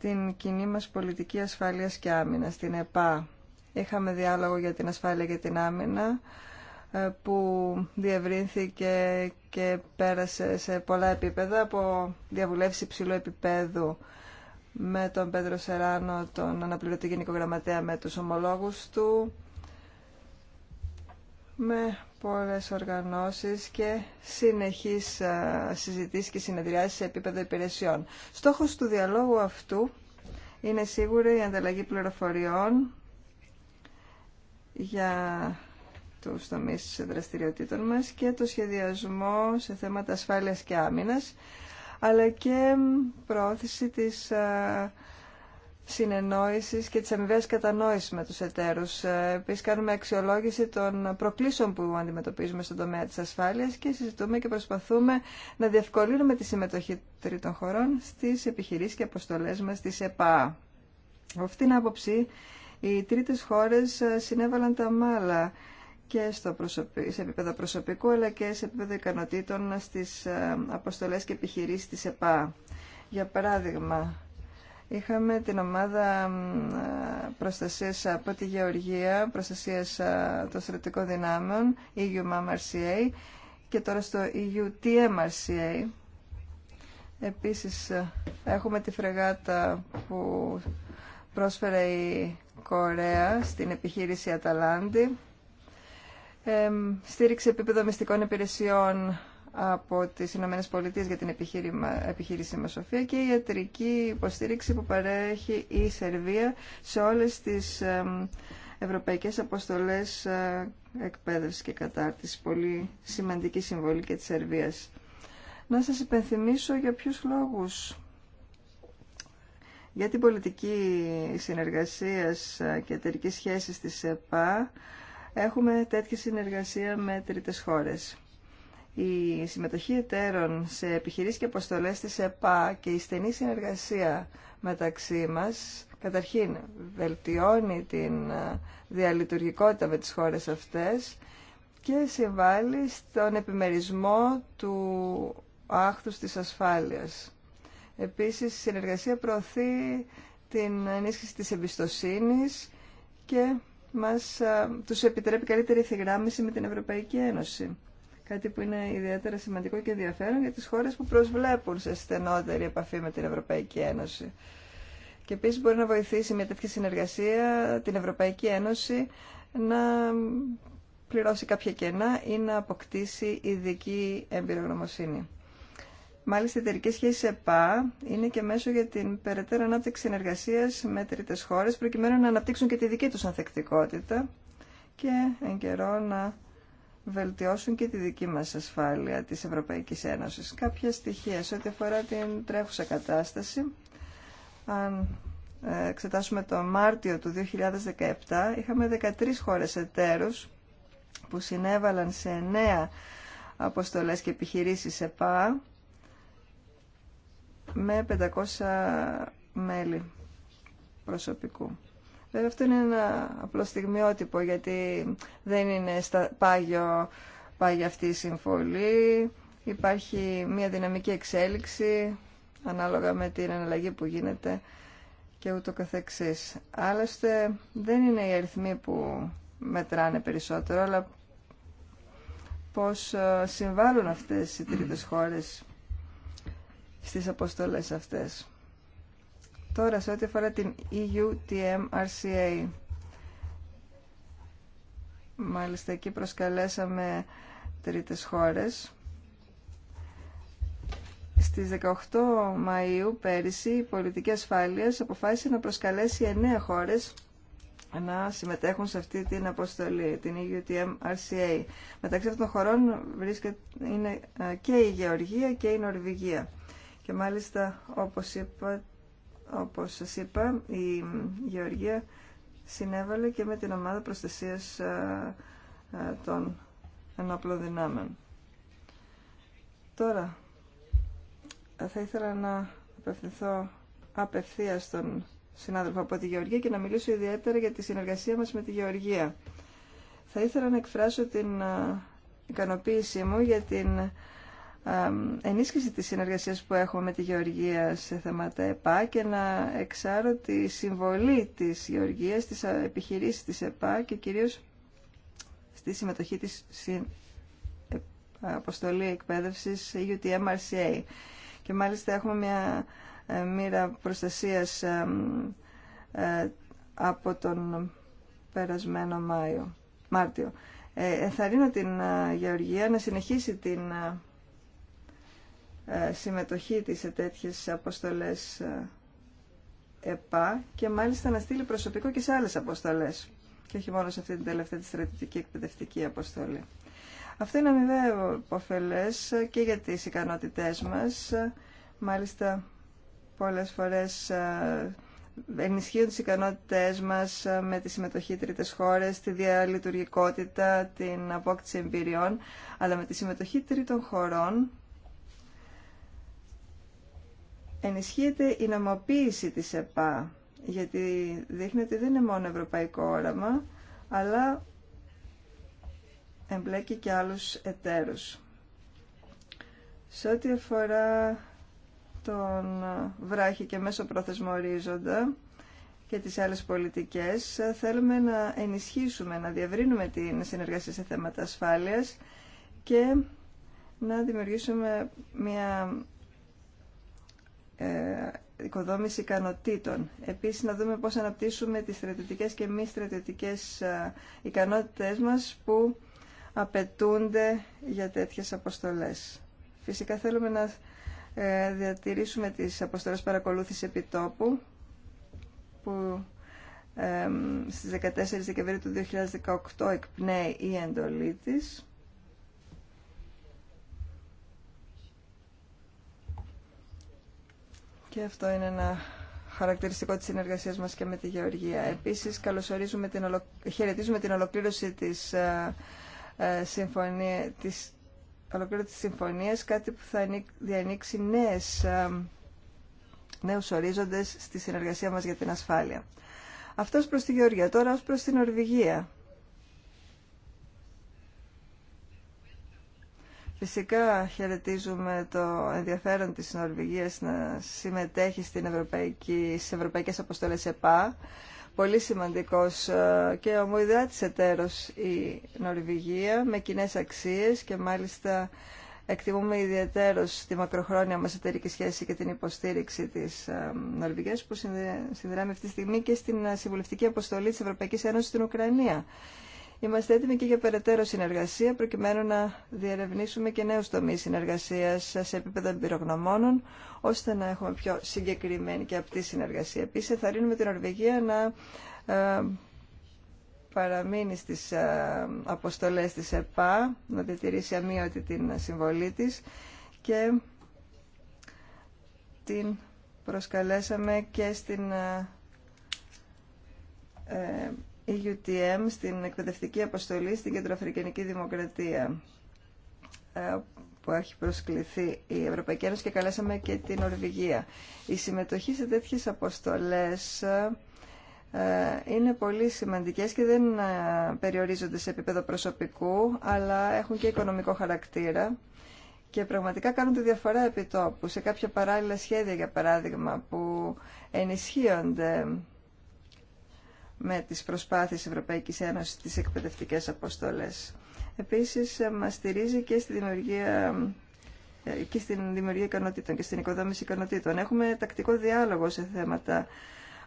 την κοινή μας πολιτική ασφάλειας και άμυνας, την ΕΠΑ. Είχαμε διάλογο για την ασφάλεια και την άμυνα που διευρύνθηκε και πέρασε σε πολλά επίπεδα από διαβουλεύση υψηλού επίπεδου με τον Πέντρο Σεράνο, τον αναπληρωτή γενικό γραμματέα με τους ομολόγους του, με πολλές οργανώσεις και συνεχής συζητήσεις και συνεδριάσεις σε επίπεδο υπηρεσιών. Στόχος του διαλόγου αυτού είναι σίγουρα η ανταλλαγή πληροφοριών για του τομεί δραστηριοτήτων μας και το σχεδιασμό σε θέματα ασφάλειας και άμυνας, αλλά και προώθηση της ε, συνεννόησης και της αμοιβαίας κατανόησης με τους εταίρους. Ε, επίσης κάνουμε αξιολόγηση των προκλήσεων που αντιμετωπίζουμε στον τομέα της ασφάλειας και συζητούμε και προσπαθούμε να διευκολύνουμε τη συμμετοχή τρίτων χωρών στις επιχειρήσει και αποστολές μας τη ΕΠΑ. Αυτή αυτήν την άποψη, οι τρίτες χώρες ε, συνέβαλαν τα μάλα και σε επίπεδο προσωπικού αλλά και σε επίπεδο ικανοτήτων στις ε, αποστολές και επιχειρήσεις της ΕΠΑ. Για παράδειγμα, είχαμε την ομάδα ε, προστασίας από τη Γεωργία, προστασίας ε, των στρατικών δυνάμεων, EU και τώρα στο EU TMRCA. Επίσης, έχουμε τη φρεγάτα που πρόσφερε η Κορέα στην επιχείρηση Αταλάντη στήριξη επίπεδο μυστικών υπηρεσιών από τις Ηνωμένες Πολιτείες για την επιχείρησή μας Σοφία και η ιατρική υποστήριξη που παρέχει η Σερβία σε όλες τις ευρωπαϊκές αποστολές ε, εκπαίδευσης και κατάρτισης. Πολύ σημαντική συμβολή και της Σερβίας. Να σας υπενθυμίσω για ποιους λόγους για την πολιτική συνεργασία ε, και εταιρική σχέση της ΕΠΑ έχουμε τέτοια συνεργασία με τρίτες χώρες. Η συμμετοχή εταίρων σε επιχειρήσεις και αποστολές της ΕΠΑ και η στενή συνεργασία μεταξύ μας καταρχήν βελτιώνει την ε, διαλειτουργικότητα με τις χώρες αυτές και συμβάλλει στον επιμερισμό του άχθους της ασφάλειας. Επίσης, η συνεργασία προωθεί την ενίσχυση της εμπιστοσύνης και μας, τους επιτρέπει καλύτερη ηθιγράμμιση με την Ευρωπαϊκή Ένωση. Κάτι που είναι ιδιαίτερα σημαντικό και ενδιαφέρον για τις χώρες που προσβλέπουν σε στενότερη επαφή με την Ευρωπαϊκή Ένωση. Και επίσης μπορεί να βοηθήσει μια τέτοια συνεργασία την Ευρωπαϊκή Ένωση να πληρώσει κάποια κενά ή να αποκτήσει ειδική εμπειρογνωμοσύνη. Μάλιστα, οι εταιρική σχέση ΕΠΑ είναι και μέσο για την περαιτέρω ανάπτυξη συνεργασία με τρίτε χώρε, προκειμένου να αναπτύξουν και τη δική του ανθεκτικότητα και εν καιρό να βελτιώσουν και τη δική μας ασφάλεια της Ευρωπαϊκής Ένωσης. Κάποια στοιχεία σε ό,τι αφορά την τρέχουσα κατάσταση. Αν ε, εξετάσουμε το Μάρτιο του 2017, είχαμε 13 χώρες εταίρους που συνέβαλαν σε 9 αποστολές και επιχειρήσεις ΕΠΑ με 500 μέλη προσωπικού. Βέβαια αυτό είναι ένα απλό στιγμιότυπο γιατί δεν είναι στα πάγιο, πάγια αυτή η συμβολή. Υπάρχει μια δυναμική εξέλιξη ανάλογα με την αναλλαγή που γίνεται και ούτω καθεξής. Άλλωστε δεν είναι οι αριθμοί που μετράνε περισσότερο αλλά πώς ε, συμβάλλουν αυτές οι τρίτες χώρες στις αποστολές αυτές. Τώρα, σε ό,τι αφορά την EUTM-RCA, μάλιστα εκεί προσκαλέσαμε τρίτες χώρες. Στις 18 Μαΐου πέρυσι η πολιτική ασφάλειας αποφάσισε να προσκαλέσει 9 χώρες να συμμετέχουν σε αυτή την αποστολή, την EUTMRCA, μαλιστα εκει προσκαλεσαμε τριτες χωρες στις 18 μαιου περυσι η πολιτικη Ασφάλεια αποφασισε να αυτών των χωρών βρίσκεται, είναι ε, και η Γεωργία και η Νορβηγία. Και μάλιστα, όπως, είπα, όπως σας είπα, η Γεωργία συνέβαλε και με την ομάδα προστασίας ε, ε, των ενόπλων δυνάμεων. Τώρα, θα ήθελα να απευθυνθώ απευθεία στον συνάδελφο από τη Γεωργία και να μιλήσω ιδιαίτερα για τη συνεργασία μας με τη Γεωργία. Θα ήθελα να εκφράσω την ε, ικανοποίησή μου για την ενίσχυση της συνεργασίας που έχουμε με τη Γεωργία σε θέματα ΕΠΑ και να εξάρω τη συμβολή της Γεωργίας της επιχειρήσης της ΕΠΑ και κυρίως στη συμμετοχή της στην ε, αποστολή εκπαίδευσης UTMRCA. Και μάλιστα έχουμε μια ε, μοίρα προστασίας ε, από τον περασμένο Μάιο, Μάρτιο. Ενθαρρύνω την Γεωργία να συνεχίσει την ε, συμμετοχή της σε τέτοιες αποστολές ε, ΕΠΑ και μάλιστα να στείλει προσωπικό και σε άλλες αποστολές και όχι μόνο σε αυτή την τελευταία τη στρατιωτική εκπαιδευτική αποστολή. Αυτό είναι αμοιβαίο υποφελές και για τις ικανότητές μας. Μάλιστα, πολλές φορές ε, ενισχύουν τις ικανότητές μας με τη συμμετοχή τρίτες χώρες, τη διαλειτουργικότητα, την απόκτηση εμπειριών, αλλά με τη συμμετοχή τρίτων χωρών ενισχύεται η νομοποίηση της ΕΠΑ, γιατί δείχνει ότι δεν είναι μόνο ευρωπαϊκό όραμα, αλλά εμπλέκει και άλλους εταίρους. Σε ό,τι αφορά τον βράχη και μέσο πρόθεσμο και τις άλλες πολιτικές, θέλουμε να ενισχύσουμε, να διαβρύνουμε την συνεργασία σε θέματα ασφάλειας και να δημιουργήσουμε μια ε, οικοδόμηση ικανοτήτων. Επίσης να δούμε πώς αναπτύσσουμε τις στρατιωτικές και μη στρατιωτικές ε, ικανότητες μας που απαιτούνται για τέτοιες αποστολές. Φυσικά θέλουμε να ε, διατηρήσουμε τις αποστολές παρακολούθησης επιτόπου που στις 14 Δεκεμβρίου του 2018 εκπνέει η εντολή της Και αυτό είναι ένα χαρακτηριστικό της συνεργασίας μας και με τη Γεωργία. Επίσης, καλωσορίζουμε την χαιρετίζουμε την ολοκλήρωση της, ε, ε συμφωνία... της... της συμφωνίας, κάτι που θα διανοίξει νέες, ε, νέους ορίζοντες στη συνεργασία μας για την ασφάλεια. Αυτός προς τη Γεωργία. Τώρα ως προς την Ορβηγία. Φυσικά χαιρετίζουμε το ενδιαφέρον της Νορβηγίας να συμμετέχει στην Ευρωπαϊκή, στις Ευρωπαϊκές Αποστολές ΕΠΑ. Πολύ σημαντικός ε, και ομοειδάτης εταίρος η Νορβηγία με κοινέ αξίες και μάλιστα εκτιμούμε ιδιαίτερως τη μακροχρόνια μας εταιρική σχέση και την υποστήριξη της ε, Νορβηγίας που συνδράμε αυτή τη στιγμή και στην ε, Συμβουλευτική Αποστολή της Ευρωπαϊκής Ένωσης στην Ουκρανία. Είμαστε έτοιμοι και για περαιτέρω συνεργασία, προκειμένου να διερευνήσουμε και νέου τομεί συνεργασία σε επίπεδο εμπειρογνωμόνων, ώστε να έχουμε πιο συγκεκριμένη και απτή συνεργασία. Επίση, θα την Ορβηγία να ε, παραμείνει στις ε, αποστολές της ΕΠΑ, να διατηρήσει αμύωτη την συμβολή της και την προσκαλέσαμε και στην ε, η UTM στην εκπαιδευτική αποστολή στην Κεντροαφρικανική Δημοκρατία ε, που έχει προσκληθεί η Ευρωπαϊκή Ένωση και καλέσαμε και την Ορβηγία. Η συμμετοχή σε τέτοιες αποστολές ε, είναι πολύ σημαντικές και δεν ε, περιορίζονται σε επίπεδο προσωπικού, αλλά έχουν και οικονομικό χαρακτήρα και πραγματικά κάνουν τη διαφορά επιτόπου σε κάποια παράλληλα σχέδια, για παράδειγμα, που ενισχύονται με τις προσπάθειες Ευρωπαϊκής Ένωσης στις εκπαιδευτικές αποστολές. Επίσης, ε, μας στηρίζει και στη δημιουργία ε, και στην δημιουργία ικανότητων και στην οικοδόμηση ικανότητων. Έχουμε τακτικό διάλογο σε θέματα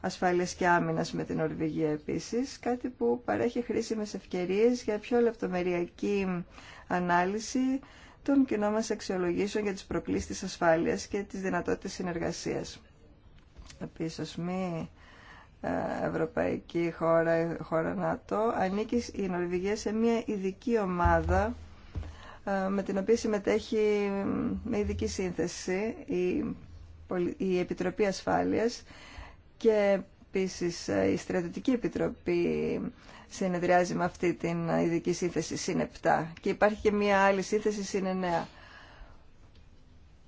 ασφάλειας και άμυνας με την Ορβηγία επίσης, κάτι που παρέχει χρήσιμες ευκαιρίες για πιο λεπτομεριακή ανάλυση των κοινών μας αξιολογήσεων για τις προκλήσεις της ασφάλειας και τις δυνατότητες συνεργασίας. Επίσης, μη ε, ευρωπαϊκή χώρα, χώρα ΝΑΤΟ, ανήκει η Νορβηγία σε μια ειδική ομάδα ε, με την οποία συμμετέχει με ειδική σύνθεση η, Επιτροπή Ασφάλειας και επίσης ε, η Στρατιωτική Επιτροπή συνεδριάζει με αυτή την ειδική σύνθεση συν 7 και υπάρχει και μια άλλη σύνθεση συν 9.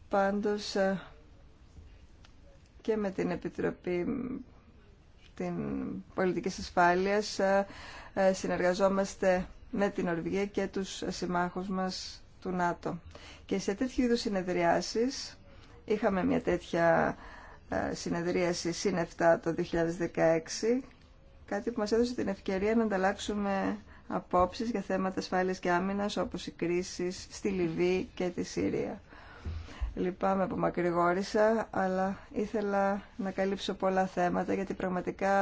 Πάντως και με την Επιτροπή την πολιτική ασφάλεια ε, ε, συνεργαζόμαστε με την Νορβηγία και τους συμμάχους μας του ΝΑΤΟ. Και σε τέτοιου είδου συνεδριάσεις, είχαμε μια τέτοια ε, συνεδρίαση ΣΥΝ 7 το 2016, κάτι που μας έδωσε την ευκαιρία να ανταλλάξουμε απόψεις για θέματα ασφάλειας και άμυνας όπως οι κρίσεις στη Λιβύη και τη Συρία. Λυπάμαι που μακρηγόρησα, αλλά ήθελα να καλύψω πολλά θέματα, γιατί πραγματικά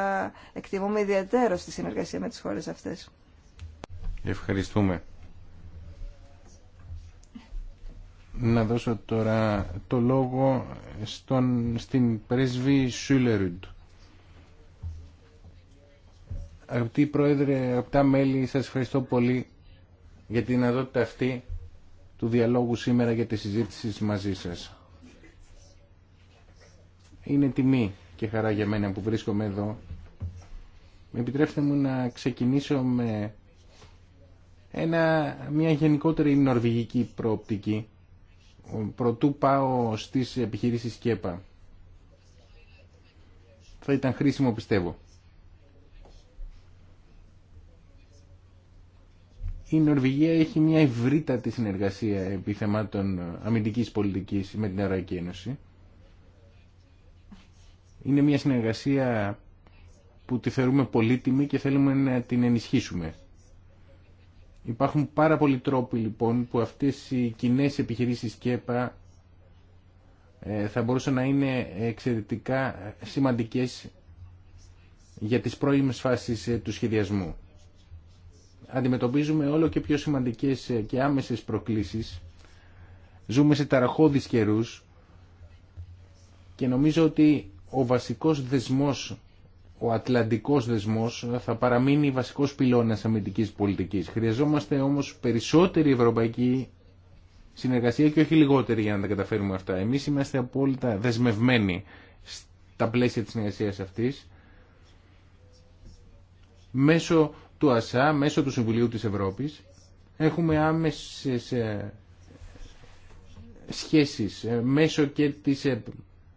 εκτιμούμε ιδιαίτερο στη συνεργασία με τις χώρες αυτές. Ευχαριστούμε. Να δώσω τώρα το λόγο στον, στην πρέσβη Σούλερουντ. Αγαπητοί Πρόεδρε, αγαπητά μέλη, σας ευχαριστώ πολύ για την αδότητα αυτή του διαλόγου σήμερα για τη συζήτηση μαζί σας. Είναι τιμή και χαρά για μένα που βρίσκομαι εδώ. Επιτρέψτε μου να ξεκινήσω με ένα, μια γενικότερη νορβηγική προοπτική. Προτού πάω στις επιχειρήσεις ΚΕΠΑ. Θα ήταν χρήσιμο πιστεύω. η Νορβηγία έχει μια ευρύτατη συνεργασία επί θεμάτων αμυντικής πολιτικής με την Ευρωπαϊκή Ένωση. Είναι μια συνεργασία που τη θεωρούμε πολύτιμη και θέλουμε να την ενισχύσουμε. Υπάρχουν πάρα πολλοί τρόποι λοιπόν που αυτές οι κοινέ επιχειρήσεις ΚΕΠΑ ε, θα μπορούσαν να είναι εξαιρετικά σημαντικές για τις πρώιμες φάσεις ε, του σχεδιασμού αντιμετωπίζουμε όλο και πιο σημαντικές και άμεσες προκλήσεις. Ζούμε σε ταραχώδεις καιρούς και νομίζω ότι ο βασικός δεσμός, ο ατλαντικός δεσμός θα παραμείνει βασικός πυλώνας αμυντικής πολιτικής. Χρειαζόμαστε όμως περισσότερη ευρωπαϊκή συνεργασία και όχι λιγότερη για να τα καταφέρουμε αυτά. Εμείς είμαστε απόλυτα δεσμευμένοι στα πλαίσια της συνεργασίας αυτής μέσω του ΑΣΑ μέσω του Συμβουλίου της Ευρώπης. Έχουμε άμεσες ε, σχέσεις ε, μέσω και της ε,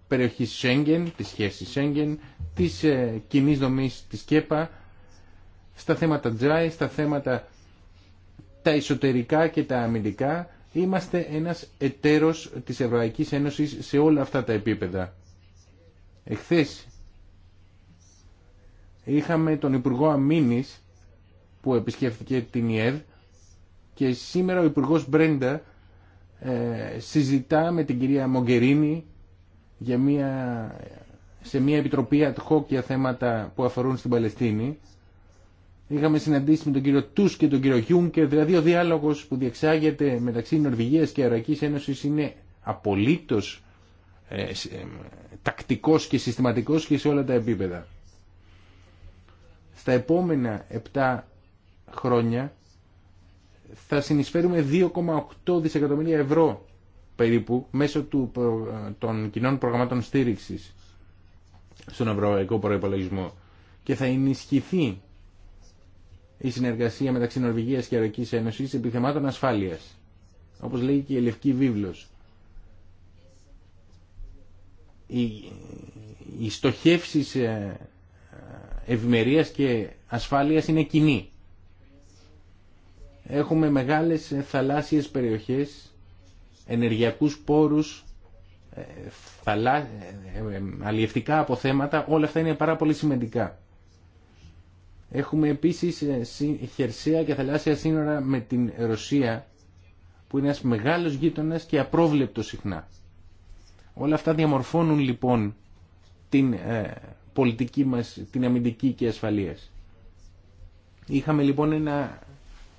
περιοχής Σέγγεν, της σχέσης Σέγγεν, της κοινή δομής της ΚΕΠΑ, στα θέματα Τζάι, στα θέματα τα εσωτερικά και τα αμυντικά. Είμαστε ένας εταίρος της Ευρωπαϊκής Ένωσης σε όλα αυτά τα επίπεδα. Εχθές είχαμε τον Υπουργό Αμήνης που επισκέφθηκε την ΙΕΔ και σήμερα ο Υπουργός Μπρέντα ε, συζητά με την κυρία Μογκερίνη για μια, σε μια επιτροπή ad hoc για θέματα που αφορούν στην Παλαιστίνη. Είχαμε συναντήσει με τον κύριο Τους και τον κύριο Γιούνκερ, δηλαδή ο διάλογος που διεξάγεται μεταξύ Νορβηγίας και Αρακής Ένωσης είναι απολύτως ε, ε, τακτικός και συστηματικός και σε όλα τα επίπεδα. Στα επόμενα 7 χρόνια θα συνεισφέρουμε 2,8 δισεκατομμύρια ευρώ περίπου μέσω του, ε, των κοινών προγραμμάτων στήριξης στον ευρωπαϊκό προϋπολογισμό και θα ενισχυθεί η συνεργασία μεταξύ Νορβηγίας και Ευρωπαϊκής Ένωσης επί θεμάτων ασφάλειας όπως λέει και η Λευκή Βίβλος οι, οι στοχεύσεις ε, ε, ευημερίας και ασφάλειας είναι κοινή έχουμε μεγάλες θαλάσσιες περιοχές, ενεργειακούς πόρους, ε, θαλά... Ε, ε, αλλιευτικά αποθέματα, όλα αυτά είναι πάρα πολύ σημαντικά. Έχουμε επίσης χερσαία και θαλάσσια σύνορα με την Ρωσία, που είναι ένας μεγάλος γείτονας και απρόβλεπτος συχνά. Όλα αυτά διαμορφώνουν λοιπόν την πολιτική μας, την αμυντική και ασφαλείας. Είχαμε λοιπόν ένα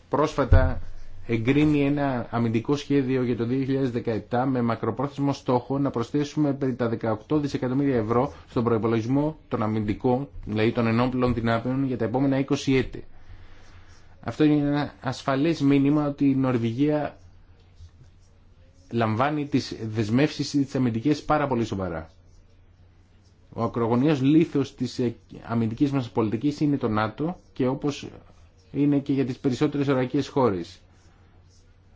πρόσφατα εγκρίνει ένα αμυντικό σχέδιο για το 2017 με μακροπρόθεσμο στόχο να προσθέσουμε περί τα 18 δισεκατομμύρια ευρώ στον προπολογισμό των αμυντικών, δηλαδή των ενόπλων δυνάμεων για τα επόμενα 20 έτη. Αυτό είναι ένα ασφαλές μήνυμα ότι η Νορβηγία λαμβάνει τις δεσμεύσεις της αμυντικές πάρα πολύ σοβαρά. Ο ακρογωνίας λήθος της ε, αμυντικής μας πολιτικής είναι το ΝΑΤΟ και όπως είναι και για τις περισσότερες ορακίες χώρες.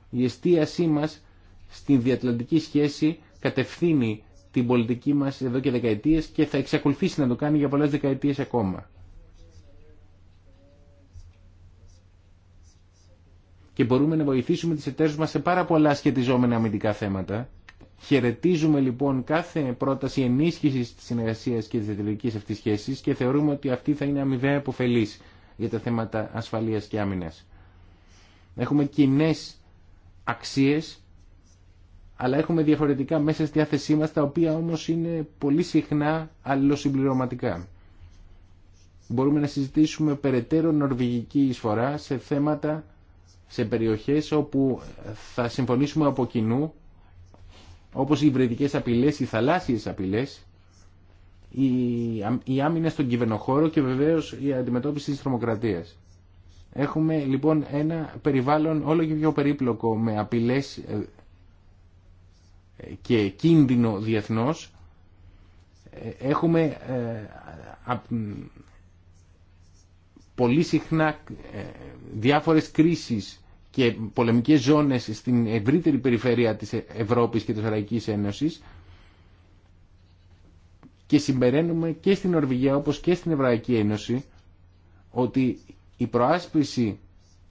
Η εστίασή μας στην διατλαντική σχέση κατευθύνει την πολιτική μας εδώ και δεκαετίες και θα εξακολουθήσει να το κάνει για πολλές δεκαετίες ακόμα. Και μπορούμε να βοηθήσουμε τις εταίρες μας σε πάρα πολλά σχετιζόμενα αμυντικά θέματα. Χαιρετίζουμε λοιπόν κάθε πρόταση ενίσχυσης της συνεργασίας και της διατηρητικής αυτής σχέσης και θεωρούμε ότι αυτή θα είναι αμοιβαία υποφελής για τα θέματα ασφαλείας και άμυνας. Έχουμε κοινέ αξίες, αλλά έχουμε διαφορετικά μέσα στη διάθεσή μας, τα οποία όμως είναι πολύ συχνά αλληλοσυμπληρωματικά. Μπορούμε να συζητήσουμε περαιτέρω νορβηγική εισφορά σε θέματα, σε περιοχές όπου θα συμφωνήσουμε από κοινού, όπως οι βρετικές απειλές, οι θαλάσσιες απειλές, η άμυνα στον κυβερνοχώρο και βεβαίως η αντιμετώπιση της τρομοκρατία. Έχουμε λοιπόν ένα περιβάλλον όλο και πιο περίπλοκο με απειλές ε, και κίνδυνο διεθνώ. Ε, έχουμε ε, πολύ συχνά διάφορες κρίσεις και πολεμικές ζώνες στην ευρύτερη περιφέρεια της Ευρώπης και της Ευρωπαϊκής Ένωσης και συμπεραίνουμε και στην Νορβηγία όπως και στην Ευρωπαϊκή Ένωση ότι η προάσπιση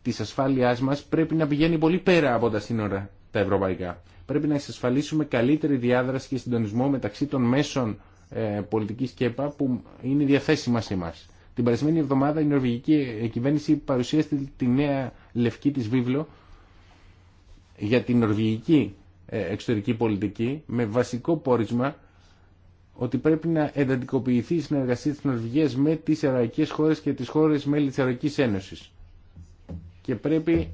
της ασφάλειάς μας πρέπει να πηγαίνει πολύ πέρα από τα σύνορα τα ευρωπαϊκά. Πρέπει να εξασφαλίσουμε καλύτερη διάδραση και συντονισμό μεταξύ των μέσων ε, πολιτικής κέπα που είναι διαθέσιμα σε εμάς. Την περασμένη εβδομάδα η νορβηγική ε, κυβέρνηση παρουσίασε τη νέα λευκή της βίβλο για την νορβηγική ε, εξωτερική πολιτική με βασικό πόρισμα ότι πρέπει να εντατικοποιηθεί η συνεργασία της Νορβηγίας με τις ευρωπαϊκές χώρες και τις χώρες μέλη της Ευρωπαϊκής Ένωσης. Και πρέπει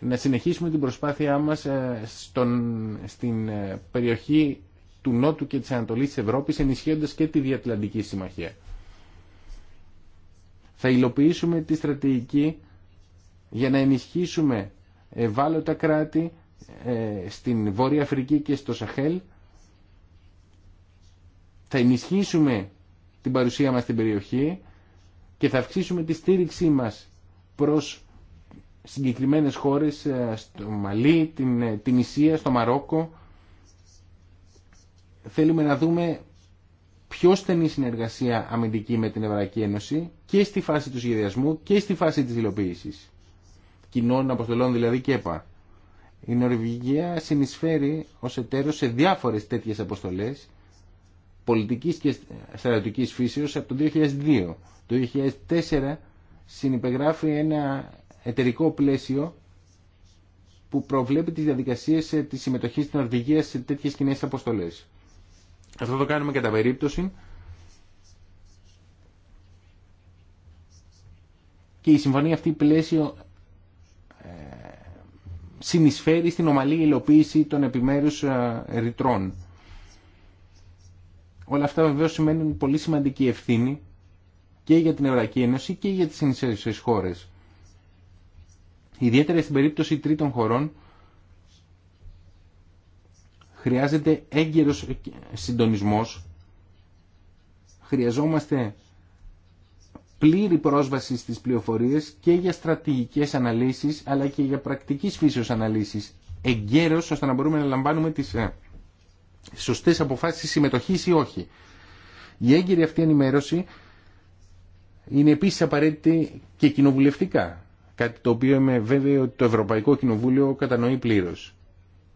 να συνεχίσουμε την προσπάθειά μας ε, στον, στην ε, περιοχή του Νότου και της Ανατολής της Ευρώπης ενισχύοντας και τη Διατλαντική Συμμαχία. Θα υλοποιήσουμε τη στρατηγική για να ενισχύσουμε ευάλωτα κράτη ε, στην Βόρεια Αφρική και στο Σαχέλ θα ενισχύσουμε την παρουσία μας στην περιοχή και θα αυξήσουμε τη στήριξή μας προς συγκεκριμένες χώρες ε, στο Μαλί, την, ε, την Ισία, στο Μαρόκο. Θέλουμε να δούμε πιο στενή συνεργασία αμυντική με την Ευρωπαϊκή Ένωση και στη φάση του σχεδιασμού και στη φάση της υλοποίησης. Κοινών αποστολών δηλαδή και ΕΠΑ. Η Νορβηγία συνεισφέρει ως εταίρος σε διάφορες τέτοιες αποστολές πολιτικής και στρατιωτικής φύσεως από το 2002. Το 2004 συνυπεγράφει ένα εταιρικό πλαίσιο που προβλέπει τις διαδικασίες ε, της συμμετοχής της Νορβηγίας σε τέτοιες κοινέ αποστολές. Αυτό το κάνουμε κατά περίπτωση και η συμφωνία αυτή πλαίσιο ε, συνεισφέρει στην ομαλή υλοποίηση των επιμέρους ε, ρητρών. Όλα αυτά βεβαίω σημαίνουν πολύ σημαντική ευθύνη και για την Ευρωπαϊκή Ένωση και για τις συνεισέρουσες χώρες. Ιδιαίτερα στην περίπτωση τρίτων χωρών χρειάζεται έγκαιρος συντονισμός, χρειαζόμαστε πλήρη πρόσβαση στις πληροφορίες και για στρατηγικές αναλύσεις αλλά και για πρακτικής φύσεως αναλύσεις εγκαίρως ώστε να μπορούμε να λαμβάνουμε τις ε, σωστές αποφάσεις συμμετοχής ή όχι. Η έγκυρη αυτή ενημέρωση είναι επίσης απαραίτητη και κοινοβουλευτικά, κάτι το οποίο είμαι βέβαιο ότι το Ευρωπαϊκό Κοινοβούλιο κατανοεί πλήρως.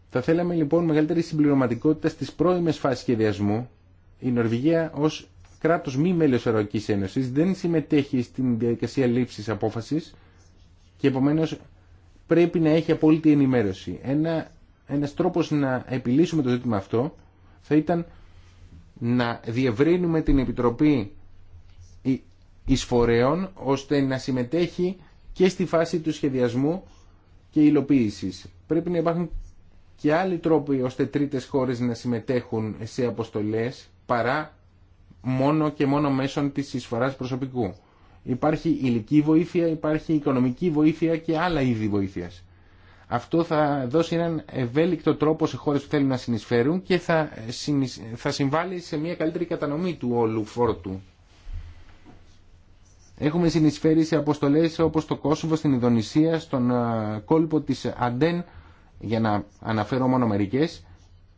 Θα θέλαμε λοιπόν μεγαλύτερη συμπληρωματικότητα στις πρώιμες φάσεις σχεδιασμού. Η Νορβηγία ως κράτος μη μέλος Ευρωπαϊκής Ένωσης δεν συμμετέχει στην διαδικασία λήψης απόφασης και επομένως πρέπει να έχει απόλυτη ενημέρωση. Ένα ένας τρόπος να επιλύσουμε το ζήτημα αυτό θα ήταν να διευρύνουμε την Επιτροπή Εισφορέων ώστε να συμμετέχει και στη φάση του σχεδιασμού και υλοποίησης. Πρέπει να υπάρχουν και άλλοι τρόποι ώστε τρίτες χώρες να συμμετέχουν σε αποστολές παρά μόνο και μόνο μέσω της εισφοράς προσωπικού. Υπάρχει ηλική βοήθεια, υπάρχει οικονομική βοήθεια και άλλα είδη βοήθειας. Αυτό θα δώσει έναν ευέλικτο τρόπο σε χώρες που θέλουν να συνεισφέρουν και θα, θα συμβάλλει σε μια καλύτερη κατανομή του όλου φόρτου. Έχουμε συνεισφέρει σε αποστολές όπως το Κόσοβο, στην Ινδονησία, στον ε, κόλπο της Αντέν, για να αναφέρω μόνο μερικές,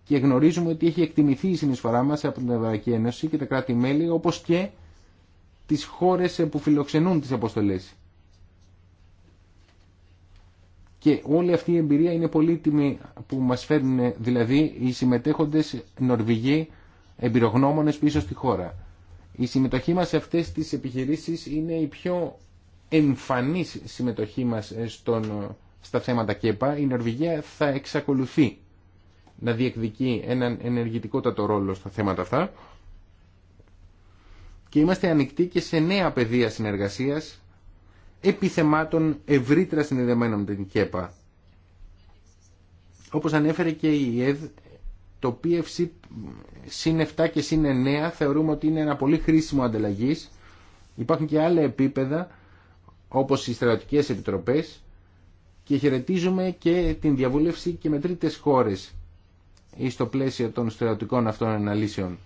και γνωρίζουμε ότι έχει εκτιμηθεί η συνεισφορά μας από την Ευρωπαϊκή Ένωση και τα κράτη-μέλη, όπως και τις χώρες που φιλοξενούν τις αποστολές. Και όλη αυτή η εμπειρία είναι πολύτιμη που μας φέρνουν δηλαδή οι συμμετέχοντες Νορβηγοί εμπειρογνώμονες πίσω στη χώρα. Η συμμετοχή μας σε αυτές τις επιχειρήσεις είναι η πιο εμφανής συμμετοχή μας στον, στα θέματα ΚΕΠΑ. Η Νορβηγία θα εξακολουθεί να διεκδικεί έναν ενεργητικότατο ρόλο στα θέματα αυτά. Και είμαστε ανοιχτοί και σε νέα πεδία συνεργασίας επιθεμάτων ευρύτερα συνδεδεμένων με την ΚΕΠΑ. Όπως ανέφερε και η ΕΔ, το PFC συν 7 και συν 9 θεωρούμε ότι είναι ένα πολύ χρήσιμο ανταλλαγής. Υπάρχουν και άλλα επίπεδα, όπως οι στρατιωτικές επιτροπές, και χαιρετίζουμε και την διαβούλευση και με τρίτες χώρες ή στο πλαίσιο των στρατιωτικών αυτών αναλύσεων.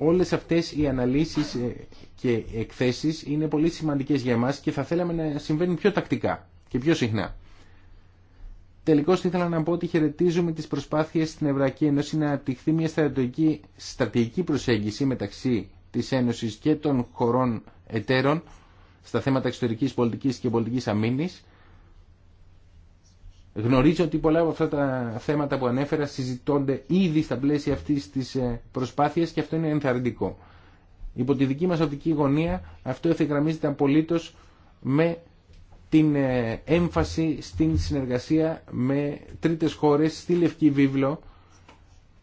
όλες αυτές οι αναλύσεις ε, και εκθέσεις είναι πολύ σημαντικές για εμάς και θα θέλαμε να συμβαίνουν πιο τακτικά και πιο συχνά. Τελικώ ήθελα να πω ότι χαιρετίζουμε τι προσπάθειε στην Ευρωπαϊκή Ένωση να αναπτυχθεί μια στρατηγική, στρατηγική προσέγγιση μεταξύ τη Ένωση και των χωρών εταίρων στα θέματα εξωτερική πολιτική και πολιτική αμήνη Γνωρίζω ότι πολλά από αυτά τα θέματα που ανέφερα συζητώνται ήδη στα πλαίσια αυτής της ε, προσπάθειας και αυτό είναι ενθαρρυντικό. Υπό τη δική μας οπτική γωνία αυτό ευθυγραμμίζεται απολύτω με την ε, έμφαση στην συνεργασία με τρίτες χώρες στη Λευκή Βίβλο.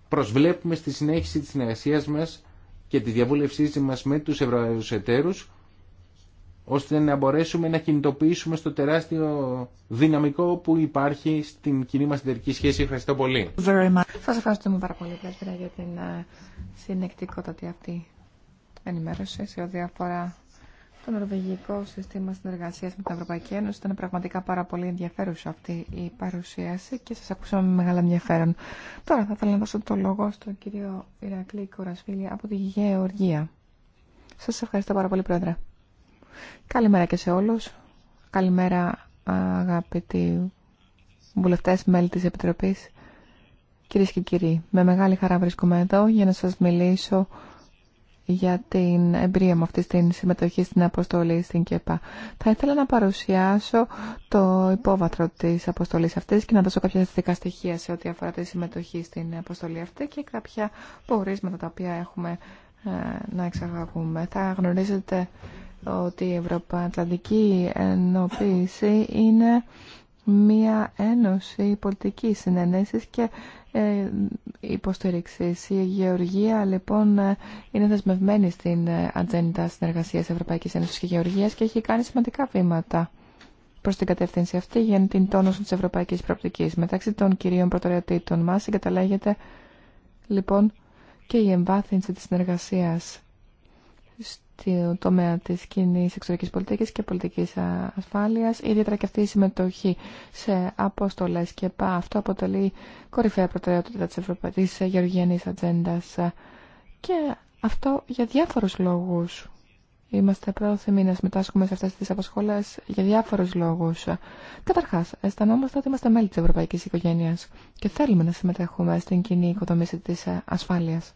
Προσβλέπουμε στη συνέχιση της συνεργασίας μας και τη διαβούλευσή μας με τους Ευρωπαϊκούς ώστε να μπορέσουμε να κινητοποιήσουμε στο τεράστιο δυναμικό που υπάρχει στην κοινή μας εταιρική σχέση. Ευχαριστώ πολύ. Σας ευχαριστούμε πάρα πολύ, Πέτρα, για την ε, συνεκτικότατη αυτή ενημέρωση σε ό,τι αφορά το νορβηγικό σύστημα συνεργασία με την Ευρωπαϊκή Ένωση. Ήταν πραγματικά πάρα πολύ ενδιαφέρουσα αυτή η παρουσίαση και σα ακούσαμε με μεγάλο ενδιαφέρον. Τώρα θα ήθελα να δώσω το λόγο στον κύριο Ηρακλή Κορασφίλη από τη Γεωργία. Σα ευχαριστώ πάρα πολύ, Πρόεδρε. Καλημέρα και σε όλους. Καλημέρα αγαπητοί βουλευτές, μέλη της Επιτροπής. Κυρίες και κύριοι, με μεγάλη χαρά βρίσκομαι εδώ για να σας μιλήσω για την εμπειρία μου αυτή στην συμμετοχή στην αποστολή στην ΚΕΠΑ. Θα ήθελα να παρουσιάσω το υπόβαθρο της αποστολής αυτής και να δώσω κάποια θετικά στοιχεία σε ό,τι αφορά τη συμμετοχή στην αποστολή αυτή και κάποια πορίσματα τα οποία έχουμε ε, να εξαγαγούμε. Θα γνωρίζετε ότι η Ευρωπαϊκή Ενωποίηση είναι μία ένωση πολιτικής συνενέσεις και ε, υποστήριξης. Η Γεωργία λοιπόν είναι δεσμευμένη στην ατζέντα συνεργασίας Ευρωπαϊκής Ένωσης και Γεωργίας και έχει κάνει σημαντικά βήματα προς την κατεύθυνση αυτή για την τόνωση της ευρωπαϊκής προοπτικής. Μεταξύ των κυρίων προτεραιοτήτων μας συγκαταλέγεται λοιπόν και η εμβάθυνση της συνεργασίας το τομέα της κοινή εξωτερικής πολιτικής και πολιτικής ασφάλειας, ιδιαίτερα και αυτή η συμμετοχή σε απόστολες και πά. Αυτό αποτελεί κορυφαία προτεραιότητα της, ευρωπαϊκής γεωργιανής ατζέντα. και αυτό για διάφορους λόγους. Είμαστε πρόθυμοι να συμμετάσχουμε σε αυτές τις αποσχόλες για διάφορους λόγους. Καταρχάς, αισθανόμαστε ότι είμαστε μέλη της ευρωπαϊκής οικογένειας και θέλουμε να συμμετέχουμε στην κοινή οικοδομήση της ε, ασφάλειας.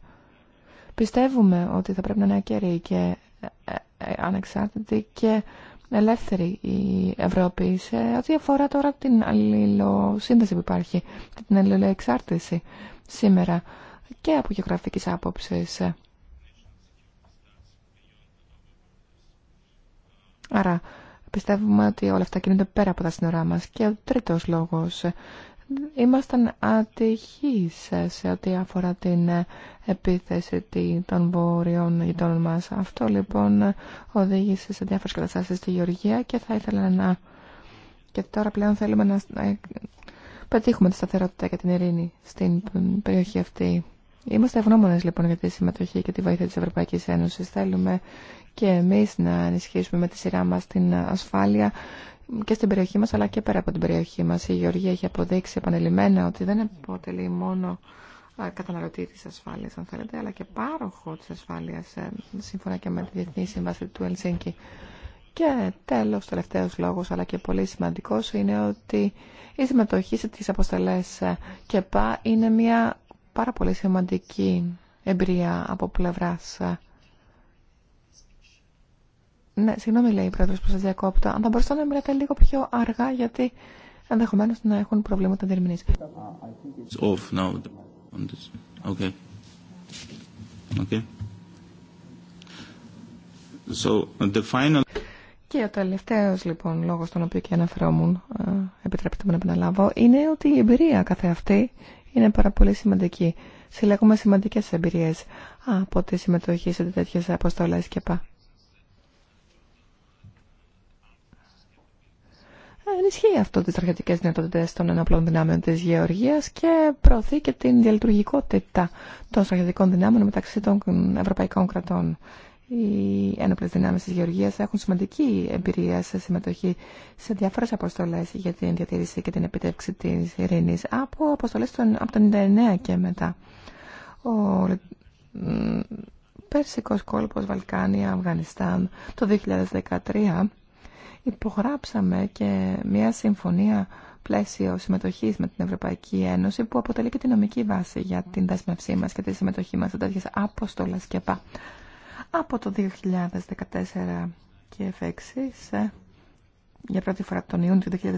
Πιστεύουμε ότι θα πρέπει να είναι ακεραιοί και ε, ε, ανεξάρτητοι και ελεύθερη η Ευρώπη σε ό,τι αφορά τώρα την αλληλοσύνδεση που υπάρχει και την αλληλοεξάρτηση σήμερα και από γεωγραφικής άποψης. Άρα πιστεύουμε ότι όλα αυτά κινούνται πέρα από τα σύνορά μας και ο τρίτος λόγος ήμασταν ατυχείς σε ό,τι αφορά την επίθεση των βορειών γειτόνων μας. Αυτό λοιπόν οδήγησε σε διάφορες καταστάσεις στη Γεωργία και θα ήθελα να... Και τώρα πλέον θέλουμε να πετύχουμε τη σταθερότητα και την ειρήνη στην περιοχή αυτή. Είμαστε ευγνώμονε λοιπόν για τη συμμετοχή και τη βοήθεια τη Ευρωπαϊκή Ένωση. Θέλουμε και εμεί να ενισχύσουμε με τη σειρά μα την ασφάλεια και στην περιοχή μας αλλά και πέρα από την περιοχή μας. Η Γεωργία έχει αποδείξει επανελειμμένα ότι δεν αποτελεί μόνο καταναλωτή της ασφάλειας, αν θέλετε, αλλά και πάροχο της ασφάλειας, ε, σύμφωνα και με τη Διεθνή Σύμβαση του Ελσίνκη. Και τέλος, τελευταίος λόγος, αλλά και πολύ σημαντικός, είναι ότι η συμμετοχή σε τις αποστελές ε, ΚΕΠΑ είναι μια πάρα πολύ σημαντική εμπειρία από πλευράς ε, ναι, συγγνώμη λέει η πρόεδρο που σα διακόπτω. Αν θα μπορούσατε να μιλάτε λίγο πιο αργά, γιατί ενδεχομένω να έχουν προβλήματα διερμηνή. Και ο τελευταίο λοιπόν λόγο τον οποίο και αναφερόμουν, ε, επιτρέπετε μου να επαναλάβω, είναι ότι η εμπειρία αυτή είναι πάρα πολύ σημαντική. Συλλέγουμε σημαντικέ εμπειρίε από τη συμμετοχή σε τέτοιε αποστολέ και πά. ενισχύει αυτό τις στρατιωτικές δυνατότητες των ενόπλων δυνάμεων της Γεωργίας και προωθεί και την διαλειτουργικότητα των στρατιωτικών δυνάμεων μεταξύ των ευρωπαϊκών κρατών. Οι ένοπλες δυνάμεις της Γεωργίας έχουν σημαντική εμπειρία σε συμμετοχή σε διάφορες αποστολές για την διατήρηση και την επιτεύξη της ειρήνης από αποστολές από το 1999 και μετά. Ο Πέρσικος κόλπος Βαλκάνια, Αφγανιστάν το 2013 υπογράψαμε και μια συμφωνία πλαίσιο συμμετοχής με την Ευρωπαϊκή Ένωση που αποτελεί και τη νομική βάση για την δέσμευσή μας και τη συμμετοχή μας σε τέτοιες αποστολές και πά. Από το 2014 και εφ' ε, για πρώτη φορά τον Ιούνιο του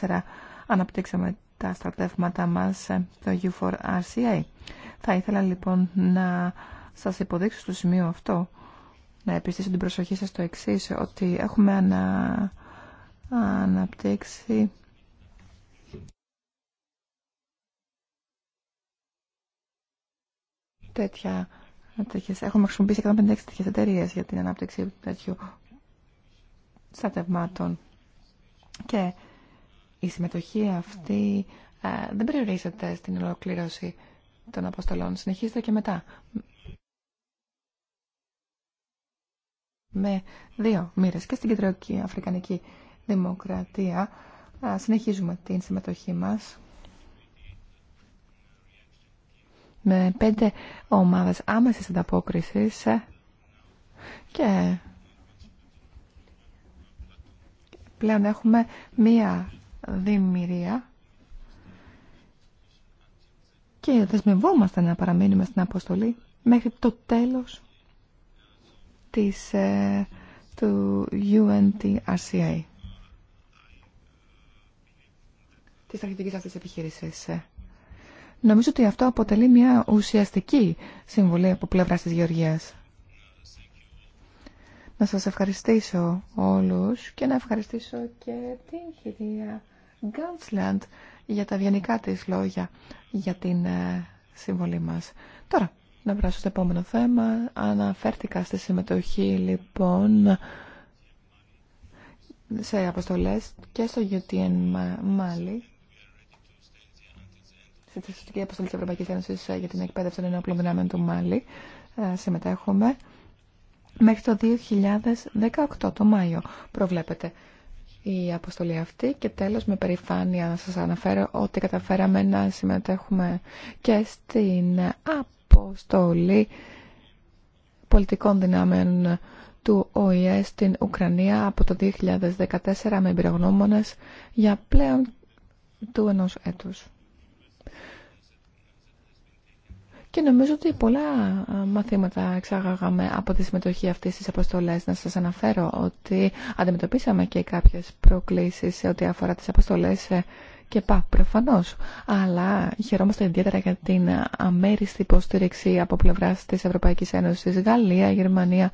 2014 αναπτύξαμε τα στρατεύματά μας στο ε, U4RCA. Θα ήθελα λοιπόν να σας υποδείξω στο σημείο αυτό να επιστήσω την προσοχή σας στο εξή ότι έχουμε ανα... αναπτύξει τέτοια τέτοιες. Έχουμε χρησιμοποιήσει 156 τέτοιες εταιρείε για την ανάπτυξη τέτοιου στρατευμάτων. Και η συμμετοχή αυτή ε, δεν περιορίζεται στην ολοκλήρωση των αποστολών. Συνεχίζεται και μετά. με δύο μοίρε και στην Κεντρική Αφρικανική Δημοκρατία. Συνεχίζουμε την συμμετοχή μας με πέντε ομάδες άμεσης ανταπόκρισης και πλέον έχουμε μία δημιουργία και δεσμευόμαστε να παραμείνουμε στην αποστολή μέχρι το τέλος της, ε, του UNTRCA, της στρατηγικής αυτής επιχείρησης. Ε. Νομίζω ότι αυτό αποτελεί μια ουσιαστική συμβολή από πλευρά της Γεωργίας. Να σας ευχαριστήσω όλους και να ευχαριστήσω και την κυρία Γκάντσλαντ για τα βιανικά της λόγια για την ε, συμβολή μας. Τώρα, να βράσω στο επόμενο θέμα. Αναφέρθηκα στη συμμετοχή λοιπόν σε αποστολές και στο UTN Mali στη θεσμική αποστολή της Ευρωπαϊκής Ένωσης ε, για την εκπαίδευση των ενόπλων δυνάμεων του Μάλι ε, συμμετέχουμε μέχρι το 2018 το Μάιο προβλέπεται η αποστολή αυτή και τέλος με περηφάνεια να σας αναφέρω ότι καταφέραμε να συμμετέχουμε και στην αποστολή πολιτικών δυνάμεων του ΟΗΕ στην Ουκρανία από το 2014 με εμπειρογνώμονες για πλέον του ενός έτους. Και νομίζω ότι πολλά μαθήματα εξάγαγαμε από τη συμμετοχή αυτή της Αποστολής. Να σας αναφέρω ότι αντιμετωπίσαμε και κάποιες προκλήσεις σε ό,τι αφορά τις αποστολές και πα, προφανώ. Αλλά χαιρόμαστε ιδιαίτερα για την αμέριστη υποστήριξη από πλευρά της Ευρωπαϊκής Ένωσης, Γαλλία, Γερμανία,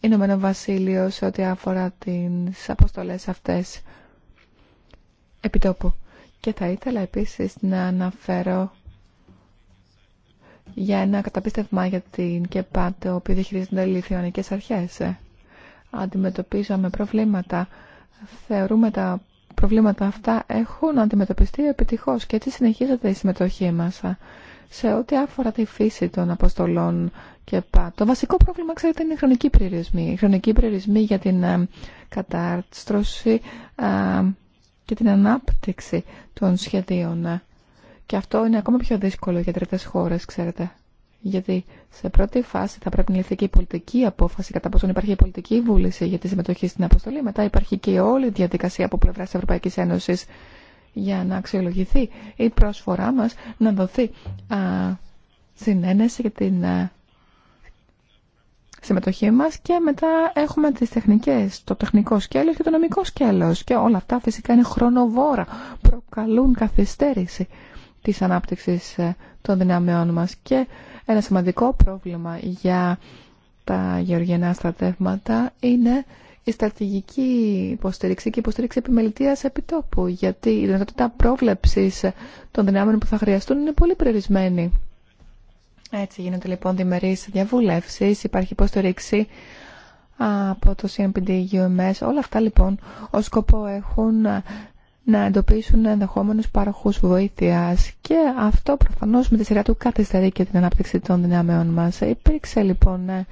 Ηνωμένο Βασίλειο σε ό,τι αφορά τι αποστολές αυτές επιτόπου. Και θα ήθελα επίσης να αναφέρω για ένα καταπίστευμα για την ΚΕΠΑ, το οποίο διαχειρίζονται οι λιθιονικέ αρχές. Αντιμετωπίζαμε προβλήματα, θεωρούμε τα προβλήματα αυτά έχουν αντιμετωπιστεί επιτυχώς και έτσι συνεχίζεται η συμμετοχή μας σε ό,τι αφορά τη φύση των αποστολών και πά. Το βασικό πρόβλημα, ξέρετε, είναι η χρονική περιορισμοί. Οι χρονικοί περιορισμοί για την ε, κατάρτστρωση και την ανάπτυξη των σχεδίων. Ε. Και αυτό είναι ακόμα πιο δύσκολο για τρίτες χώρες, ξέρετε γιατί σε πρώτη φάση θα πρέπει να ληφθεί και η πολιτική απόφαση κατά πόσο υπάρχει η πολιτική βούληση για τη συμμετοχή στην αποστολή. Μετά υπάρχει και όλη η διαδικασία από πλευρά τη Ευρωπαϊκή Ένωση για να αξιολογηθεί η πρόσφορά μα, να δοθεί α, συνένεση για την συμμετοχή μα και μετά έχουμε τι τεχνικέ, το τεχνικό σκέλο και το νομικό σκέλο. Και όλα αυτά φυσικά είναι χρονοβόρα, προκαλούν καθυστέρηση τη ανάπτυξη ε, των δυνάμεών μας και ένα σημαντικό πρόβλημα για τα γεωργιανά στρατεύματα είναι η στρατηγική υποστήριξη και η υποστήριξη επιμελητίας επιτόπου, γιατί η δυνατότητα πρόβλεψη των δυνάμεων που θα χρειαστούν είναι πολύ περιορισμένη. Έτσι γίνονται λοιπόν διμερείς διαβουλεύσει, υπάρχει υποστήριξη από το CMPD UMS. Όλα αυτά λοιπόν ως σκοπό έχουν να εντοπίσουν ενδεχόμενους παροχούς βοήθειας και αυτό προφανώς με τη σειρά του καθυστερεί και την ανάπτυξη των δυνάμεων μας. Υπήρξε λοιπόν ε,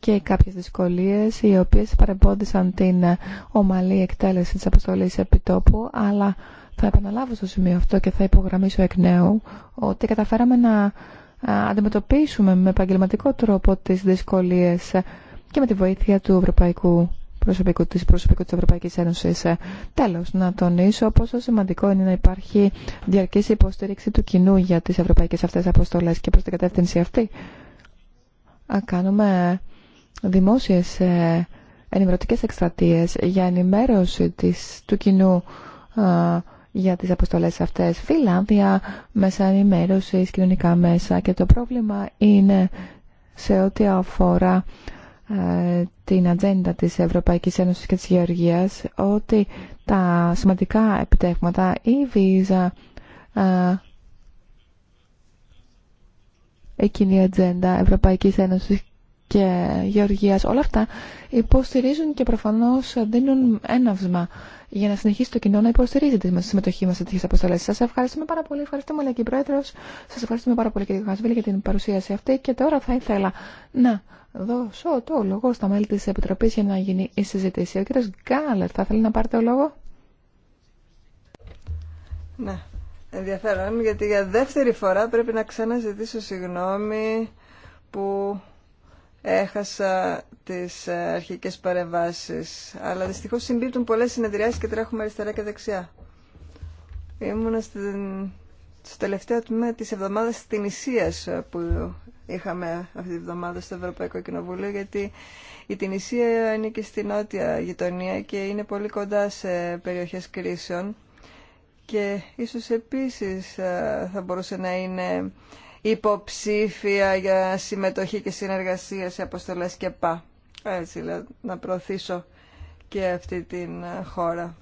και κάποιες δυσκολίες οι οποίες παρεμπόδισαν την ε, ομαλή εκτέλεση της αποστολής επιτόπου αλλά θα επαναλάβω στο σημείο αυτό και θα υπογραμμίσω εκ νέου ότι καταφέραμε να ε, αντιμετωπίσουμε με επαγγελματικό τρόπο τις δυσκολίες και με τη βοήθεια του Ευρωπαϊκού προσωπικού, της προσωπικού της Ευρωπαϊκής Ένωσης. Ε, τέλος, να τονίσω πόσο σημαντικό είναι να υπάρχει διαρκής υποστήριξη του κοινού για τις ευρωπαϊκές αυτές αποστολές και προς την κατεύθυνση αυτή. Κάνουμε δημόσιες ε, ενημερωτικές εκστρατείες για ενημέρωση της, του κοινού ε, για τις αποστολές αυτές. Φιλάνδια, μέσα ενημέρωση, κοινωνικά μέσα και το πρόβλημα είναι σε ό,τι αφορά την ατζέντα της Ευρωπαϊκής Ένωσης και της Γεωργίας ότι τα σημαντικά επιτεύγματα η βίζα ε, εκείνη η ατζέντα Ευρωπαϊκής Ένωσης και Γεωργίας όλα αυτά υποστηρίζουν και προφανώς δίνουν έναυσμα για να συνεχίσει το κοινό να υποστηρίζει με τη συμμετοχή μας σε τέτοιες αποστολές. Σας ευχαριστούμε πάρα πολύ, ευχαριστούμε λέει και η Πρόεδρος, σας ευχαριστούμε πάρα πολύ κύριε Χασβίλη για την παρουσίαση αυτή και τώρα θα ήθελα να δώσω το λόγο στα μέλη της Επιτροπής για να γίνει η συζήτηση. Ο κύριος Γκάλερ θα θέλει να πάρει το λόγο. Ναι, ενδιαφέρον γιατί για δεύτερη φορά πρέπει να ξαναζητήσω συγγνώμη που έχασα τις ε, αρχικές παρεμβάσεις. Αλλά δυστυχώς συμπίπτουν πολλές συνεδριάσεις και τρέχουμε αριστερά και δεξιά. Ήμουνα στην στο τελευταίο τμήμα τη εβδομάδα τη Τινησίας ε, που είχαμε αυτή τη βδομάδα στο Ευρωπαϊκό Κοινοβούλιο γιατί η Τινησία είναι και στη νότια γειτονία και είναι πολύ κοντά σε περιοχές κρίσεων και ίσως επίσης ε, θα μπορούσε να είναι υποψήφια για συμμετοχή και συνεργασία σε αποστολές και πά. Έτσι να προωθήσω και αυτή την ε, χώρα.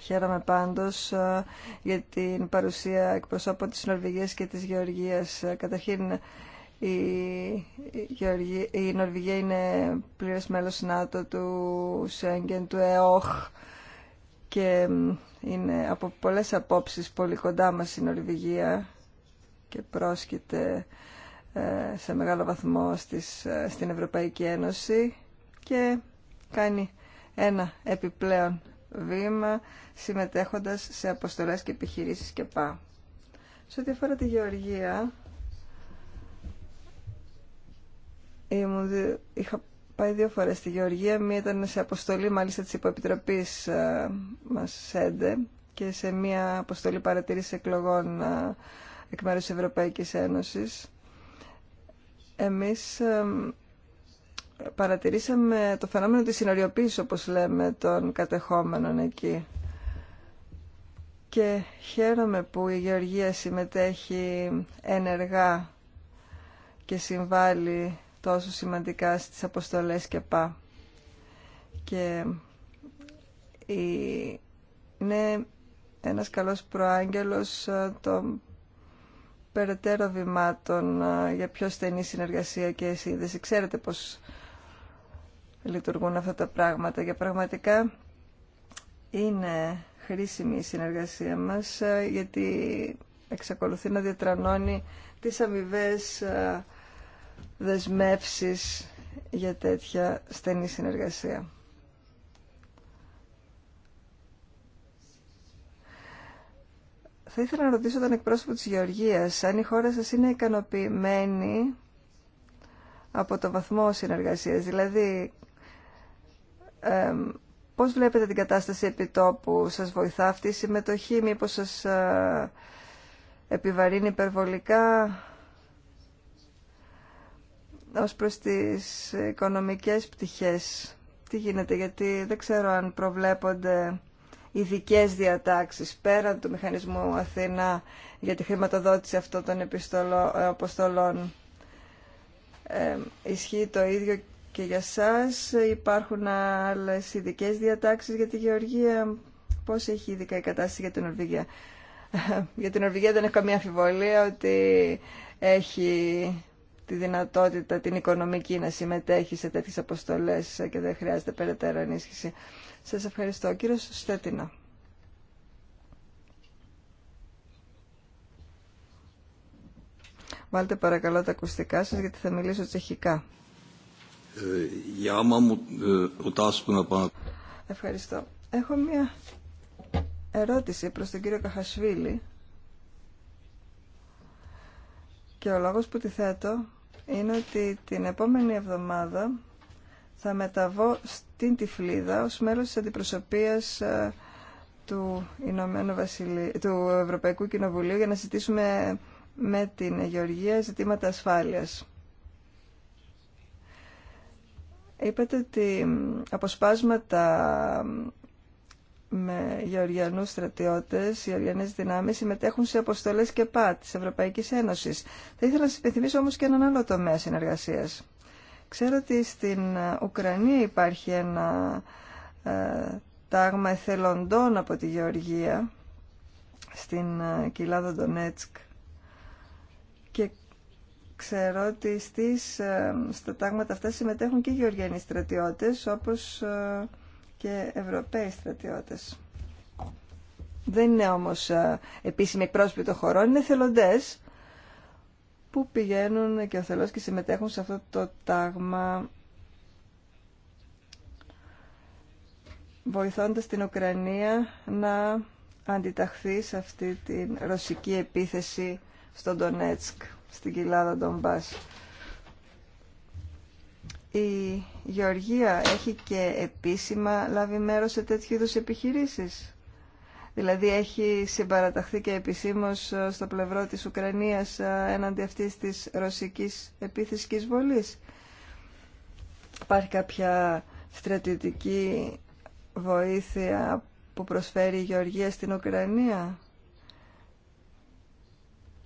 Χαίρομαι πάντως ε, για την παρουσία εκπροσώπων της Νορβηγία και της Γεωργίας. Ε, καταρχήν η, Γεωργία, η Νορβηγία είναι πλήρες μέλος ΝΑΤΟ του Σέγγεν, του ΕΟΧ και είναι από πολλές απόψεις πολύ κοντά μα η Νορβηγία και πρόσκειται ε, σε μεγάλο βαθμό στις, στην Ευρωπαϊκή Ένωση και κάνει ένα επιπλέον βήμα συμμετέχοντας σε αποστολές και επιχειρήσεις και πά. Σε ό,τι αφορά τη γεωργία, είχα πάει δύο φορές στη Γεωργία. Μία ήταν σε αποστολή μάλιστα της υποεπιτροπής ε, μας ΣΕΝΤΕ και σε μία αποστολή παρατήρηση εκλογών ε, εκ μέρους της Ευρωπαϊκής Ένωσης. Εμείς ε, παρατηρήσαμε το φαινόμενο της συνοριοποίησης, όπως λέμε, των κατεχόμενων εκεί. Και χαίρομαι που η Γεωργία συμμετέχει ενεργά και συμβάλλει τόσο σημαντικά στις αποστολές και πά. Και είναι ένας καλός προάγγελος ε, των περαιτέρω βημάτων ε, για πιο στενή συνεργασία και σύνδεση. Ξέρετε πως λειτουργούν αυτά τα πράγματα και πραγματικά είναι χρήσιμη η συνεργασία μας ε, γιατί εξακολουθεί να διατρανώνει τις αμοιβέ ε, δεσμεύσεις για τέτοια στενή συνεργασία. Θα ήθελα να ρωτήσω τον εκπρόσωπο της Γεωργίας αν η χώρα σας είναι ικανοποιημένη από το βαθμό συνεργασίας, δηλαδή ε, πώς βλέπετε την κατάσταση επιτόπου, σας βοηθά αυτή η συμμετοχή, μήπως σας ε, επιβαρύνει υπερβολικά ως προς τις οικονομικές πτυχές. Τι γίνεται, γιατί δεν ξέρω αν προβλέπονται ειδικέ διατάξεις πέραν του μηχανισμού Αθήνα για τη χρηματοδότηση αυτών των ε, αποστολών. Ε, ισχύει το ίδιο και για σας υπάρχουν άλλες ειδικέ διατάξεις για τη Γεωργία. Πώς έχει ειδικά η κατάσταση για την Νορβηγία. για την Νορβηγία δεν έχω καμία αμφιβολία ότι έχει τη δυνατότητα την οικονομική να συμμετέχει σε τέτοιες αποστολές και δεν χρειάζεται περαιτέρω ενίσχυση. Σας ευχαριστώ. Κύριο Στέτινα. Βάλτε παρακαλώ τα ακουστικά σας γιατί θα μιλήσω τσεχικά. Ε, ε, Ευχαριστώ. Έχω μια ερώτηση προς τον κύριο Καχασβίλη και ο λόγος που τη θέτω είναι ότι την επόμενη εβδομάδα θα μεταβώ στην Τυφλίδα ως μέλος της αντιπροσωπείας ε, του, του Ευρωπαϊκού Κοινοβουλίου για να συζητήσουμε με την Γεωργία ζητήματα ασφάλειας. Είπατε ότι αποσπάσματα με γεωργιανούς στρατιώτες, οι γεωργιανές δυνάμεις συμμετέχουν σε αποστολές και ΠΑ της Ευρωπαϊκής Ένωσης. Θα ήθελα να σας υπενθυμίσω όμως και έναν άλλο τομέα συνεργασίας. Ξέρω ότι στην Ουκρανία υπάρχει ένα ε, τάγμα εθελοντών από τη Γεωργία στην ε, κοιλάδα Ντονέτσκ Ξέρω ότι στις, ε, στα τάγματα αυτά συμμετέχουν και γεωργιανοί στρατιώτες όπως ε, και ευρωπαίοι στρατιώτες. Δεν είναι όμως ε, επίσημοι εκπρόσωποι των χωρών, είναι θελοντές που πηγαίνουν και ο θελός και συμμετέχουν σε αυτό το τάγμα βοηθώντας την Ουκρανία να αντιταχθεί σε αυτή την ρωσική επίθεση στον Ντονέτσκ στην κοιλάδα Ντομπάς. Η Γεωργία έχει και επίσημα λάβει μέρος σε τέτοιου είδους επιχειρήσεις. Δηλαδή έχει συμπαραταχθεί και επισήμως ε, στο πλευρό της Ουκρανίας ε, έναντι αυτής της ρωσικής επίθεσης και Υπάρχει κάποια στρατιωτική βοήθεια που προσφέρει η Γεωργία στην Ουκρανία.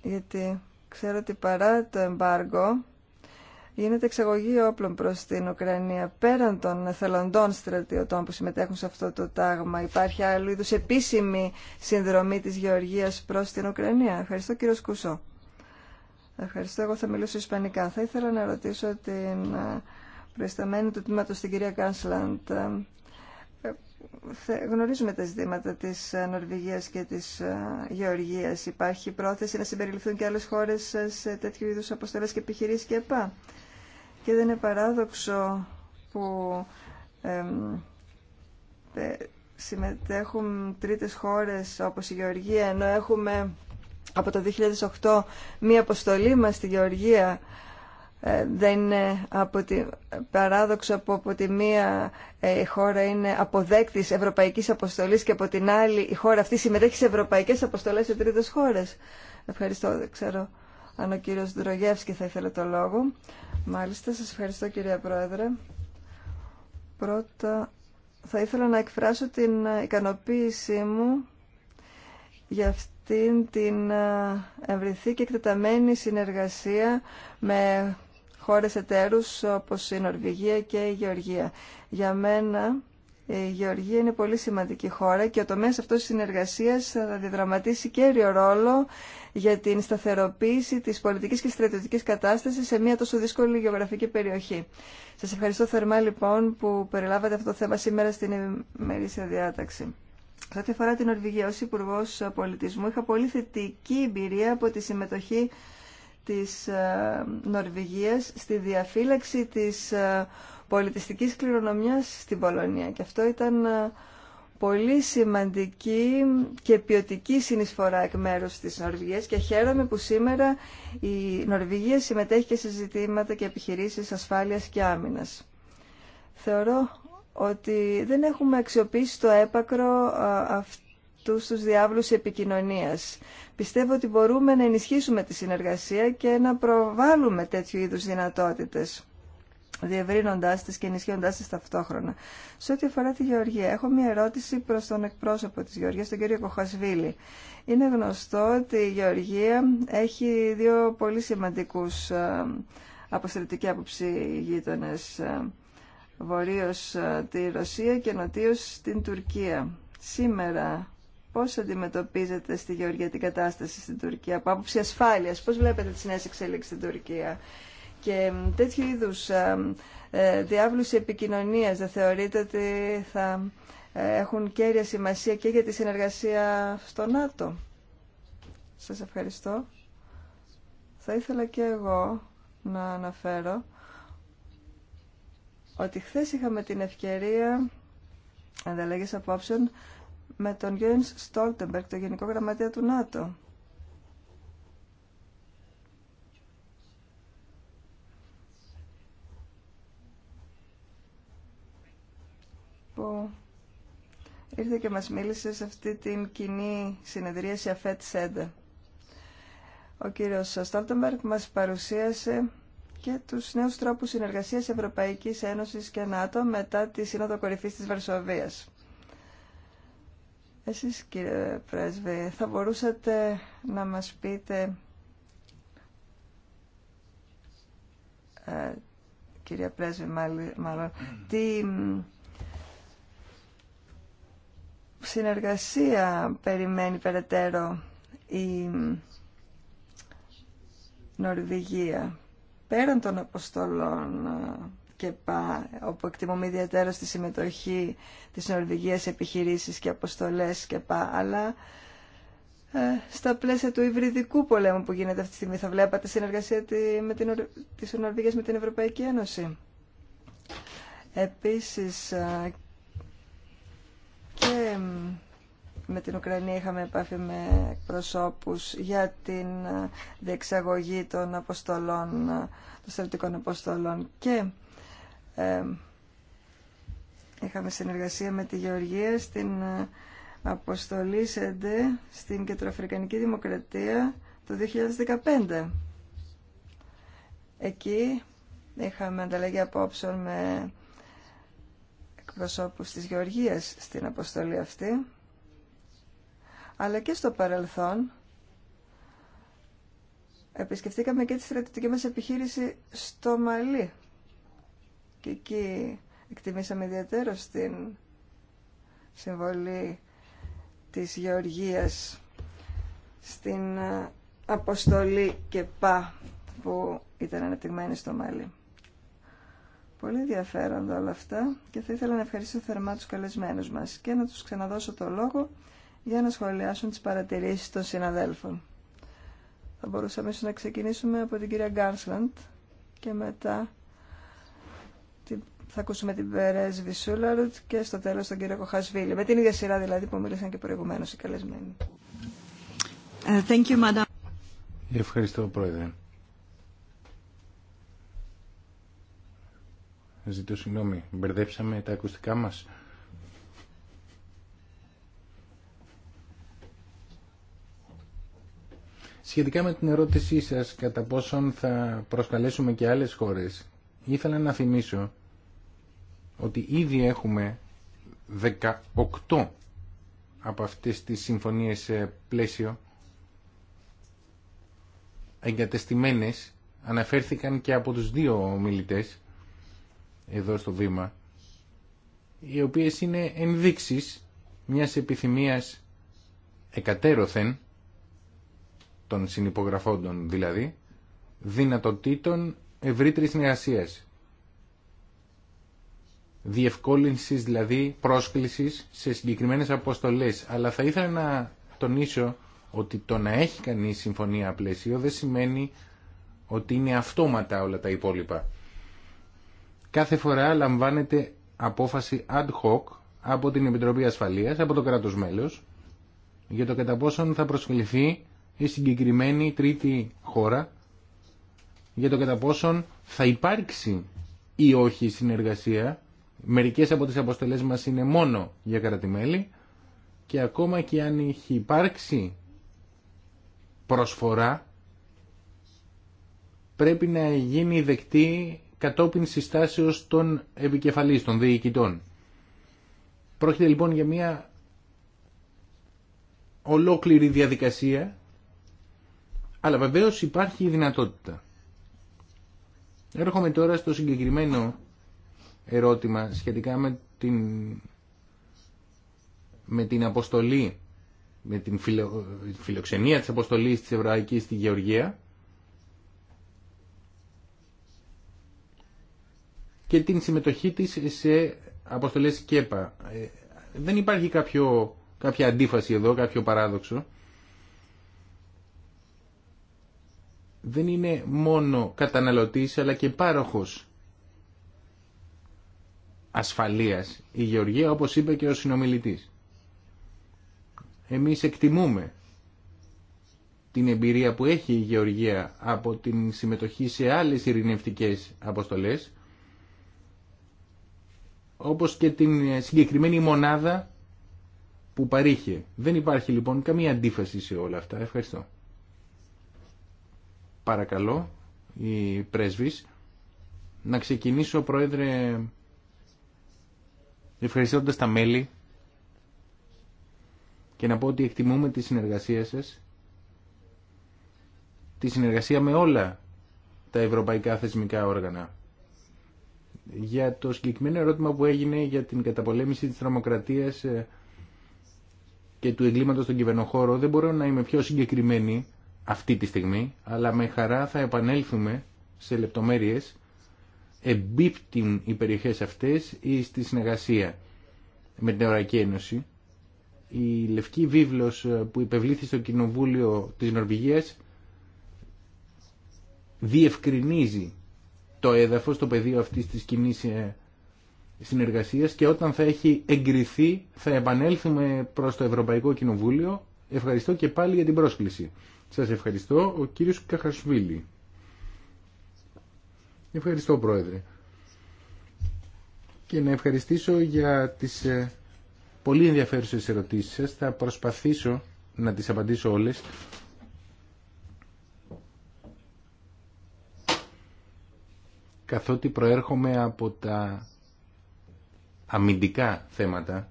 Γιατί Ξέρω ότι παρά το εμπάργο γίνεται εξαγωγή όπλων προς την Ουκρανία πέραν των εθελοντών στρατιωτών που συμμετέχουν σε αυτό το τάγμα. Υπάρχει άλλου είδους επίσημη συνδρομή της Γεωργίας προς την Ουκρανία. Ευχαριστώ κύριο Σκούσο. Ευχαριστώ. Εγώ θα μιλήσω ισπανικά. Θα ήθελα να ρωτήσω την ε, προϊσταμένη του τμήματος την κυρία Κάνσλαντ ε, γνωρίζουμε τα ζητήματα της ε, Νορβηγίας και της ε, Γεωργίας. Υπάρχει πρόθεση να συμπεριληφθούν και άλλες χώρες ε, σε τέτοιου είδους αποστολές και επιχειρήσεις και ΕΠΑ. Και δεν είναι παράδοξο που συμμετέχουν τρίτες χώρες όπως η Γεωργία, ενώ έχουμε από το 2008 μία αποστολή μας στη Γεωργία ε, δεν είναι από τη, παράδοξο που από τη μία ε, η χώρα είναι αποδέκτης ευρωπαϊκής αποστολής και από την άλλη η χώρα αυτή συμμετέχει σε ευρωπαϊκές αποστολές σε τρίτες χώρες. Ευχαριστώ, δεν ξέρω αν ο κύριος Ντρογεύσκη θα ήθελε το λόγο. Μάλιστα, σας ευχαριστώ κυρία Πρόεδρε. Πρώτα θα ήθελα να εκφράσω την ε, ικανοποίησή μου για αυτήν την ευρυθή και εκτεταμένη συνεργασία με χώρες εταίρους όπως η Νορβηγία και η Γεωργία. Για μένα η Γεωργία είναι πολύ σημαντική χώρα και ο τομέας αυτός της συνεργασίας θα διδραματίσει κέριο ρόλο για την σταθεροποίηση της πολιτικής και στρατιωτικής κατάστασης σε μια τόσο δύσκολη γεωγραφική περιοχή. Σας ευχαριστώ θερμά λοιπόν που περιλάβατε αυτό το θέμα σήμερα στην ημερήσια διάταξη. Σε ό,τι αφορά την Νορβηγία, ως Υπουργό Πολιτισμού είχα πολύ θετική εμπειρία από τη συμμετοχή της ε, Νορβηγίας στη διαφύλαξη της ε, πολιτιστικής κληρονομιάς στην Πολωνία. Και αυτό ήταν ε, πολύ σημαντική και ποιοτική συνεισφορά εκ μέρους της Νορβηγίας και χαίρομαι που σήμερα η Νορβηγία συμμετέχει και σε ζητήματα και επιχειρήσεις ασφάλειας και άμυνας. Θεωρώ ότι δεν έχουμε αξιοποιήσει το έπακρο αυτή αυτούς τους διάβλους επικοινωνίας. Πιστεύω ότι μπορούμε να ενισχύσουμε τη συνεργασία και να προβάλλουμε τέτοιου είδους δυνατότητες διευρύνοντάς τις και ενισχύοντάς τις ταυτόχρονα. Σε ό,τι αφορά τη Γεωργία, έχω μια ερώτηση προς τον εκπρόσωπο της Γεωργίας, τον κύριο Κοχασβίλη. Είναι γνωστό ότι η Γεωργία έχει δύο πολύ σημαντικού ε, αποστρεπτική άποψη γείτονε: ε, βορείως ε, τη Ρωσία και νοτίως την Τουρκία. Σήμερα πώς αντιμετωπίζετε στη Γεωργία την κατάσταση στην Τουρκία, από άποψη ασφάλειας, πώς βλέπετε τις νέες εξέλιξεις στην Τουρκία. Και τέτοιου είδους ε, ε, διάβλους επικοινωνίας δεν θεωρείτε ότι θα ε, έχουν κέρια σημασία και για τη συνεργασία στο ΝΑΤΟ. Σας ευχαριστώ. Θα ήθελα και εγώ να αναφέρω ότι χθες είχαμε την ευκαιρία ανταλλαγής απόψεων με τον Γιώργο Στόλτεμπεργκ, το Γενικό Γραμματέα του ΝΑΤΟ. που ήρθε και μας μίλησε σε αυτή την κοινή σε ΑΦΕΤ Σέντε. Ο κύριος Στόλτεμπεργκ μας παρουσίασε και τους νέους τρόπους συνεργασίας Ευρωπαϊκής Ένωσης και ΝΑΤΟ μετά τη Σύνοδο Κορυφής της Βαρσοβίας. Εσείς κύριε Πρέσβη, θα μπορούσατε να μας πείτε, ε, κυρία Πρέσβη μάλλον, τι συνεργασία περιμένει περαιτέρω η Νορβηγία πέραν των αποστολών ε, ΚΕΠΑ, όπου εκτιμούμε ιδιαίτερα στη συμμετοχή της Νορβηγίας σε επιχειρήσεις και αποστολές ΚΕΠΑ, αλλά ε, στα πλαίσια του υβριδικού πολέμου που γίνεται αυτή τη στιγμή. Θα βλέπατε συνεργασία με την, της Νορβηγίας με την Ευρωπαϊκή Ένωση. Επίσης ε, και με την Ουκρανία είχαμε επάφη με προσώπους για την ε, διεξαγωγή των αποστολών, των στρατικών αποστολών και είχαμε συνεργασία με τη Γεωργία στην ε, αποστολή ΣΕΝΤΕ στην Κεντροαφρικανική Δημοκρατία το 2015. Εκεί είχαμε ανταλλαγή απόψεων με εκπροσώπους της Γεωργίας στην αποστολή αυτή, αλλά και στο παρελθόν επισκεφτήκαμε και τη στρατιωτική μας επιχείρηση στο Μαλί εκτιμήσαμε ιδιαίτερο στην συμβολή της Γεωργίας στην ε, αποστολή και πά που ήταν αναπτυγμένη στο Μάλι. Πολύ ενδιαφέροντα όλα αυτά και θα ήθελα να ευχαριστήσω θερμά τους καλεσμένους μας και να τους ξαναδώσω το λόγο για να σχολιάσουν τις παρατηρήσεις των συναδέλφων. Θα μπορούσαμε ίσως να ξεκινήσουμε από την κυρία Γκάρσλαντ και μετά θα ακούσουμε την Περέζ Βισούλαρουτ και στο τέλος τον κύριο Κοχασβίλη. Με την ίδια σειρά δηλαδή που μίλησαν και προηγουμένως οι καλεσμένοι. Ε, thank you, Madam. Ευχαριστώ, Πρόεδρε. Ζητώ συγγνώμη, μπερδέψαμε τα ακουστικά μας. Σχετικά με την ερώτησή σας κατά πόσον θα προσκαλέσουμε και άλλες χώρες, ήθελα να θυμίσω ότι ήδη έχουμε 18 από αυτές τις συμφωνίες ε, πλαίσιο εγκατεστημένες αναφέρθηκαν και από τους δύο ομιλητές εδώ στο βήμα οι οποίες είναι ενδείξεις μιας επιθυμίας εκατέρωθεν των συνυπογραφόντων δηλαδή δυνατοτήτων ευρύτερης νεασίας Διευκόλυνση δηλαδή πρόσκληση σε συγκεκριμένε αποστολέ. Αλλά θα ήθελα να τονίσω ότι το να έχει κανεί συμφωνία πλαίσιο δεν σημαίνει ότι είναι αυτόματα όλα τα υπόλοιπα. Κάθε φορά λαμβάνεται απόφαση ad hoc από την Επιτροπή Ασφαλείας, από το κράτος μέλος, για το κατά πόσον θα προσκληθεί η συγκεκριμένη τρίτη χώρα, για το κατά πόσον θα υπάρξει ή όχι συνεργασία Μερικές από τις αποστολές μας είναι μόνο για κρατημέλη και ακόμα και αν έχει υπάρξει προσφορά πρέπει να γίνει δεκτή κατόπιν συστάσεως των επικεφαλής, των διοικητών. Πρόκειται λοιπόν για μια ολόκληρη διαδικασία, αλλά βεβαίως υπάρχει η δυνατότητα. Έρχομαι τώρα στο συγκεκριμένο ερώτημα σχετικά με την, με την αποστολή, με την φιλοξενία της αποστολής της Εβραϊκής στη Γεωργία και την συμμετοχή της σε αποστολές ΚΕΠΑ. Ε, δεν υπάρχει κάποιο, κάποια αντίφαση εδώ, κάποιο παράδοξο. Δεν είναι μόνο καταναλωτής αλλά και πάροχος ασφαλείας η Γεωργία όπως είπε και ο συνομιλητής. Εμείς εκτιμούμε την εμπειρία που έχει η Γεωργία από την συμμετοχή σε άλλες ειρηνευτικές αποστολές όπως και την συγκεκριμένη μονάδα που παρήχε. Δεν υπάρχει λοιπόν καμία αντίφαση σε όλα αυτά. Ευχαριστώ. Παρακαλώ, η πρέσβης, να ξεκινήσω, Πρόεδρε, ευχαριστώντας τα μέλη και να πω ότι εκτιμούμε τη συνεργασία σας, τη συνεργασία με όλα τα ευρωπαϊκά θεσμικά όργανα. Για το συγκεκριμένο ερώτημα που έγινε για την καταπολέμηση της τρομοκρατίας ε, και του εγκλήματος στον κυβερνοχώρο, δεν μπορώ να είμαι πιο συγκεκριμένη αυτή τη στιγμή, αλλά με χαρά θα επανέλθουμε σε λεπτομέρειες εμπίπτουν οι περιοχές αυτές στη συνεργασία με την Ευρωπαϊκή Ένωση. Η λευκή βίβλος ε, που υπευλήθη στο Κοινοβούλιο της Νορβηγίας διευκρινίζει το έδαφος, το πεδίο αυτής της κοινή ε, συνεργασίας και όταν θα έχει εγκριθεί θα επανέλθουμε προς το Ευρωπαϊκό Κοινοβούλιο. Ευχαριστώ και πάλι για την πρόσκληση. Σας ευχαριστώ. Ο κύριος Καχασβίλη. Ευχαριστώ Πρόεδρε. Και να ευχαριστήσω για τις ε, πολύ ενδιαφέρουσες ερωτήσεις σας. Θα προσπαθήσω να τις απαντήσω όλες. Καθότι προέρχομαι από τα αμυντικά θέματα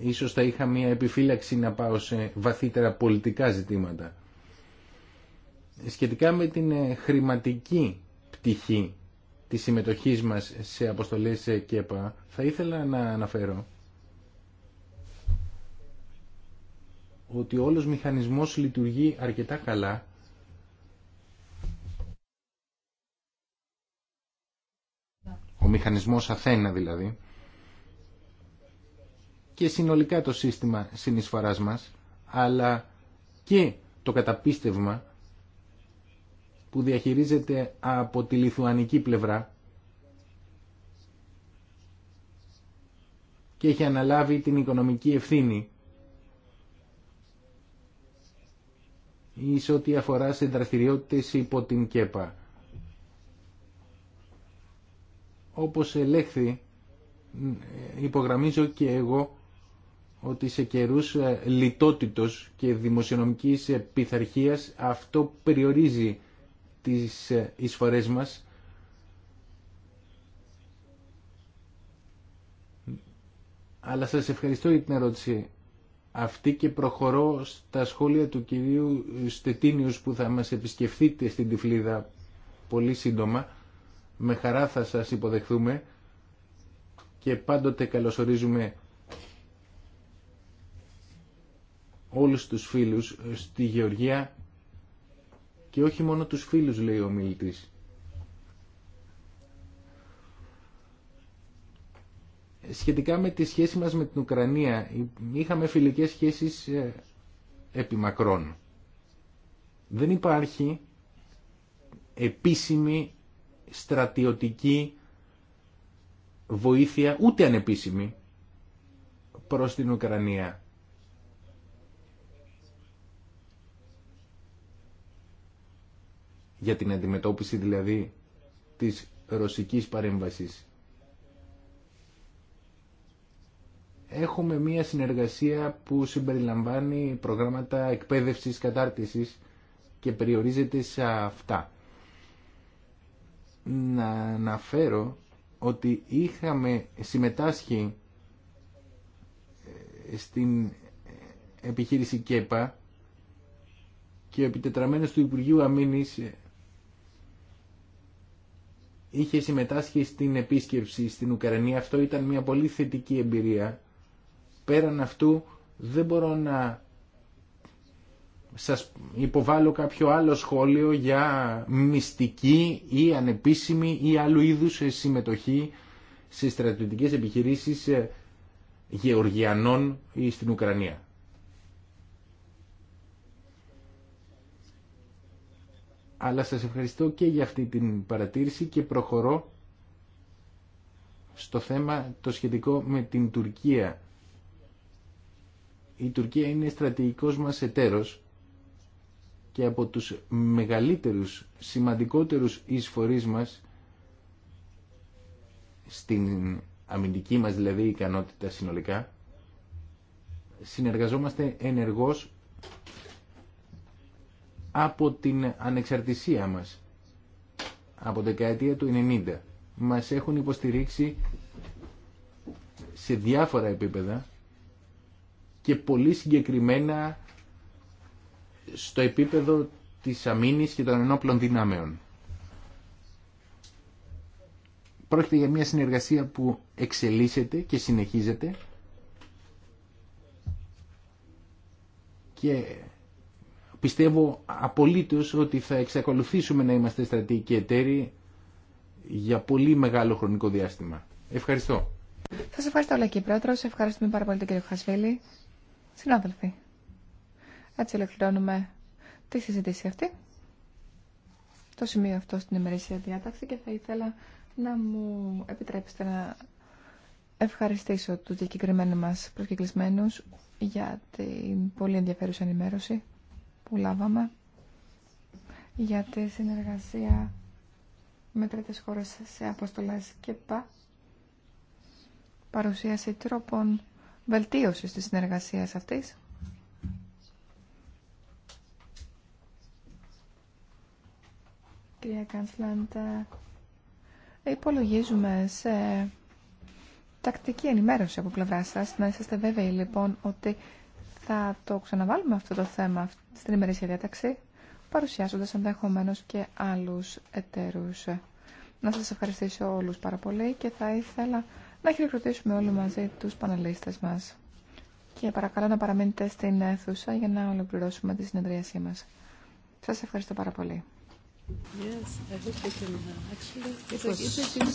ίσως θα είχα μια επιφύλαξη να πάω σε βαθύτερα πολιτικά ζητήματα. Σχετικά με την ε, χρηματική πτυχή της συμμετοχής μας σε αποστολές σε ΚΕΠΑ, θα ήθελα να αναφέρω ότι όλος ο μηχανισμός λειτουργεί αρκετά καλά ο μηχανισμός Αθένα δηλαδή και συνολικά το σύστημα συνεισφοράς μας, αλλά και το καταπίστευμα που διαχειρίζεται από τη λιθουανική πλευρά και έχει αναλάβει την οικονομική ευθύνη εις ό,τι αφορά σε δραστηριότητες υπό την ΚΕΠΑ. Όπως ελέγχθη, υπογραμμίζω και εγώ ότι σε καιρούς ε, λιτότητος και δημοσιονομική πειθαρχία αυτό περιορίζει τις ε, εισφορέ μας αλλά σας ευχαριστώ για την ερώτηση αυτή και προχωρώ στα σχόλια του κυρίου Στετίνιους που θα μας επισκεφθείτε στην Τυφλίδα πολύ σύντομα. Με χαρά θα σας υποδεχθούμε και πάντοτε καλωσορίζουμε όλους τους φίλους ε, στη Γεωργία και όχι μόνο τους φίλους λέει ο μιλητής. Σχετικά με τη σχέση μας με την Ουκρανία, είχαμε φιλικές σχέσεις ε, επιμακρών. Δεν υπάρχει επίσημη στρατιωτική βοήθεια, ούτε ανεπίσημη, προς την Ουκρανία. για την αντιμετώπιση δηλαδή της ρωσικής παρέμβασης. Έχουμε μία συνεργασία που συμπεριλαμβάνει προγράμματα εκπαίδευσης, κατάρτισης και περιορίζεται σε αυτά. Να αναφέρω ότι είχαμε συμμετάσχει ε, στην επιχείρηση ΚΕΠΑ και ο επιτετραμένος του Υπουργείου Αμήνης ε, είχε συμμετάσχει στην επίσκεψη στην Ουκρανία. Αυτό ήταν μια πολύ θετική εμπειρία. Πέραν αυτού δεν μπορώ να σας υποβάλω κάποιο άλλο σχόλιο για μυστική ή ανεπίσημη ή άλλου είδους συμμετοχή σε στρατιωτικές επιχειρήσεις ε, γεωργιανών ή στην Ουκρανία. αλλά σας ευχαριστώ και για αυτή την παρατήρηση και προχωρώ στο θέμα το σχετικό με την Τουρκία. Η Τουρκία είναι στρατηγικός μας εταίρος και από τους μεγαλύτερους, σημαντικότερους εισφορείς μας στην αμυντική μας δηλαδή ικανότητα συνολικά συνεργαζόμαστε ενεργώς από την ανεξαρτησία μας από δεκαετία του 90 μας έχουν υποστηρίξει σε διάφορα επίπεδα και πολύ συγκεκριμένα στο επίπεδο της αμήνης και των ενόπλων δυνάμεων. Πρόκειται για μια συνεργασία που εξελίσσεται και συνεχίζεται και πιστεύω απολύτως ότι θα εξακολουθήσουμε να είμαστε στρατηγικοί εταίροι για πολύ μεγάλο χρονικό διάστημα. Ευχαριστώ. Σας ευχαριστώ όλα και πρόεδρο. Πρόεδρος, ευχαριστούμε πάρα πολύ τον κύριο Χασβήλη. Συνάδελφοι, έτσι ολοκληρώνουμε τη συζήτηση αυτή. Το σημείο αυτό στην ημερήσια διάταξη και θα ήθελα να μου επιτρέψετε να ευχαριστήσω τους συγκεκριμένου μας προσκεκλισμένους για την πολύ ενδιαφέρουσα ενημέρωση που λάβαμε για τη συνεργασία με τρίτες χώρες σε αποστολές και πα παρουσίαση τρόπων βελτίωσης της συνεργασίας αυτής. Κυρία Κάνσλαντα, υπολογίζουμε σε τακτική ενημέρωση από πλευρά σας. Να είσαστε βέβαιοι λοιπόν ότι θα το ξαναβάλουμε αυτό το θέμα στην ημερήσια διάταξη, παρουσιάζοντας ενδεχομένω και άλλους εταίρους. Να σας ευχαριστήσω όλους πάρα πολύ και θα ήθελα να χειροκροτήσουμε όλοι μαζί τους πανελίστες μας. Και παρακαλώ να παραμείνετε στην αίθουσα για να ολοκληρώσουμε τη συνεδρίασή μας. Σας ευχαριστώ πάρα πολύ. Yes, I hope can uh, actually.